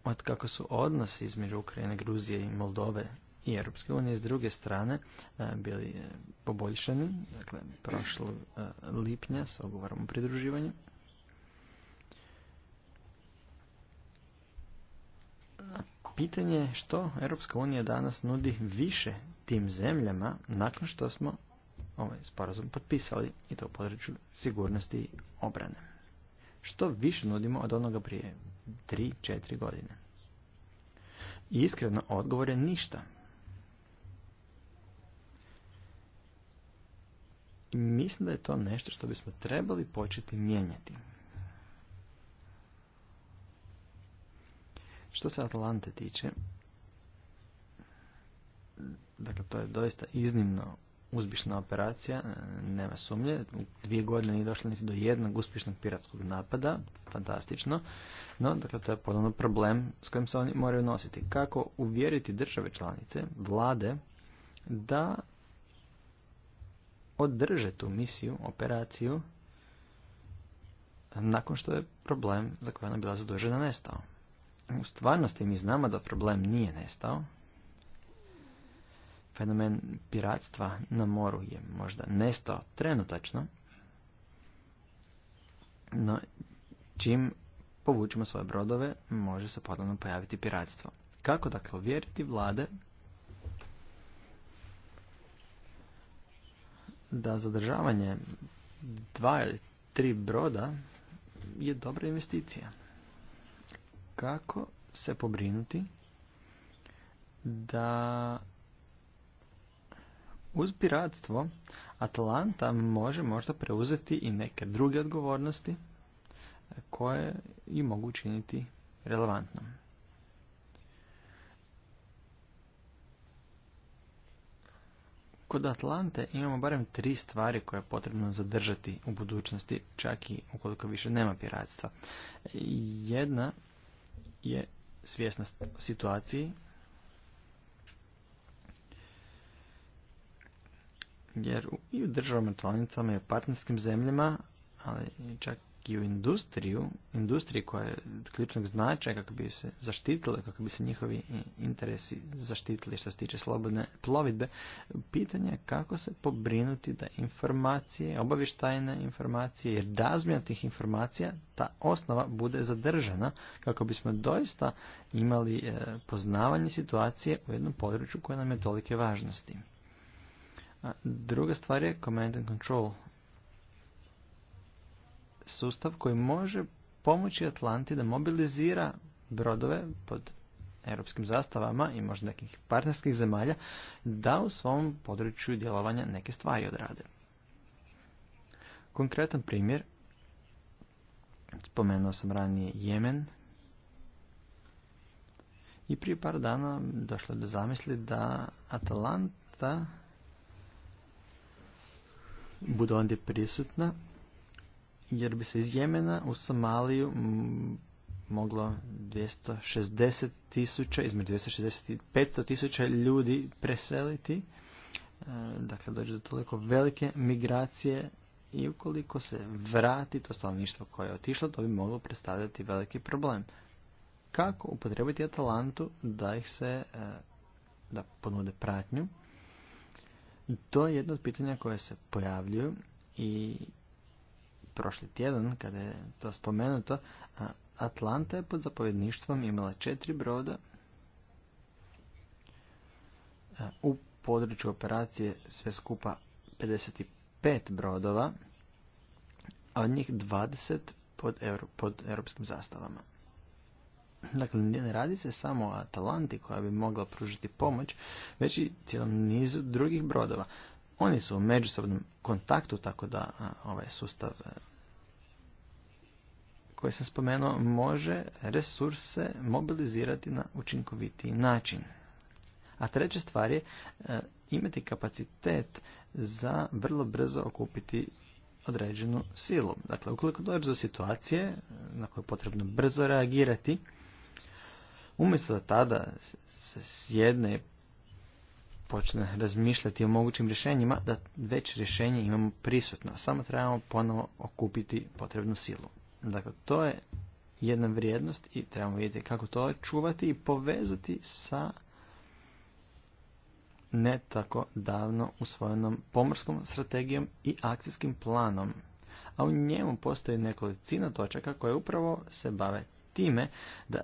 S2: od kako su odnosi između Ukrajine, Gruzije i Moldove i Europske unije s druge strane e, bili e, poboljšani, dakle prošlo e, lipnja sa ugovorom o pridruživanju. Pitanje je što Europska unija danas nudi više tim zemljama nakon što smo ovaj sporazum potpisali i to u području sigurnosti i obrane. Što više nudimo od onoga prije 3-4 godine? iskreno odgovor je ništa. mislim da je to nešto što bismo trebali početi mijenjati. Što se Atlante tiče, dakle to je doista iznimno uspješna operacija, e, nema sumnje. U dvije godine nije došlo niti do jednog uspješnog piratskog napada, fantastično. No, dakle, to je ponovno problem s kojim se oni moraju nositi. Kako uvjeriti države članice, vlade, da održe tu misiju, operaciju, nakon što je problem za koje ona bila zadužena nestao. U stvarnosti mi znamo da problem nije nestao, Fenomen piratstva na moru je možda nestao trenutačno, no čim povučemo svoje brodove, može se ponovno pojaviti piratstvo. Kako dakle uvjeriti vlade da zadržavanje dva ili tri broda je dobra investicija? Kako se pobrinuti da uz piratstvo, Atlanta može možda preuzeti i neke druge odgovornosti e, koje i mogu učiniti relevantnom. Kod Atlante imamo barem tri stvari koje je potrebno zadržati u budućnosti, čak i ukoliko više nema piratstva. Jedna je svjesnost situaciji jer i u državama članicama i u partnerskim zemljama, ali čak i u industriju, industriji koja je ključnog značaja kako bi se zaštitile, kako bi se njihovi interesi zaštitili što se tiče slobodne plovidbe, pitanje je kako se pobrinuti da informacije, obavještajne informacije i razmjena tih informacija, ta osnova bude zadržana kako bismo doista imali e, poznavanje situacije u jednom području koje nam je tolike važnosti. A druga stvar je command and control. Sustav koji može pomoći Atlanti da mobilizira brodove pod europskim zastavama i možda nekih partnerskih zemalja da u svom području djelovanja neke stvari odrade. Konkretan primjer, spomenuo sam ranije Jemen, i prije par dana došlo do zamisli da Atalanta bude ondje prisutna jer bi se iz Jemena u Somaliju moglo 260 tisuća, između 260 i 500 tisuća ljudi preseliti. E, dakle, dođe do toliko velike migracije i ukoliko se vrati to stanovništvo koje je otišlo, to bi moglo predstavljati veliki problem. Kako upotrebiti Atalantu da ih se e, da ponude pratnju to je jedno od pitanja koje se pojavljuju i prošli tjedan, kada je to spomenuto, Atlanta je pod zapovjedništvom imala četiri broda u području operacije sve skupa 55 brodova, a od njih 20 pod, pod europskim zastavama. Dakle, ne radi se samo o Atalanti koja bi mogla pružiti pomoć, već i cijelom nizu drugih brodova. Oni su u međusobnom kontaktu, tako da ovaj sustav e, koji sam spomenuo može resurse mobilizirati na učinkovitiji način. A treća stvar je e, imati kapacitet za vrlo brzo okupiti određenu silu. Dakle, ukoliko dođe do situacije na koju je potrebno brzo reagirati, Umjesto da tada se sjedne počne razmišljati o mogućim rješenjima, da već rješenje imamo prisutno. Samo trebamo ponovo okupiti potrebnu silu. Dakle, to je jedna vrijednost i trebamo vidjeti kako to čuvati i povezati sa ne tako davno usvojenom pomorskom strategijom i akcijskim planom. A u njemu postoji nekolicina točaka koje upravo se bave time da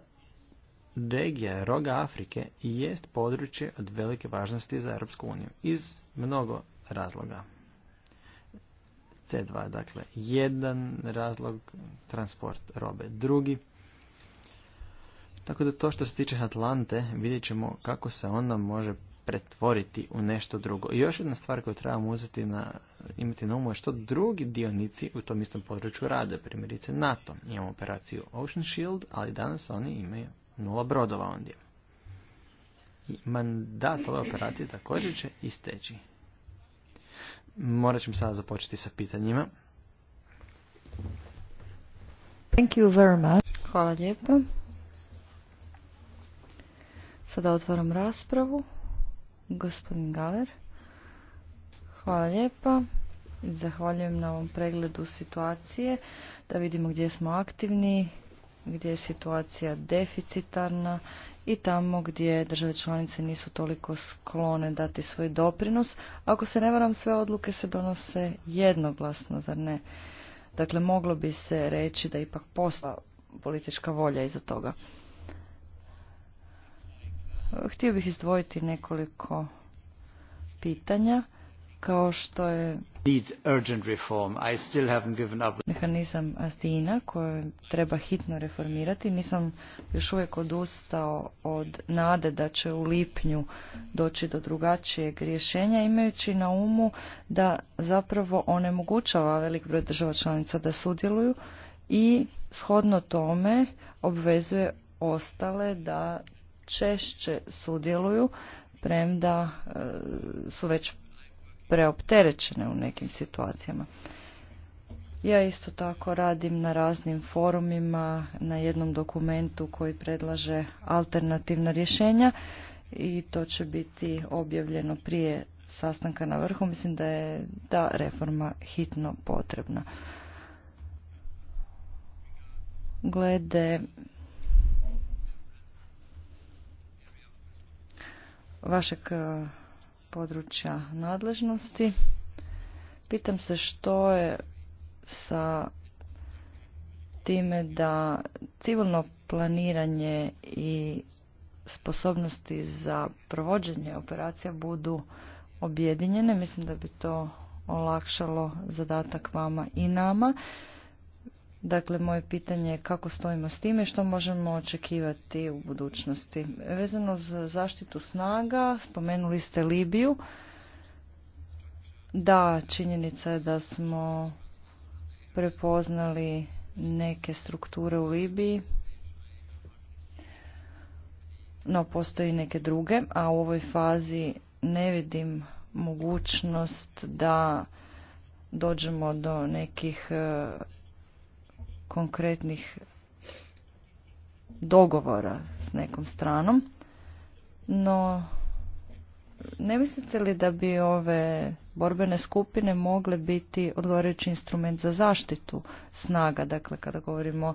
S2: regija roga Afrike jest područje od velike važnosti za Europsku uniju iz mnogo razloga. C2, dakle, jedan razlog, transport robe, drugi. Tako da to što se tiče Atlante, vidjet ćemo kako se ona može pretvoriti u nešto drugo. I još jedna stvar koju trebamo uzeti na, imati na umu je što drugi dionici u tom istom području rade, primjerice NATO. Imamo operaciju Ocean Shield, ali danas oni imaju nula brodova ondje. I mandat ove operacije također će isteći. Morat ćemo sada započeti sa pitanjima.
S1: Thank you very much. Hvala lijepo. Sada otvaram raspravu. Gospodin Galer. Hvala lijepa. Zahvaljujem na ovom pregledu situacije. Da vidimo gdje smo aktivni, gdje je situacija deficitarna i tamo gdje države članice nisu toliko sklone dati svoj doprinos. Ako se ne varam, sve odluke se donose jednoglasno, zar ne? Dakle, moglo bi se reći da ipak posla politička volja iza toga. Htio bih izdvojiti nekoliko pitanja kao što je mehanizam Astina koje treba hitno reformirati. Nisam još uvijek odustao od nade da će u lipnju doći do drugačijeg rješenja imajući na umu da zapravo onemogućava velik broj država članica da sudjeluju i shodno tome obvezuje ostale da češće sudjeluju premda e, su već preopterećene u nekim situacijama. Ja isto tako radim na raznim forumima, na jednom dokumentu koji predlaže alternativna rješenja i to će biti objavljeno prije sastanka na vrhu. Mislim da je ta reforma hitno potrebna. Glede vašeg područja nadležnosti. Pitam se što je sa time da civilno planiranje i sposobnosti za provođenje operacija budu objedinjene. Mislim da bi to olakšalo zadatak vama i nama. Dakle, moje pitanje je kako stojimo s time i što možemo očekivati u budućnosti. Vezano za zaštitu snaga, spomenuli ste Libiju. Da, činjenica je da smo prepoznali neke strukture u Libiji, no postoji neke druge, a u ovoj fazi ne vidim mogućnost da dođemo do nekih konkretnih dogovora s nekom stranom, no ne mislite li da bi ove borbene skupine mogle biti odgovarajući instrument za zaštitu snaga, dakle kada govorimo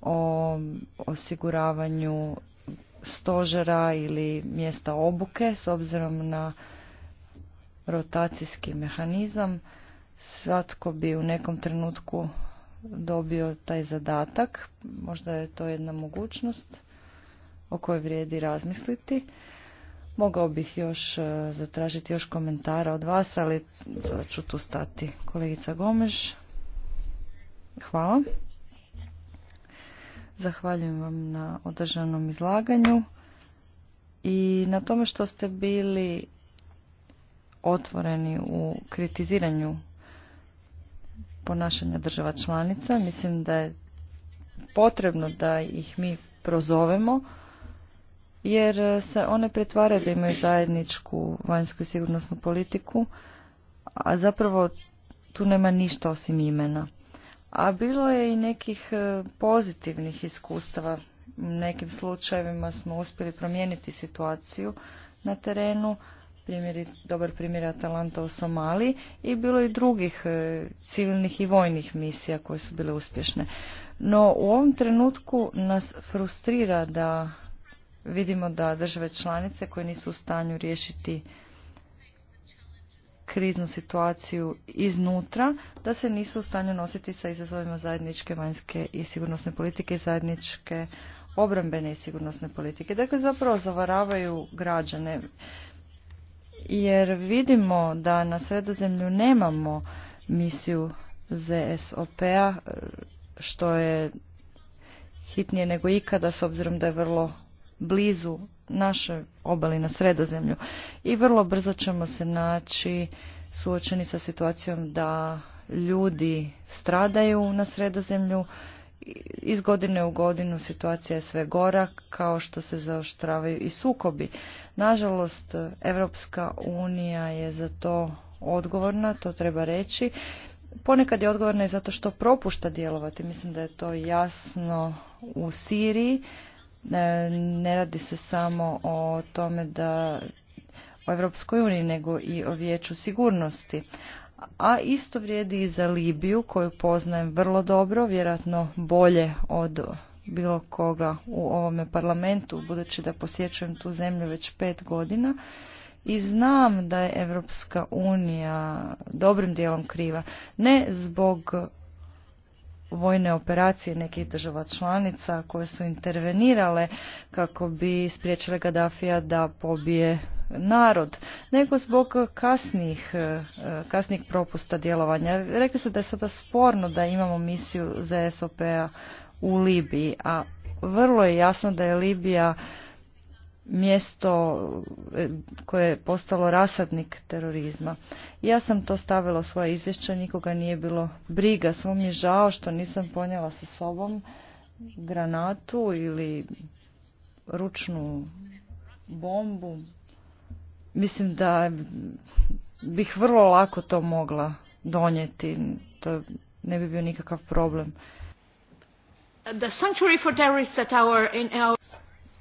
S1: o osiguravanju stožera ili mjesta obuke s obzirom na rotacijski mehanizam, svatko bi u nekom trenutku dobio taj zadatak. Možda je to jedna mogućnost o kojoj vrijedi razmisliti. Mogao bih još e, zatražiti još komentara od vas, ali sada ću tu stati. Kolegica Gomež, hvala. Zahvaljujem vam na održanom izlaganju i na tome što ste bili otvoreni u kritiziranju ponašanja država članica. Mislim da je potrebno da ih mi prozovemo jer se one pretvaraju da imaju zajedničku vanjsku i sigurnosnu politiku, a zapravo tu nema ništa osim imena. A bilo je i nekih e, pozitivnih iskustava. U nekim slučajevima smo uspjeli promijeniti situaciju na terenu, primjeri, dobar primjer Atalanta u Somaliji i bilo i drugih e, civilnih i vojnih misija koje su bile uspješne. No u ovom trenutku nas frustrira da vidimo da države članice koje nisu u stanju riješiti kriznu situaciju iznutra, da se nisu u stanju nositi sa izazovima zajedničke vanjske i sigurnosne politike i zajedničke obrambene i sigurnosne politike. Dakle, zapravo zavaravaju građane jer vidimo da na sredozemlju nemamo misiju ZSOP-a e, što je hitnije nego ikada s obzirom da je vrlo blizu naše obali na sredozemlju i vrlo brzo ćemo se naći suočeni sa situacijom da ljudi stradaju na sredozemlju iz godine u godinu situacija je sve gora, kao što se zaoštravaju i sukobi. Nažalost, Evropska unija je za to odgovorna, to treba reći. Ponekad je odgovorna i zato što propušta djelovati. Mislim da je to jasno u Siriji. E, ne radi se samo o tome da o Evropskoj uniji, nego i o vijeću sigurnosti a isto vrijedi i za Libiju koju poznajem vrlo dobro, vjerojatno bolje od bilo koga u ovome parlamentu, budući da posjećujem tu zemlju već pet godina i znam da je Evropska unija dobrim dijelom kriva, ne zbog vojne operacije nekih država članica koje su intervenirale kako bi spriječile Gaddafija da pobije narod, nego zbog kasnih, e, kasnih propusta djelovanja. Rekli ste da je sada sporno da imamo misiju za SOP-a u Libiji, a vrlo je jasno da je Libija mjesto e, koje je postalo rasadnik terorizma. Ja sam to stavila u svoje izvješće, nikoga nije bilo briga, samo mi je žao što nisam ponijela sa sobom granatu ili ručnu bombu Mislim da bih vrlo lako to mogla donijeti. To ne bi bio nikakav problem. The sanctuary for terrorists at our, in our...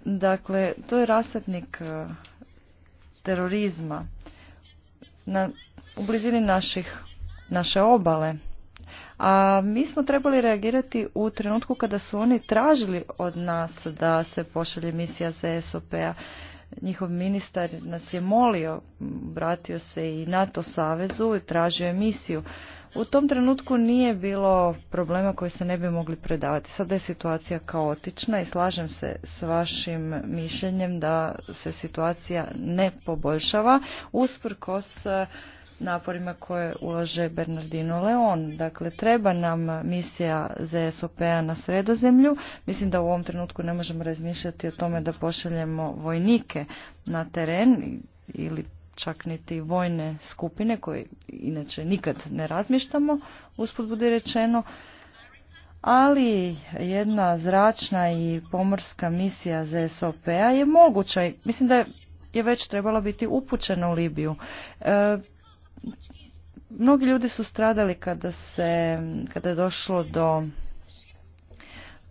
S1: Dakle, to je rasadnik e, terorizma na, u blizini naših, naše obale. A mi smo trebali reagirati u trenutku kada su oni tražili od nas da se pošalje misija za SOP-a njihov ministar nas je molio, bratio se i NATO savezu i tražio emisiju. U tom trenutku nije bilo problema koji se ne bi mogli predavati. Sada je situacija kaotična i slažem se s vašim mišljenjem da se situacija ne poboljšava usprkos naporima koje ulaže Bernardino Leon. Dakle, treba nam misija ZSOP-a na sredozemlju. Mislim da u ovom trenutku ne možemo razmišljati o tome da pošaljemo vojnike na teren ili čak niti vojne skupine koje inače nikad ne razmišljamo, usput bude rečeno, ali jedna zračna i pomorska misija ZSOP-a je moguća mislim da je već trebala biti upućena u Libiju. E, mnogi ljudi su stradali kada se, kada je došlo do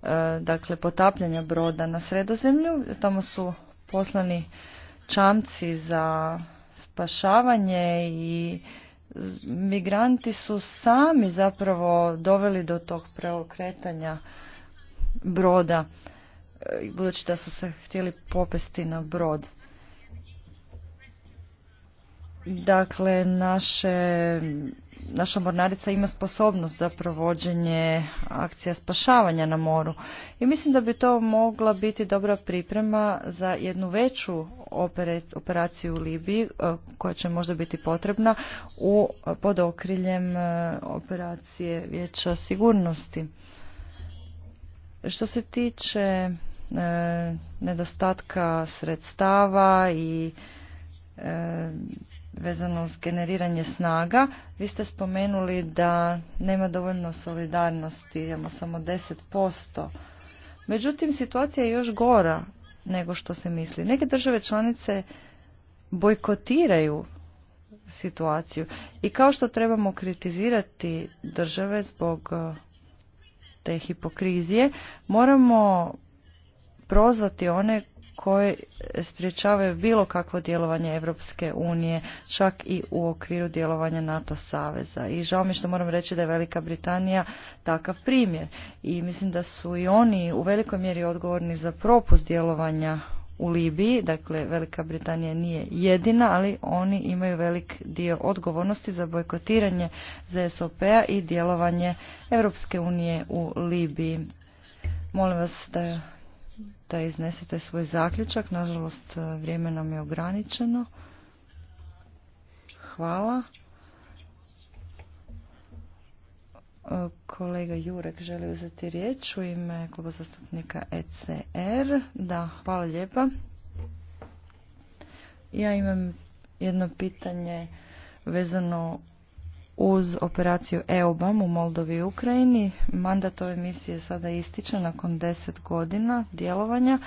S1: e, dakle potapljanja broda na sredozemlju, tamo su poslani čamci za spašavanje i migranti su sami zapravo doveli do tog preokretanja broda e, budući da su se htjeli popesti na brod. Dakle, naše, naša mornarica ima sposobnost za provođenje akcija spašavanja na moru i mislim da bi to mogla biti dobra priprema za jednu veću operaciju u Libiji e, koja će možda biti potrebna u, pod okriljem e, operacije vijeća sigurnosti. Što se tiče e, nedostatka sredstava i vezano uz generiranje snaga. Vi ste spomenuli da nema dovoljno solidarnosti, imamo samo 10%. Međutim, situacija je još gora nego što se misli. Neke države članice bojkotiraju situaciju. I kao što trebamo kritizirati države zbog e, te hipokrizije, moramo prozvati one koje spriječavaju bilo kakvo djelovanje Europske unije, čak i u okviru djelovanja NATO saveza. I žao mi što moram reći da je Velika Britanija takav primjer. I mislim da su i oni u velikoj mjeri odgovorni za propust djelovanja u Libiji, dakle Velika Britanija nije jedina, ali oni imaju velik dio odgovornosti za bojkotiranje ZSOP-a i djelovanje Europske unije u Libiji. Molim vas da da iznesete svoj zaključak. Nažalost, vrijeme nam je ograničeno. Hvala. E, kolega Jurek želi uzeti riječ u ime kluba zastupnika ECR. Da, hvala lijepa. Ja imam jedno pitanje vezano uz operaciju EOBAM u Moldovi i Ukrajini. Mandat ove misije sada ističe nakon deset godina djelovanja,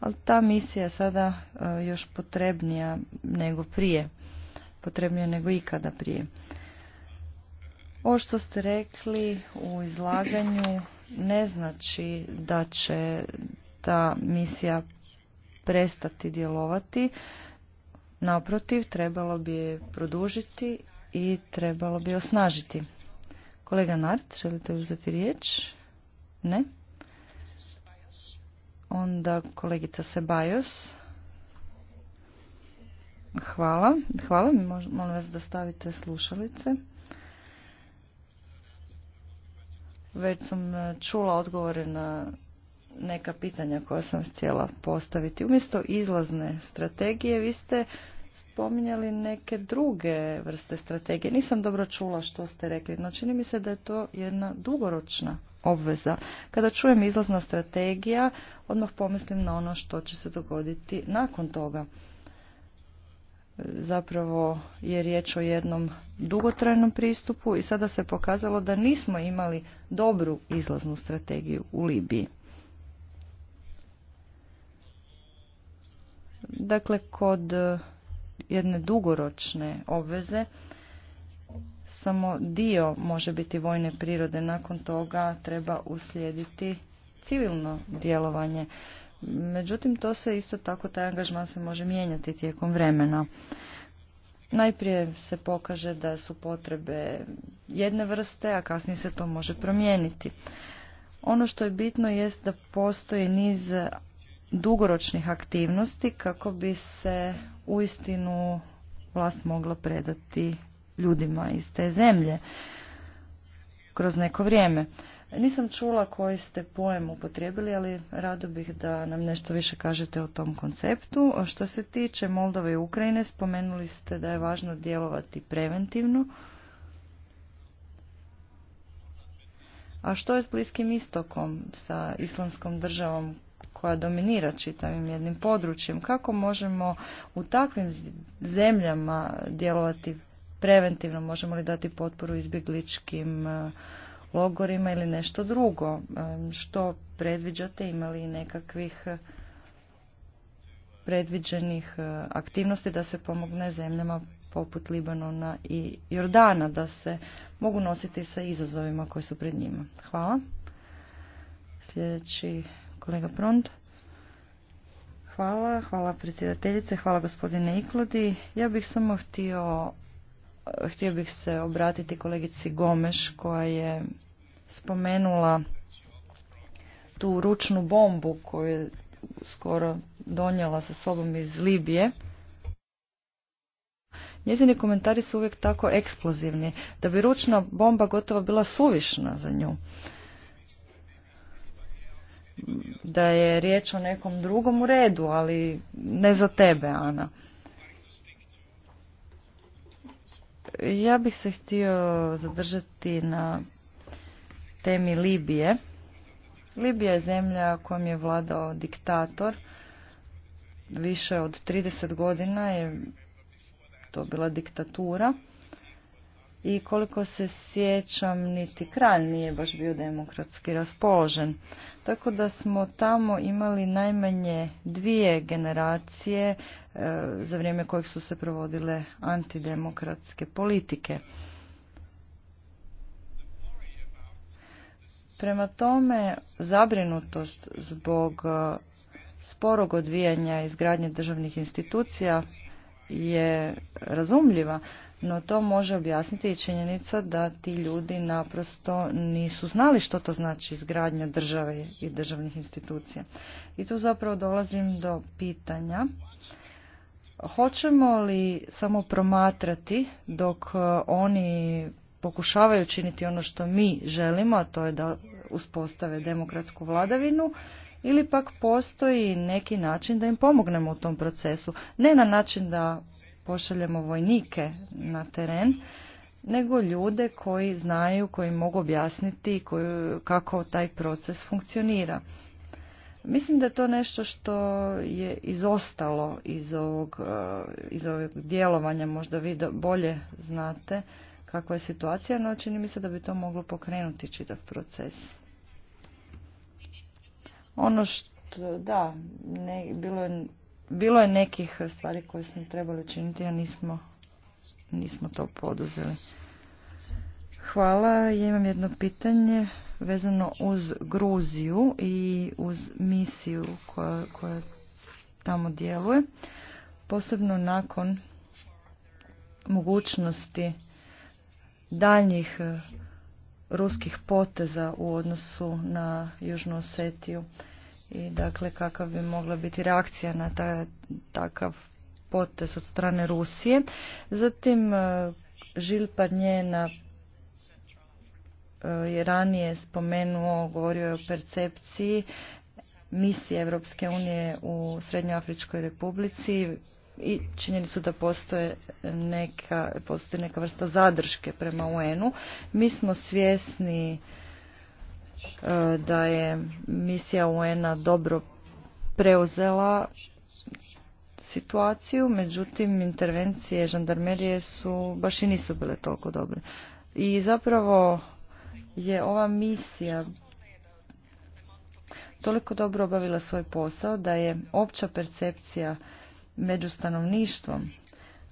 S1: ali ta misija je sada e, još potrebnija nego prije, potrebnija nego ikada prije. Ovo što ste rekli u izlaganju ne znači da će ta misija prestati djelovati. Naprotiv, trebalo bi je produžiti i trebalo bi osnažiti. Kolega Nart, želite uzeti riječ? Ne? Onda kolegica Sebajos. Hvala. Hvala. Molim vas da stavite slušalice. Već sam e, čula odgovore na neka pitanja koja sam htjela postaviti. Umjesto izlazne strategije vi ste spominjali neke druge vrste strategije. Nisam dobro čula što ste rekli, no čini mi se da je to jedna dugoročna obveza. Kada čujem izlazna strategija, odmah pomislim na ono što će se dogoditi nakon toga. Zapravo je riječ o jednom dugotrajnom pristupu i sada se pokazalo da nismo imali dobru izlaznu strategiju u Libiji. Dakle, kod jedne dugoročne obveze. Samo dio može biti vojne prirode, nakon toga treba uslijediti civilno djelovanje. Međutim, to se isto tako, taj angažman se može mijenjati tijekom vremena. Najprije se pokaže da su potrebe jedne vrste, a kasnije se to može promijeniti. Ono što je bitno jest da postoji niz dugoročnih aktivnosti kako bi se uistinu vlast mogla predati ljudima iz te zemlje kroz neko vrijeme. Nisam čula koji ste pojem upotrijebili, ali rado bih da nam nešto više kažete o tom konceptu. Što se tiče Moldove i Ukrajine, spomenuli ste da je važno djelovati preventivno. A što je s Bliskim istokom, sa islamskom državom koja dominira čitavim jednim područjem. Kako možemo u takvim zemljama djelovati preventivno? Možemo li dati potporu izbjegličkim e, logorima ili nešto drugo? E, što predviđate? Ima li nekakvih e, predviđenih aktivnosti da se pomogne zemljama poput Libanona i Jordana da se mogu nositi sa izazovima koji su pred njima. Hvala. Sljedeći kolega Pront. Hvala, hvala predsjedateljice, hvala gospodine Iklodi. Ja bih samo htio, htio bih se obratiti kolegici Gomeš koja je spomenula tu ručnu bombu koju je skoro donijela sa sobom iz Libije. Njezini komentari su uvijek tako eksplozivni, da bi ručna bomba gotovo bila suvišna za nju da je riječ o nekom drugom u redu, ali ne za tebe, Ana. Ja bih se htio zadržati na temi Libije. Libija je zemlja kojom je vladao diktator. Više od 30 godina je to bila diktatura i koliko se sjećam niti kralj nije baš bio demokratski raspoložen. Tako da smo tamo imali najmanje dvije generacije e, za vrijeme kojeg su se provodile antidemokratske politike. Prema tome, zabrinutost zbog e, sporog odvijanja izgradnje državnih institucija je razumljiva, no to može objasniti i činjenica da ti ljudi naprosto nisu znali što to znači izgradnja države i državnih institucija. I tu zapravo dolazim do pitanja hoćemo li samo promatrati dok e, oni pokušavaju činiti ono što mi želimo, a to je da uspostave demokratsku vladavinu, ili pak postoji neki način da im pomognemo u tom procesu. Ne na način da pošaljemo vojnike na teren, nego ljude koji znaju, koji mogu objasniti kako taj proces funkcionira. Mislim da je to nešto što je izostalo iz ovog, eh, iz ovog djelovanja, možda vi bolje znate kakva je situacija, no čini mi se da bi to moglo pokrenuti čitav proces. Ono što, da, ne, bilo je bilo je nekih stvari koje smo trebali učiniti, a nismo, nismo to poduzeli. Hvala. Ja imam jedno pitanje vezano uz Gruziju i uz misiju koja, koja tamo djeluje. Posebno nakon mogućnosti daljnjih eh, ruskih poteza u odnosu na Južnu Osetiju i dakle kakav bi mogla biti reakcija na ta, takav potez od strane Rusije. Zatim e, Žil parnjena e, je ranije spomenuo, govorio je o percepciji misije Europske unije u Srednjoafričkoj republici i su da postoje neka, postoji neka vrsta zadrške prema UN-u. Mi smo svjesni E, da je misija UN-a dobro preuzela situaciju, međutim intervencije žandarmerije su baš i nisu bile toliko dobre. I zapravo je ova misija toliko dobro obavila svoj posao da je opća percepcija među stanovništvom,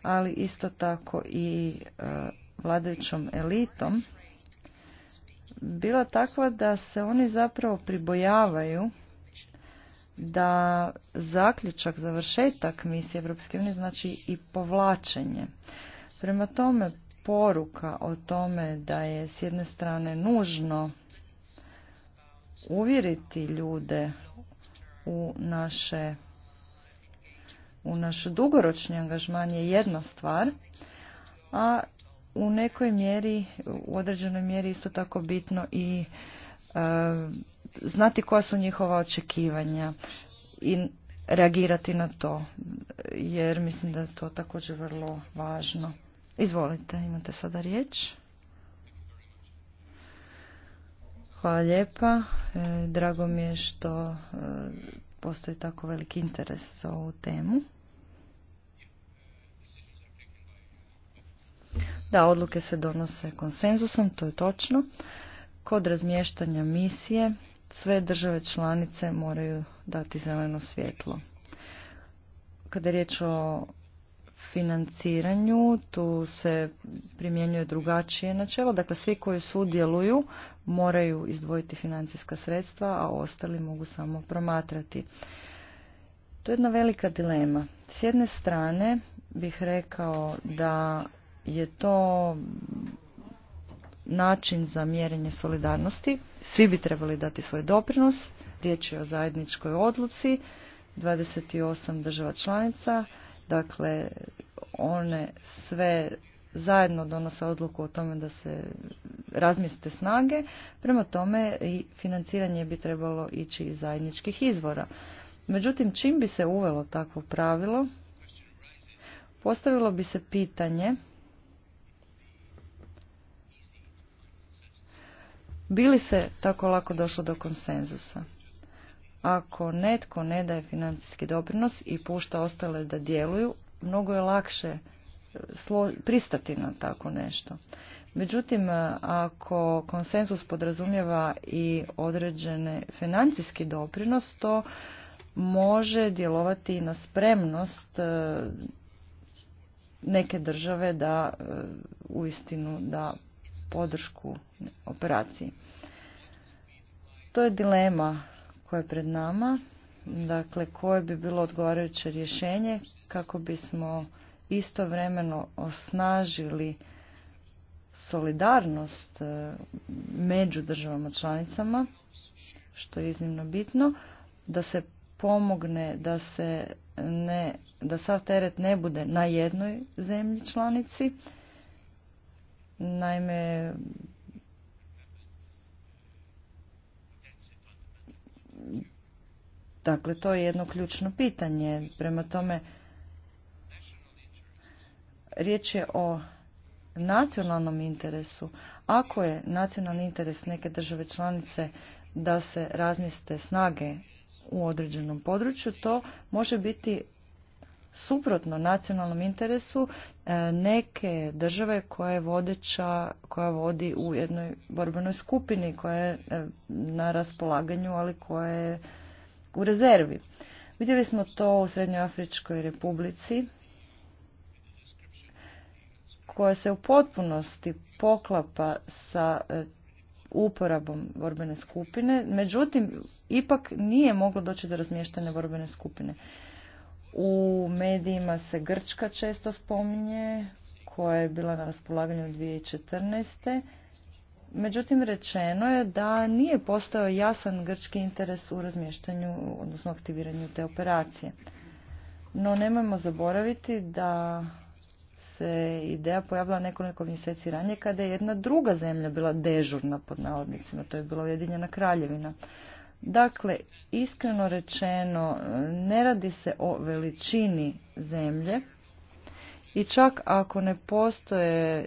S1: ali isto tako i e, vladajućom elitom bila takva da se oni zapravo pribojavaju da zaključak, završetak misije Europske unije znači i povlačenje. Prema tome poruka o tome da je s jedne strane nužno uvjeriti ljude u naše u naš dugoročni angažman je jedna stvar, a u nekoj mjeri, u određenoj mjeri isto tako bitno i e, znati koja su njihova očekivanja i reagirati na to, jer mislim da je to također vrlo važno. Izvolite, imate sada riječ. Hvala lijepa. E, drago mi je što e, postoji tako veliki interes za ovu temu. Da, odluke se donose konsenzusom, to je točno. Kod razmještanja misije sve države članice moraju dati zeleno svjetlo. Kada je riječ o financiranju, tu se primjenjuje drugačije načelo. Dakle, svi koji sudjeluju moraju izdvojiti financijska sredstva, a ostali mogu samo promatrati. To je jedna velika dilema. S jedne strane bih rekao da je to način za mjerenje solidarnosti. Svi bi trebali dati svoj doprinos. Riječ je o zajedničkoj odluci 28 država članica. Dakle, one sve zajedno donose odluku o tome da se razmiste snage. Prema tome i financiranje bi trebalo ići iz zajedničkih izvora. Međutim, čim bi se uvelo takvo pravilo, postavilo bi se pitanje bili se tako lako došlo do konsenzusa? Ako netko ne daje financijski doprinos i pušta ostale da djeluju, mnogo je lakše e, pristati na tako nešto. Međutim, e, ako konsenzus podrazumijeva i određene financijski doprinos, to može djelovati na spremnost e, neke države da uistinu da podršku operaciji. To je dilema koja je pred nama, dakle koje bi bilo odgovarajuće rješenje kako bismo istovremeno osnažili solidarnost e, među državama članicama, što je iznimno bitno, da se pomogne da se ne, da sav teret ne bude na jednoj zemlji članici, Naime, dakle, to je jedno ključno pitanje. Prema tome, riječ je o nacionalnom interesu. Ako je nacionalni interes neke države članice da se razmjeste snage u određenom području, to može biti suprotno nacionalnom interesu e, neke države koja je vodeća, koja vodi u jednoj borbenoj skupini koja je e, na raspolaganju, ali koja je u rezervi. Vidjeli smo to u Srednjoafričkoj republici koja se u potpunosti poklapa sa e, uporabom borbene skupine, međutim, ipak nije moglo doći do razmještene borbene skupine. U medijima se Grčka često spominje, koja je bila na raspolaganju 2014. Međutim, rečeno je da nije postao jasan grčki interes u razmještanju, odnosno aktiviranju te operacije. No, nemojmo zaboraviti da se ideja pojavila nekoliko mjeseci ranije kada je jedna druga zemlja bila dežurna pod navodnicima, to je bila Ujedinjena kraljevina. Dakle, iskreno rečeno, ne radi se o veličini zemlje i čak ako ne postoje,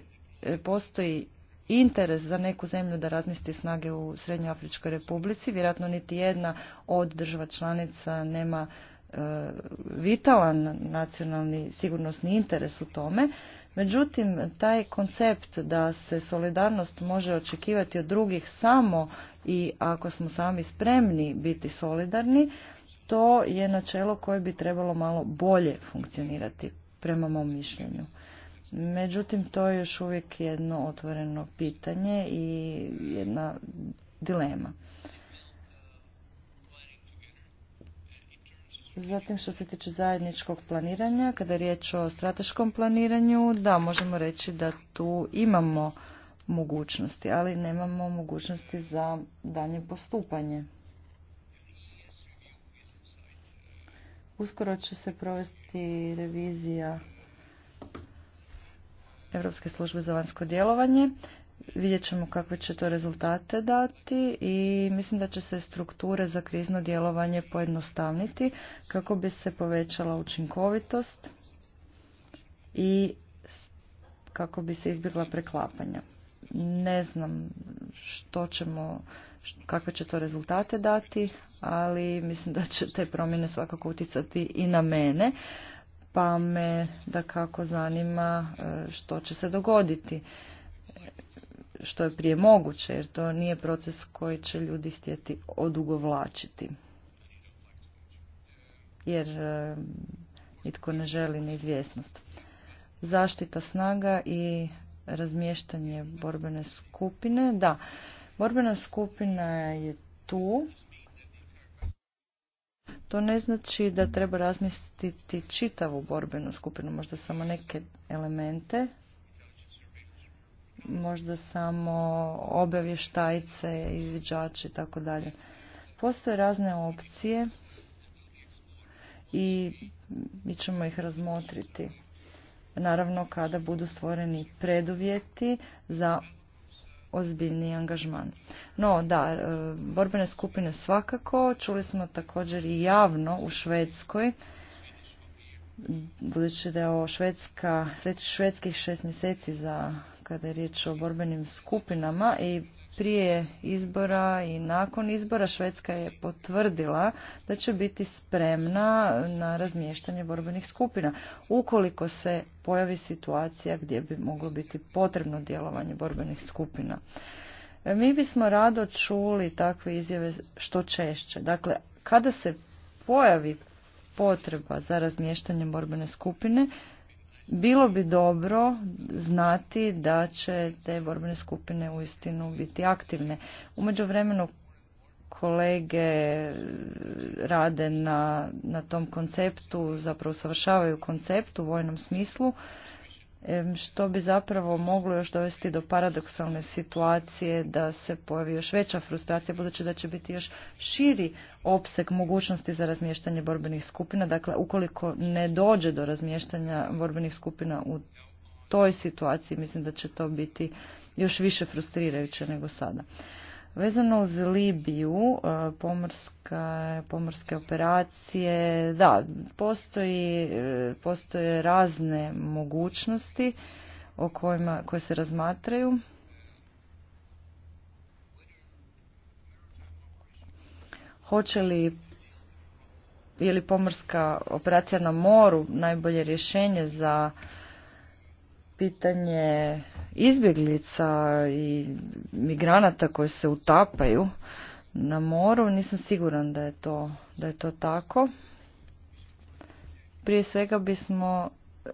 S1: postoji interes za neku zemlju da razmisti snage u Srednjoafričkoj republici, vjerojatno niti jedna od država članica nema e, vitalan nacionalni sigurnosni interes u tome, Međutim, taj koncept da se solidarnost može očekivati od drugih samo i ako smo sami spremni biti solidarni, to je načelo koje bi trebalo malo bolje funkcionirati, prema mom mišljenju. Međutim, to je još uvijek jedno otvoreno pitanje i jedna dilema. Zatim što se tiče zajedničkog planiranja, kada je riječ o strateškom planiranju, da, možemo reći da tu imamo mogućnosti, ali nemamo mogućnosti za danje postupanje. Uskoro će se provesti revizija Europske službe za vanjsko djelovanje. Vidjet ćemo kakve će to rezultate dati i mislim da će se strukture za krizno djelovanje pojednostavniti kako bi se povećala učinkovitost i kako bi se izbjegla preklapanja. Ne znam što ćemo, kakve će to rezultate dati, ali mislim da će te promjene svakako uticati i na mene, pa me da kako zanima e, što će se dogoditi što je prije moguće, jer to nije proces koji će ljudi htjeti odugovlačiti. Jer e, nitko ne želi neizvjesnost. Zaštita snaga i razmještanje borbene skupine. Da, borbena skupina je tu. To ne znači da treba razmisliti čitavu borbenu skupinu, možda samo neke elemente možda samo obavještajce, izviđače i tako dalje. Postoje razne opcije i mi ćemo ih razmotriti. Naravno kada budu stvoreni preduvjeti za ozbiljni angažman. No da, e, borbene skupine svakako, čuli smo također i javno u Švedskoj, budući da je ovo švedskih šest mjeseci za kada je riječ o borbenim skupinama i prije izbora i nakon izbora Švedska je potvrdila da će biti spremna na razmještanje borbenih skupina ukoliko se pojavi situacija gdje bi moglo biti potrebno djelovanje borbenih skupina. E, mi bismo rado čuli takve izjave što češće. Dakle, kada se pojavi potreba za razmještanjem borbene skupine, bilo bi dobro znati da će te borbene skupine uistinu biti aktivne. U međuvremenu kolege rade na, na tom konceptu, zapravo savršavaju koncept u vojnom smislu što bi zapravo moglo još dovesti do paradoksalne situacije da se pojavi još veća frustracija, budući da će biti još širi opseg mogućnosti za razmještanje borbenih skupina. Dakle, ukoliko ne dođe do razmještanja borbenih skupina u toj situaciji, mislim da će to biti još više frustrirajuće nego sada. Vezano uz Libiju, e, pomorske operacije, da, postoji, e, postoje razne mogućnosti o kojima, koje se razmatraju. Hoće li je li pomorska operacija na moru najbolje rješenje za pitanje izbjeglica i migranata koji se utapaju na moru. Nisam siguran da je to, da je to tako. Prije svega bismo eh,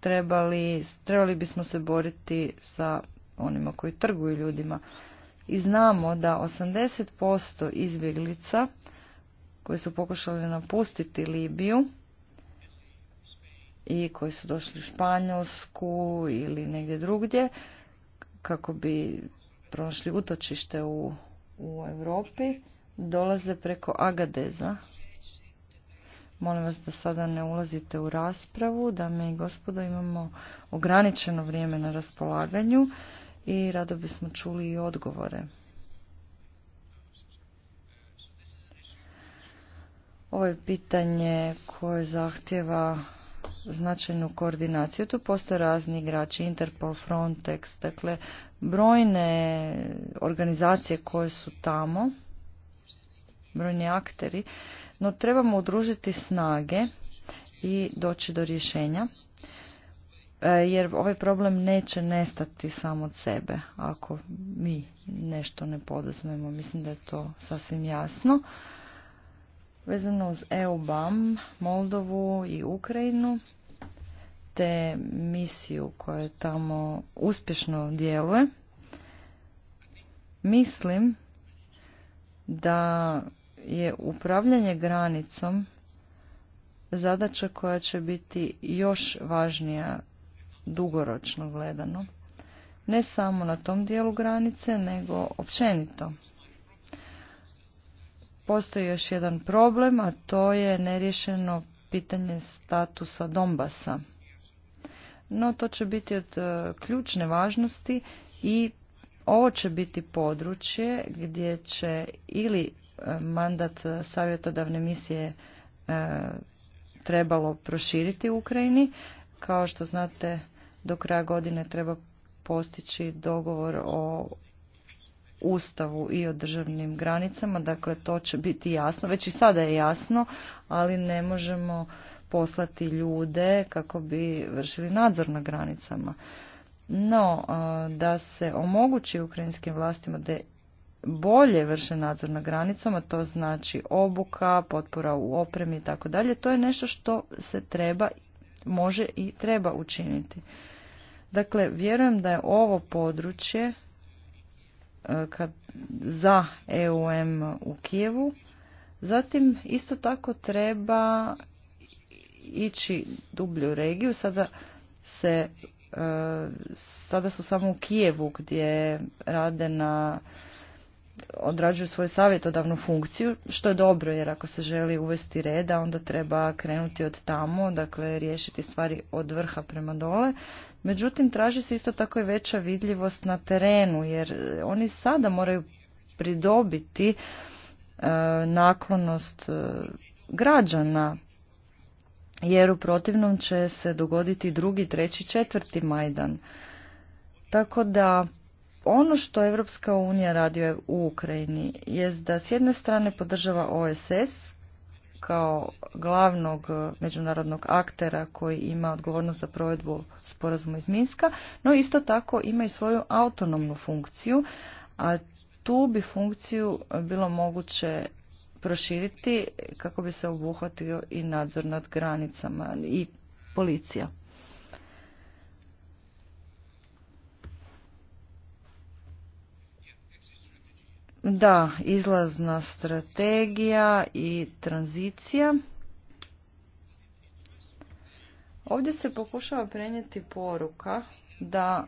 S1: trebali, trebali bismo se boriti sa onima koji trguju ljudima. I znamo da 80% izbjeglica koji su pokušali napustiti Libiju i koji su došli u Španjolsku ili negdje drugdje kako bi pronašli utočište u, u Europi dolaze preko Agadeza. Molim vas da sada ne ulazite u raspravu, dame i gospodo, imamo ograničeno vrijeme na raspolaganju i rado bismo čuli i odgovore. Ovo je pitanje koje zahtjeva značajnu koordinaciju. Tu postoje razni igrači, Interpol, Frontex, dakle brojne organizacije koje su tamo, brojni akteri, no trebamo udružiti snage i doći do rješenja, e, jer ovaj problem neće nestati sam od sebe ako mi nešto ne poduzmemo. Mislim da je to sasvim jasno. Vezano uz EUBAM, Moldovu i Ukrajinu, te misiju koja tamo uspješno djeluje, mislim da je upravljanje granicom zadaća koja će biti još važnija dugoročno gledano. Ne samo na tom dijelu granice, nego općenito. Postoji još jedan problem, a to je nerješeno pitanje statusa Dombasa no to će biti od e, ključne važnosti i ovo će biti područje gdje će ili e, mandat e, savjetodavne misije trebalo proširiti u Ukrajini. Kao što znate, do kraja godine treba postići dogovor o ustavu i o državnim granicama, dakle to će biti jasno, već i sada je jasno, ali ne možemo poslati ljude kako bi vršili nadzor na granicama. No, e, da se omogući ukrajinskim vlastima da bolje vrše nadzor na granicama, to znači obuka, potpora u opremi i tako dalje, to je nešto što se treba, može i treba učiniti. Dakle, vjerujem da je ovo područje e, kad, za EUM u Kijevu. Zatim isto tako treba ići dublju regiju. Sada se e, sada su samo u Kijevu gdje rade na odrađuju svoju savjetodavnu funkciju, što je dobro jer ako se želi uvesti reda onda treba krenuti od tamo, dakle riješiti stvari od vrha prema dole. Međutim, traži se isto tako i veća vidljivost na terenu jer oni sada moraju pridobiti e, naklonost e, građana jer u protivnom će se dogoditi drugi, treći, četvrti Majdan. Tako da ono što Evropska unija radi u Ukrajini je da s jedne strane podržava OSS kao glavnog međunarodnog aktera koji ima odgovornost za provedbu sporazuma iz Minska, no isto tako ima i svoju autonomnu funkciju, a tu bi funkciju bilo moguće proširiti kako bi se obuhvatio i nadzor nad granicama i policija. Da, izlazna strategija i tranzicija. Ovdje se pokušava prenijeti poruka da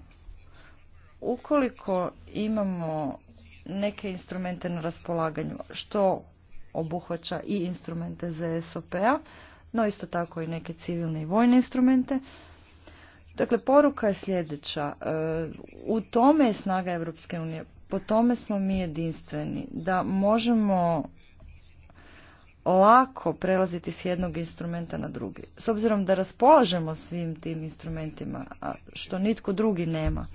S1: ukoliko imamo neke instrumente na raspolaganju, što obuhvaća i instrumente za a p-a, no isto tako i neke civilne i vojne instrumente. Dakle, poruka je sljedeća. E, u tome je snaga Europske unije. Po tome smo mi jedinstveni. Da možemo lako prelaziti s jednog instrumenta na drugi. S obzirom da raspolažemo svim tim instrumentima, što nitko drugi nema.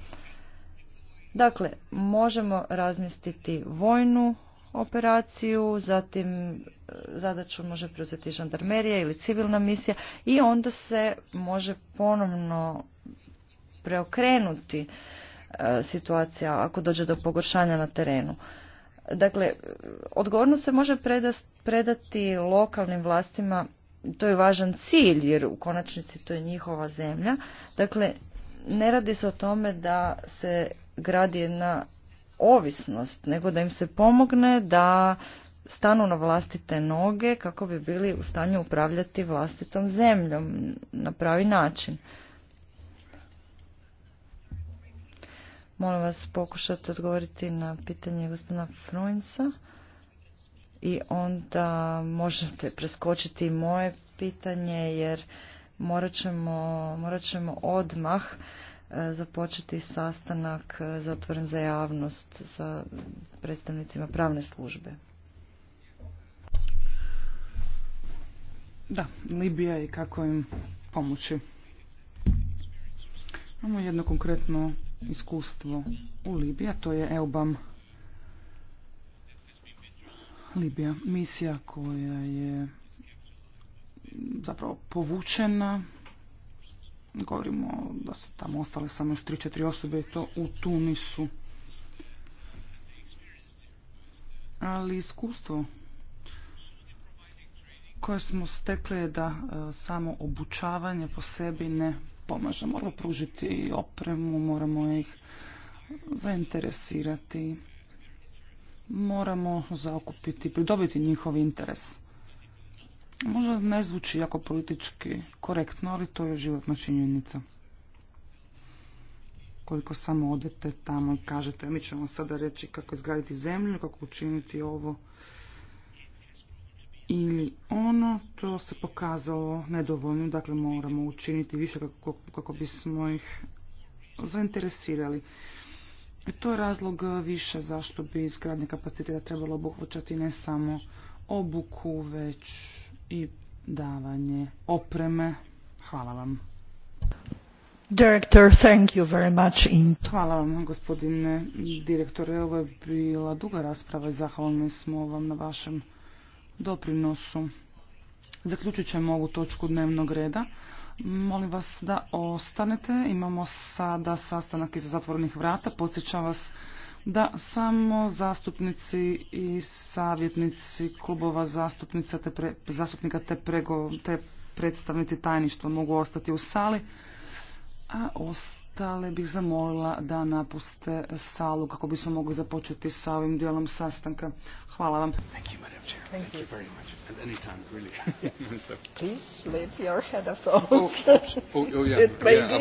S1: Dakle, možemo razmjestiti vojnu operaciju, zatim e, zadaću može preuzeti žandarmerija ili civilna misija i onda se može ponovno preokrenuti e, situacija ako dođe do pogoršanja na terenu. Dakle, odgovornost se može predati lokalnim vlastima, to je važan cilj jer u konačnici to je njihova zemlja. Dakle, ne radi se o tome da se gradi jedna ovisnost, nego da im se pomogne da stanu na vlastite noge kako bi bili u stanju upravljati vlastitom zemljom na pravi način. Molim vas pokušati odgovoriti na pitanje gospodina Frunjsa i onda možete preskočiti moje pitanje jer morat morat ćemo odmah E, započeti sastanak e, zatvoren za javnost sa predstavnicima pravne službe. Da, Libija i kako im pomoći.
S4: Imamo jedno konkretno iskustvo u Libiji, a to je EUBAM Libija. Misija koja je zapravo povučena Govorimo da su tamo ostale samo još 3-4 osobe i to u Tunisu. Ali iskustvo koje smo stekli je da e, samo obučavanje po sebi ne pomaže. Moramo pružiti opremu, moramo ih zainteresirati, moramo zaokupiti, pridobiti njihov interes. Možda ne zvuči jako politički korektno, ali to je životna činjenica. Koliko samo odete tamo i kažete, mi ćemo sada reći kako izgraditi zemlju, kako učiniti ovo ili ono, to se pokazalo nedovoljno, dakle moramo učiniti više kako, kako bismo ih zainteresirali. I to je razlog više zašto bi izgradnje kapaciteta trebalo obuhvaćati ne samo obuku, već i davanje opreme. Hvala vam.
S1: Director, thank you very much. In... Hvala
S4: vam gospodine direktore, ovo je bila duga rasprava i zahvalni smo vam na vašem doprinosu. Zaključit ćemo ovu točku dnevnog reda. Molim vas da ostanete. Imamo sada sastanak iza zatvorenih vrata. Podsjećam vas da samo zastupnici i savjetnici klubova zastupnica te pre, zastupnika te, prego, te predstavnici tajništva mogu ostati u sali, a ostale bih zamolila da napuste salu kako bismo mogli započeti sa ovim dijelom sastanka. Hvala vam. Thank you,
S3: Madam Chair. Thank, Thank you. you very much. At any time, really. so. Please leave your headphones. Oh, oh, oh, oh yeah. It may yeah, be